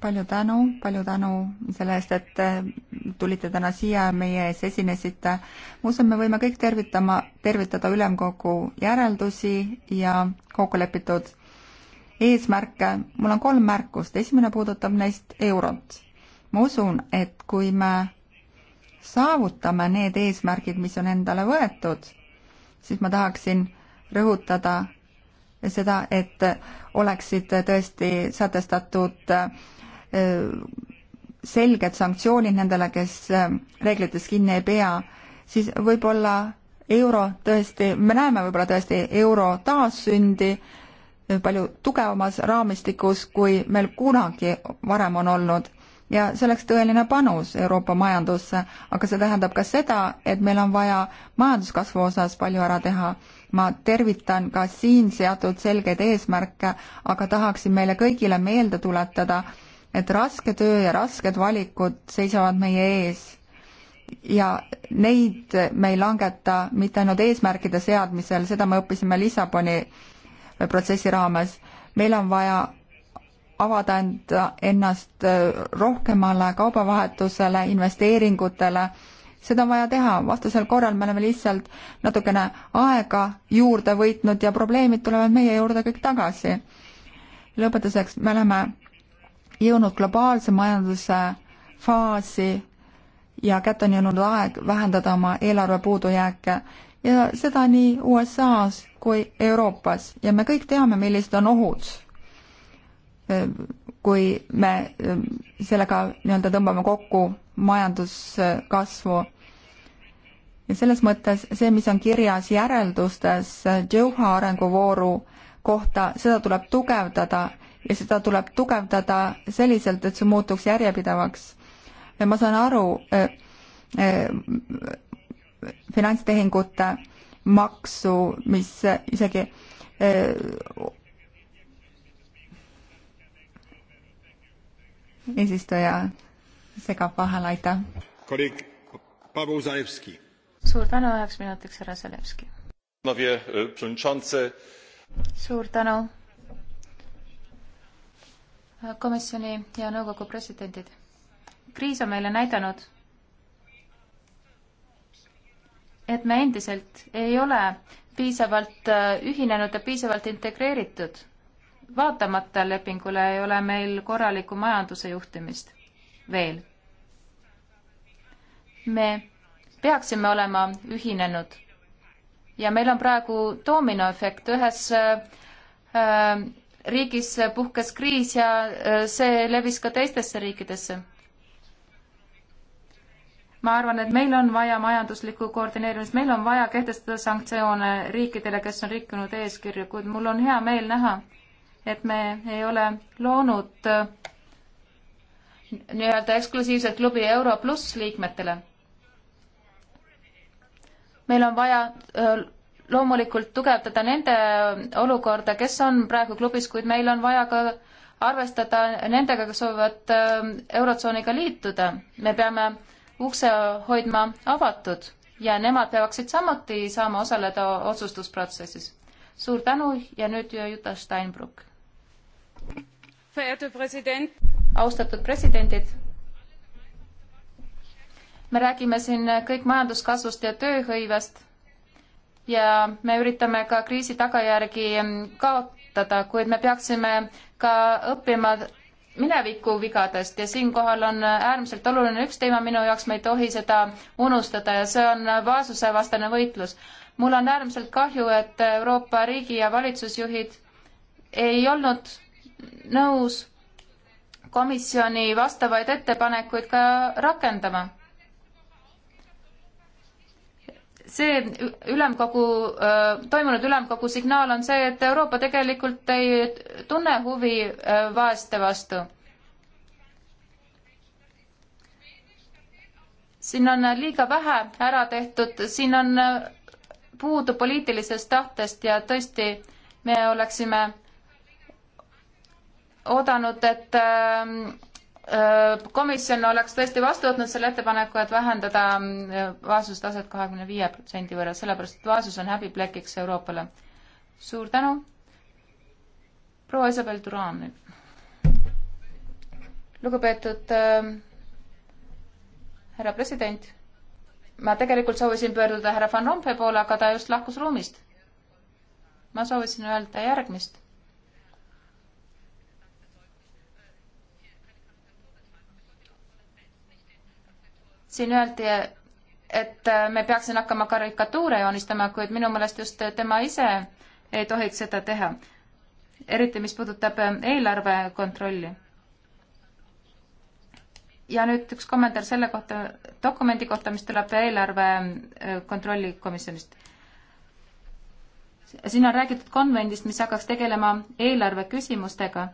palju tänu, palju tänu selle eest, et äh, tulite täna siia meie ees, esinesite. ma usun, me võime kõik tervitama, tervitada ülemkogu järeldusi ja kokkulepitud eesmärke. mul on kolm märkust, esimene puudutab neist eurot. ma usun, et kui me saavutame need eesmärgid, mis on endale võetud, siis ma tahaksin rõhutada seda, et oleksid tõesti sätestatud äh, selged sanktsioonid nendele, kes äh, reeglitest kinni ei pea, siis võib-olla euro tõesti, me näeme võib-olla tõesti euro taassündi äh, palju tugevamas raamistikus, kui meil kunagi varem on olnud ja see oleks tõeline panus Euroopa majandusse, aga see tähendab ka seda, et meil on vaja majanduskasvu osas palju ära teha ma tervitan ka siin seatud selgeid eesmärke, aga tahaksin meile kõigile meelde tuletada, et raske töö ja rasked valikud seisavad meie ees. ja neid me ei langeta mitte ainult eesmärkide seadmisel, seda me õppisime Lissaboni protsessi raames, meil on vaja avada enda, ennast äh, rohkemale kaubavahetusele, investeeringutele seda on vaja teha, vastasel korral me oleme lihtsalt natukene aega juurde võitnud ja probleemid tulevad meie juurde kõik tagasi. lõpetuseks, me oleme jõudnud globaalse majanduse faasi ja kätte on jõudnud aeg vähendada oma eelarve puudujääke ja seda nii USA-s kui Euroopas ja me kõik teame, millised on ohud, eh, kui me eh, sellega nii-öelda tõmbame kokku majanduskasvu ja selles mõttes see, mis on kirjas järeldustes Doha arenguvooru kohta, seda tuleb tugevdada ja seda tuleb tugevdada selliselt, et see muutuks järjepidevaks. ma saan aru äh, äh, finantstehingute maksu, mis isegi äh, eesistuja segab vahele, aitäh. kolleeg Pavel Zalevski suur tänu, üheks minutiks härra Zelevski. suur tänu. komisjoni ja nõukogu presidendid. kriis on meile näidanud, et me endiselt ei ole piisavalt äh, ühinenud ja piisavalt integreeritud. vaatamata lepingule ei ole meil korralikku majanduse juhtimist veel. me peaksime olema ühinenud. ja meil on praegu dominoefekt, ühes äh, äh, riigis puhkes kriis ja äh, see levis ka teistesse riikidesse. ma arvan, et meil on vaja majanduslikku koordineerimist, meil on vaja kehtestada sanktsioone riikidele, kes on rikkunud eeskirju, kuid mul on hea meel näha, et me ei ole loonud äh, nii-öelda eksklusiivset klubi Euro pluss liikmetele meil on vaja loomulikult tugevdada nende olukorda, kes on praegu klubis, kuid meil on vaja ka arvestada nendega, kes soovivad Eurotsooniga liituda. me peame ukse hoidma avatud ja nemad peaksid samuti saama osaleda otsustusprotsessis. suur tänu ja nüüd Juta Steinbrück. austatud presidendid me räägime siin kõik majanduskasvust ja tööhõivest ja me üritame ka kriisi tagajärgi kaotada, kuid me peaksime ka õppima mineviku vigadest ja siinkohal on äärmiselt oluline üks teema minu jaoks, me ei tohi seda unustada ja see on vaesusevastane võitlus. mul on äärmiselt kahju, et Euroopa riigi- ja valitsusjuhid ei olnud nõus komisjoni vastavaid ettepanekuid ka rakendama see ülemkogu, toimunud ülemkogu signaal on see, et Euroopa tegelikult ei tunne huvi vaeste vastu. siin on liiga vähe ära tehtud, siin on puudu poliitilisest tahtest ja tõesti, me oleksime oodanud, et Äh, komisjon oleks tõesti vastu võtnud selle ettepaneku, et vähendada äh, vaesustaset kahekümne viie protsendi võrra, sellepärast et vaesus on häbiplekiks Euroopale. suur tänu. proua Isabel Duran nüüd. lugupeetud äh, härra president, ma tegelikult soovisin pöörduda härra Van Rompuy poole, aga ta just lahkus ruumist. ma soovisin öelda järgmist siin öeldi, et me peaksime hakkama karikatuure joonistama, kuid minu meelest just tema ise ei tohiks seda teha. eriti, mis puudutab eelarve kontrolli. ja nüüd üks kommentaar selle kohta, dokumendi kohta, mis tuleb eelarve äh, kontrolli komisjonist. siin on räägitud konvendist, mis hakkaks tegelema eelarve küsimustega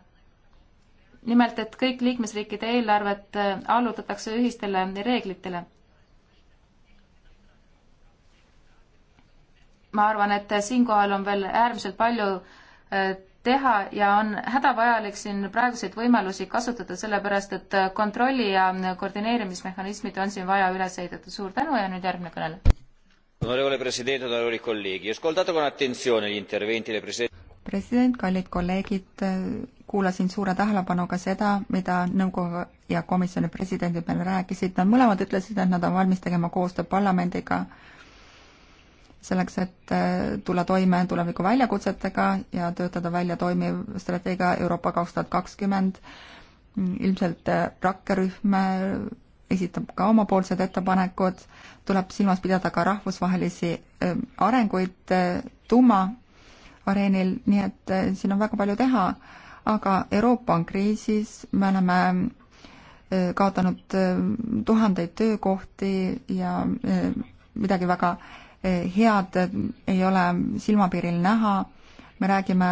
nimelt, et kõik liikmesriikide eelarved äh, allutatakse ühistele reeglitele. ma arvan, et äh, siinkohal on veel äärmiselt palju äh, teha ja on hädavajalik siin praeguseid võimalusi kasutada, sellepärast et kontrolli ja koordineerimismehhanismid on siin vaja üles ehitada. suur tänu ja nüüd järgmine kõneleja. Onorevole president, onorevoli kolleegi, ascoltato con attenzione gli interventi del president. president, kallid kolleegid, kuulasin suure tähelepanuga seda, mida nõukogu ja komisjoni presidendid meile rääkisid, nad mõlemad ütlesid, et nad on valmis tegema koostööd parlamendiga selleks, et äh, tulla toime tuleviku väljakutsetega ja töötada välja toimiv strateegia Euroopa kaks tuhat kakskümmend. ilmselt äh, rakkerühm äh, esitab ka omapoolsed ettepanekud, tuleb silmas pidada ka rahvusvahelisi arenguid tuumaareenil, nii et siin on väga palju teha aga Euroopa on kriisis, me oleme e, kaotanud e, tuhandeid töökohti ja e, midagi väga head ei ole silmapiiril näha, me räägime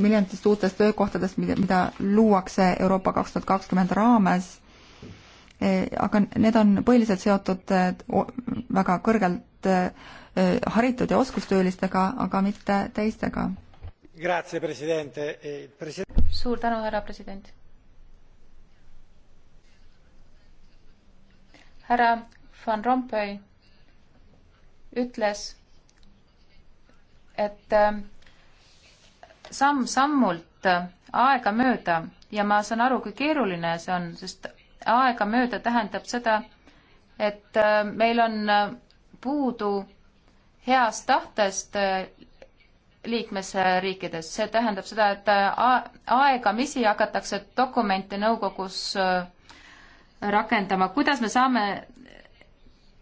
miljonitest uutest töökohtadest, mida, mida luuakse Euroopa kaks tuhat kakskümmend raames, aga need on põhiliselt seotud väga kõrgelt haritud ja oskustöölistega, aga mitte teistega Eh, suur tänu, härra president. härra Van Rompuy ütles, et ähm, samm-sammult äh, aegamööda ja ma saan aru, kui keeruline see on, sest aegamööda tähendab seda, et äh, meil on äh, puudu heast tahtest liikmesriikides, see tähendab seda, et äh, aegamisi hakatakse dokumente nõukogus äh, rakendama, kuidas me saame,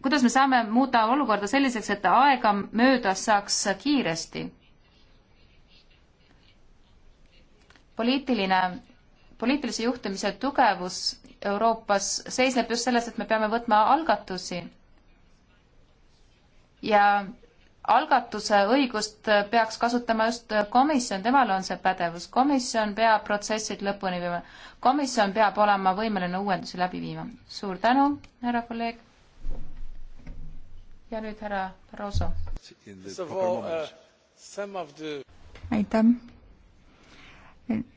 kuidas me saame muuta olukorda selliseks, et aega möödas saaks kiiresti? poliitiline, poliitilise juhtimise tugevus Euroopas seisneb just selles, et me peame võtma algatusi ja algatuse õigust peaks kasutama just komisjon, temal on see pädevus, komisjon peab protsessid lõpuni viima, komisjon peab olema võimeline uuendusi läbi viima. suur tänu, härra kolleeg. ja nüüd härra Barroso. Uh, aitäh.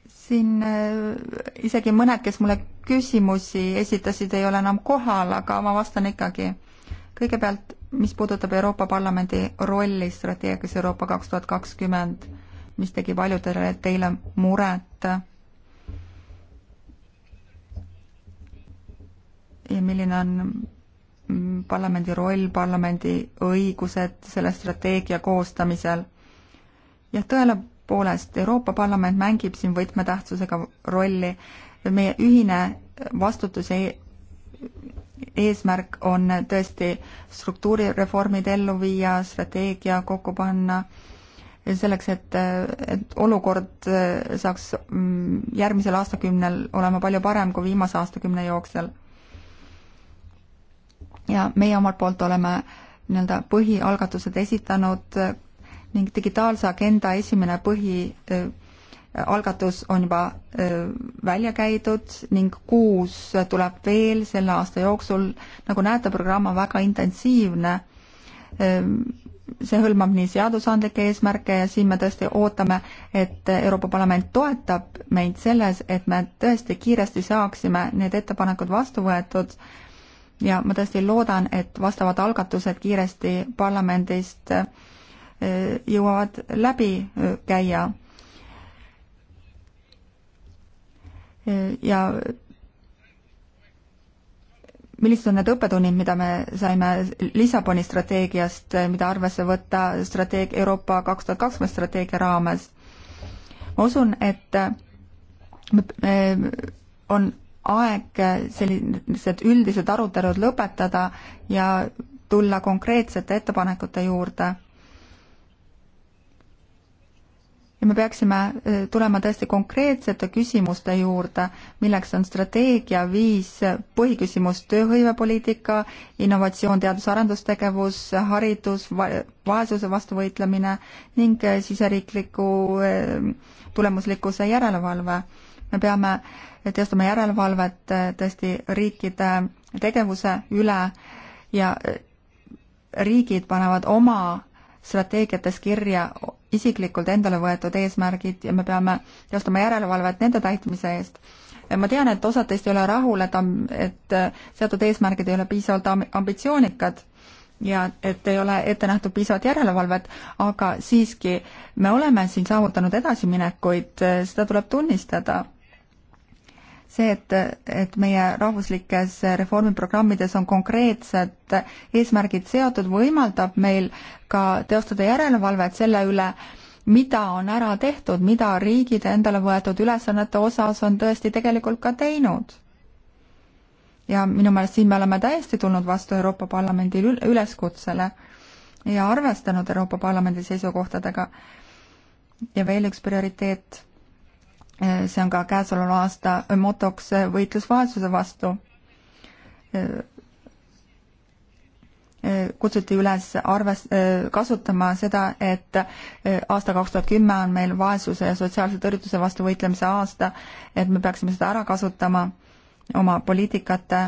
siin uh, isegi mõned, kes mulle küsimusi esitasid, ei ole enam kohal, aga ma vastan ikkagi kõigepealt, mis puudutab Euroopa Parlamendi rolli strateegias Euroopa kaks tuhat kakskümmend, mis tegi paljudele teile muret ja milline on mm, parlamendi roll, parlamendi õigused selle strateegia koostamisel. jah, tõepoolest, Euroopa Parlament mängib siin võtmetähtsusega rolli, meie ühine vastutus ei, eesmärk on tõesti struktuurireformid ellu viia, strateegia kokku panna, selleks, et, et olukord äh, saaks mm, järgmisel aastakümnel olema palju parem kui viimase aastakümne jooksul. ja meie omalt poolt oleme nii-öelda põhialgatused esitanud äh, ning digitaalse agenda esimene põhi äh, algatus on juba välja käidud ning kuus tuleb veel selle aasta jooksul. nagu näete, programm on väga intensiivne. see hõlmab nii seadusandlikke eesmärke ja siin me tõesti ootame, et Euroopa Parlament toetab meid selles, et me tõesti kiiresti saaksime need ettepanekud vastu võetud ja ma tõesti loodan, et vastavad algatused kiiresti parlamendist jõuavad läbi käia ja millised on need õppetunnid, mida me saime Lissaboni strateegiast, mida arvesse võtta strateeg-, Euroopa kaks tuhat kakskümmend strateegia raames? ma usun, et on aeg sellised üldised arutelud lõpetada ja tulla konkreetsete ettepanekute juurde ja me peaksime äh, tulema tõesti konkreetsete küsimuste juurde, milleks on strateegia viis äh, põhiküsimust, tööhõivepoliitika, innovatsioon, teadus-arendustegevus, haridus, vaesuse vastu võitlemine ning äh, siseriikliku tulemuslikkuse järelevalve. me peame teostama järelevalvet tõesti riikide tegevuse üle ja riigid panevad oma strateegiates kirja isiklikult endale võetud eesmärgid ja me peame teostama järelevalvet nende täitmise eest. ma tean, et osad teist ei ole rahul, et, et äh, seatud eesmärgid ei ole piisavalt ambitsioonikad ja et ei ole ette nähtud piisavat järelevalvet, aga siiski me oleme siin saavutanud edasiminekuid, äh, seda tuleb tunnistada see, et, et meie rahvuslikes reformiprogrammides on konkreetsed eesmärgid seatud, võimaldab meil ka teostada järelevalvet selle üle, mida on ära tehtud, mida riigid endale võetud ülesannete osas on tõesti tegelikult ka teinud. ja minu meelest siin me oleme täiesti tulnud vastu Euroopa Parlamendi üleskutsele ja arvestanud Euroopa Parlamendi seisukohtadega. ja veel üks prioriteet see on ka käesoleva aasta motoks võitlus vaesuse vastu. kutsuti üles arves-, kasutama seda, et aasta kaks tuhat kümme on meil vaesuse ja sotsiaalse tõrjutuse vastu võitlemise aasta, et me peaksime seda ära kasutama oma poliitikate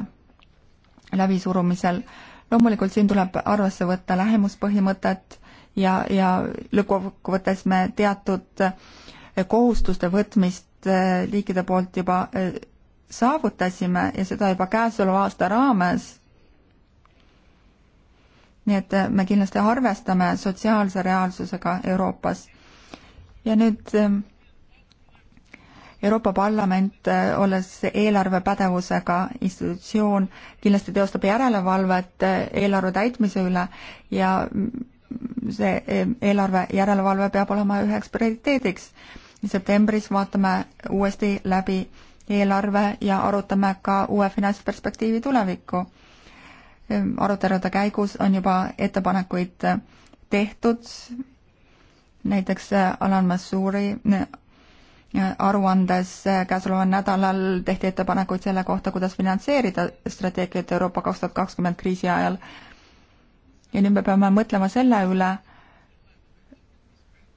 läbisurumisel. loomulikult siin tuleb arvesse võtta lähemuspõhimõtet ja, ja lõppkokkuvõttes me teatud äh, kohustuste võtmist äh, liikide poolt juba äh, saavutasime ja seda juba käesoleva aasta raames. nii et äh, me kindlasti arvestame sotsiaalse reaalsusega Euroopas. ja nüüd Euroopa Parlament, olles eelarvepädevusega institutsioon, kindlasti teostab järelevalvet eelarve täitmise üle ja mm, see eelarve järelevalve peab olema üheks prioriteediks septembris vaatame uuesti läbi eelarve ja arutame ka uue finantsperspektiivi tulevikku. Ehm, arutelude käigus on juba ettepanekuid äh, tehtud, näiteks äh, Alan Massouri äh, aruandes käesoleval nädalal tehti ettepanekuid selle kohta, kuidas finantseerida strateegiat Euroopa kaks tuhat kakskümmend kriisi ajal. ja nüüd me peame mõtlema selle üle,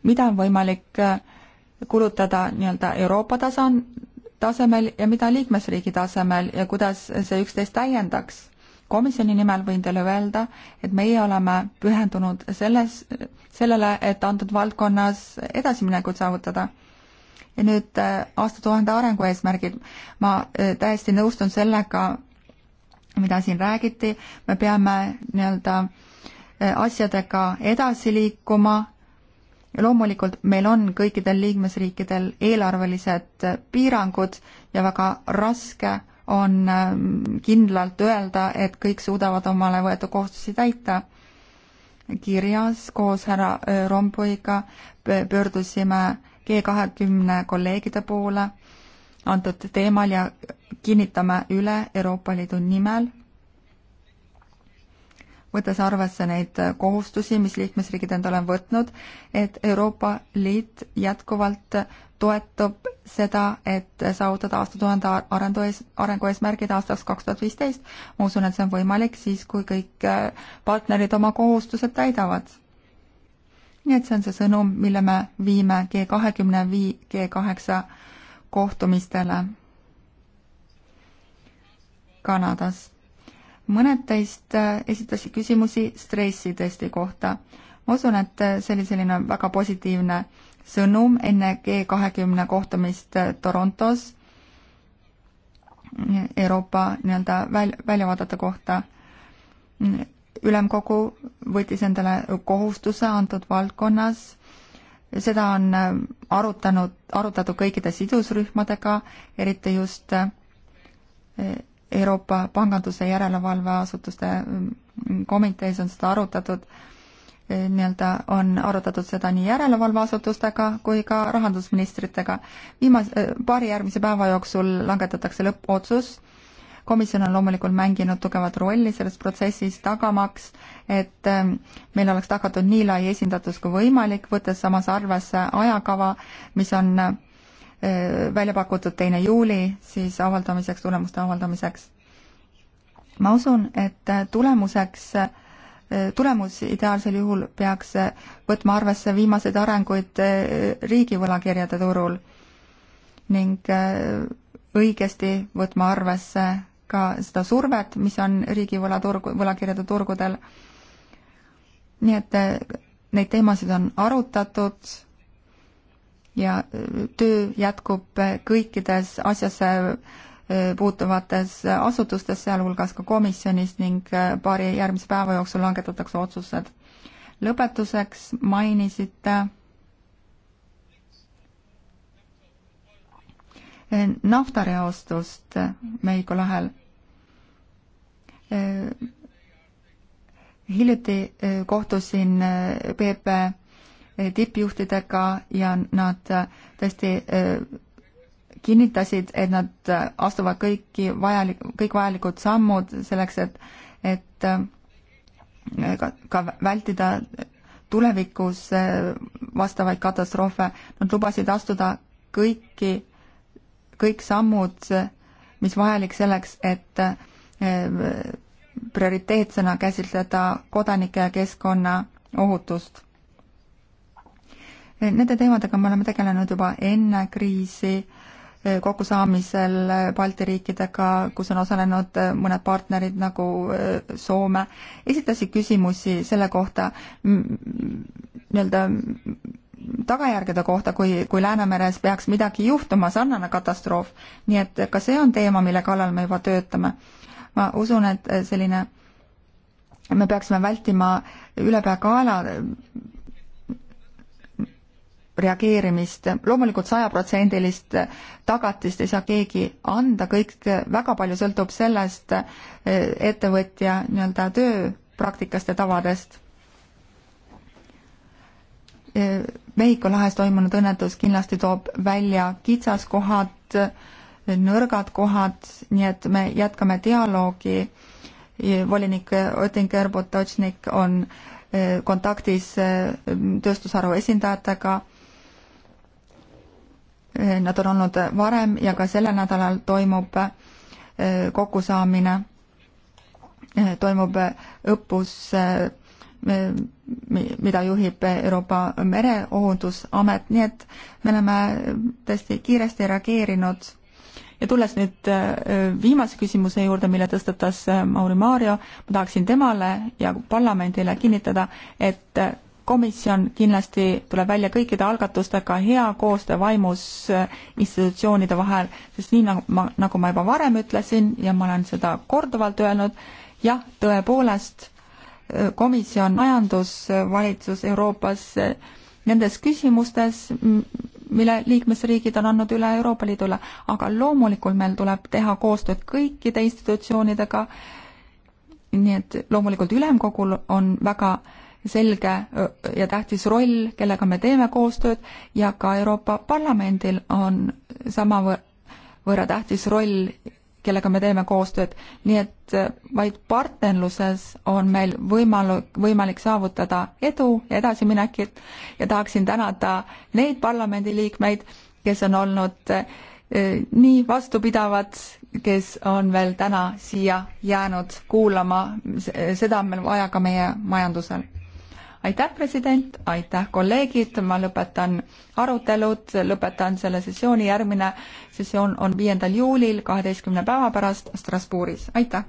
mida on võimalik kulutada nii-öelda Euroopa tasand, tasemel ja mida liikmesriigi tasemel ja kuidas see üksteist täiendaks. komisjoni nimel võin teile öelda, et meie oleme pühendunud selles, sellele, et antud valdkonnas edasiminekut saavutada. ja nüüd äh, aastatuhande arengu eesmärgid. ma äh, täiesti nõustun sellega, mida siin räägiti, me peame nii-öelda äh, asjadega edasi liikuma ja loomulikult meil on kõikidel liikmesriikidel eelarvelised piirangud ja väga raske on ähm, kindlalt öelda, et kõik suudavad omale võetud kohustusi täita. kirjas koos härra äh, Rompuiga pöördusime G kahekümne kolleegide poole antud teemal ja kinnitame üle Euroopa Liidu nimel võttes arvesse neid kohustusi, mis liikmesriigid endale on võtnud, et Euroopa Liit jätkuvalt toetab seda, et saavutada aastatuhande arengu ees, arengueesmärgid aastaks kaks tuhat viisteist. ma usun, et see on võimalik siis, kui kõik äh, partnerid oma kohustused täidavad. nii et see on see sõnum, mille me viime G kahekümne vii-, G kaheksa kohtumistele Kanadas mõned teist äh, esitasid küsimusi stressitesti kohta. ma usun, et äh, see oli selline väga positiivne sõnum enne G kahekümne kohtumist äh, Torontos Euroopa nii-öelda väl-, väljavaadete kohta. ülemkogu võttis endale kohustuse antud valdkonnas, seda on arutanud, arutatud kõikide sidusrühmadega, eriti just Euroopa Panganduse Järelevalveasutuste mm, komitees on seda arutatud, e, nii-öelda on arutatud seda nii järelevalveasutustega kui ka rahandusministritega. viimase, e, paari järgmise päeva jooksul langetatakse lõppotsus, komisjon on loomulikult mänginud tugevat rolli selles protsessis, tagamaks, et e, meil oleks tagatud nii lai esindatus kui võimalik, võttes samas arvesse ajakava, mis on Äh, välja pakutud teine juuli siis avaldamiseks, tulemuste avaldamiseks. ma usun, et äh, tulemuseks äh, tulemus ideaalsel juhul peaks võtma arvesse viimaseid arenguid riigi võlakirjade turul ning õigesti võtma arvesse ka seda survet, mis on riigi võlaturgu, võlakirjade turgudel. nii et neid teemasid on arutatud ja äh, töö jätkub äh, kõikides asjasse äh, puutuvates asutustes, sealhulgas ka komisjonis ning paari järgmise päeva jooksul langetatakse otsused. lõpetuseks mainisite naftareostust Mehhiko lahel. hiljuti kohtusin PP Eh, tippjuhtidega ja nad eh, tõesti eh, kinnitasid, et nad astuvad kõiki vajalik, kõik vajalikud sammud selleks, et, et ka, ka vältida tulevikus vastavaid katastroofe. Nad lubasid astuda kõiki, kõik sammud, mis vajalik selleks, et prioriteetsena käsitleda kodanike ja keskkonna ohutust Nende teemadega me oleme tegelenud juba enne kriisi eh, kokkusaamisel eh, Balti riikidega, kus on osalenud eh, mõned partnerid nagu Soome, esitasid küsimusi selle kohta nii-öelda tagajärgede kohta, kui, kui Läänemeres peaks midagi juhtuma, sarnane katastroof. nii et ka see on teema, mille kallal me juba töötame. ma usun, et selline me peaksime vältima ülepeakaela reageerimist loomulikult, loomulikult sajaprotsendilist tagatist ei saa keegi anda, kõik, väga palju sõltub sellest eh, ettevõtja nii-öelda tööpraktikast ja tavadest. Eh, Mehhiko lahes toimunud õnnetus kindlasti toob välja kitsaskohad, nõrgad kohad, nii et me jätkame dialoogi. volinik Oettinger Potočnik on eh, kontaktis tööstusharu esindajatega Eh, nad on olnud varem ja ka sellel nädalal toimub eh, kokkusaamine, eh, toimub õppus, mida juhib Euroopa Mereohutusamet, nii et me oleme tõesti kiiresti reageerinud ja tulles nüüd viimase küsimuse juurde, mille tõstatas Mauri Maarjo, ma tahaksin temale ja parlamendile kinnitada, et komisjon kindlasti tuleb välja kõikide algatustega hea koostöö vaimus äh, institutsioonide vahel, sest nii nagu ma, nagu ma juba varem ütlesin ja ma olen seda korduvalt öelnud, jah, tõepoolest, äh, komisjon, majandusvalitsus äh, Euroopas nendes küsimustes, mille liikmesriigid on andnud üle Euroopa Liidule, aga loomulikult meil tuleb teha koostööd kõikide institutsioonidega, nii et loomulikult ülemkogul on väga äh, selge ja tähtis roll, kellega me teeme koostööd ja ka Euroopa Parlamendil on samavõrra tähtis roll, kellega me teeme koostööd, nii et vaid partnerluses on meil võimalu-, võimalik saavutada edu ja edasiminekit ja tahaksin tänada neid parlamendiliikmeid, kes on olnud nii vastupidavad, kes on veel täna siia jäänud kuulama, seda on meil vaja ka meie majandusel aitäh, president, aitäh, kolleegid, ma lõpetan arutelud, lõpetan selle sessiooni, järgmine sessioon on viiendal juulil, kaheteistkümne päeva pärast Strasbourgis, aitäh!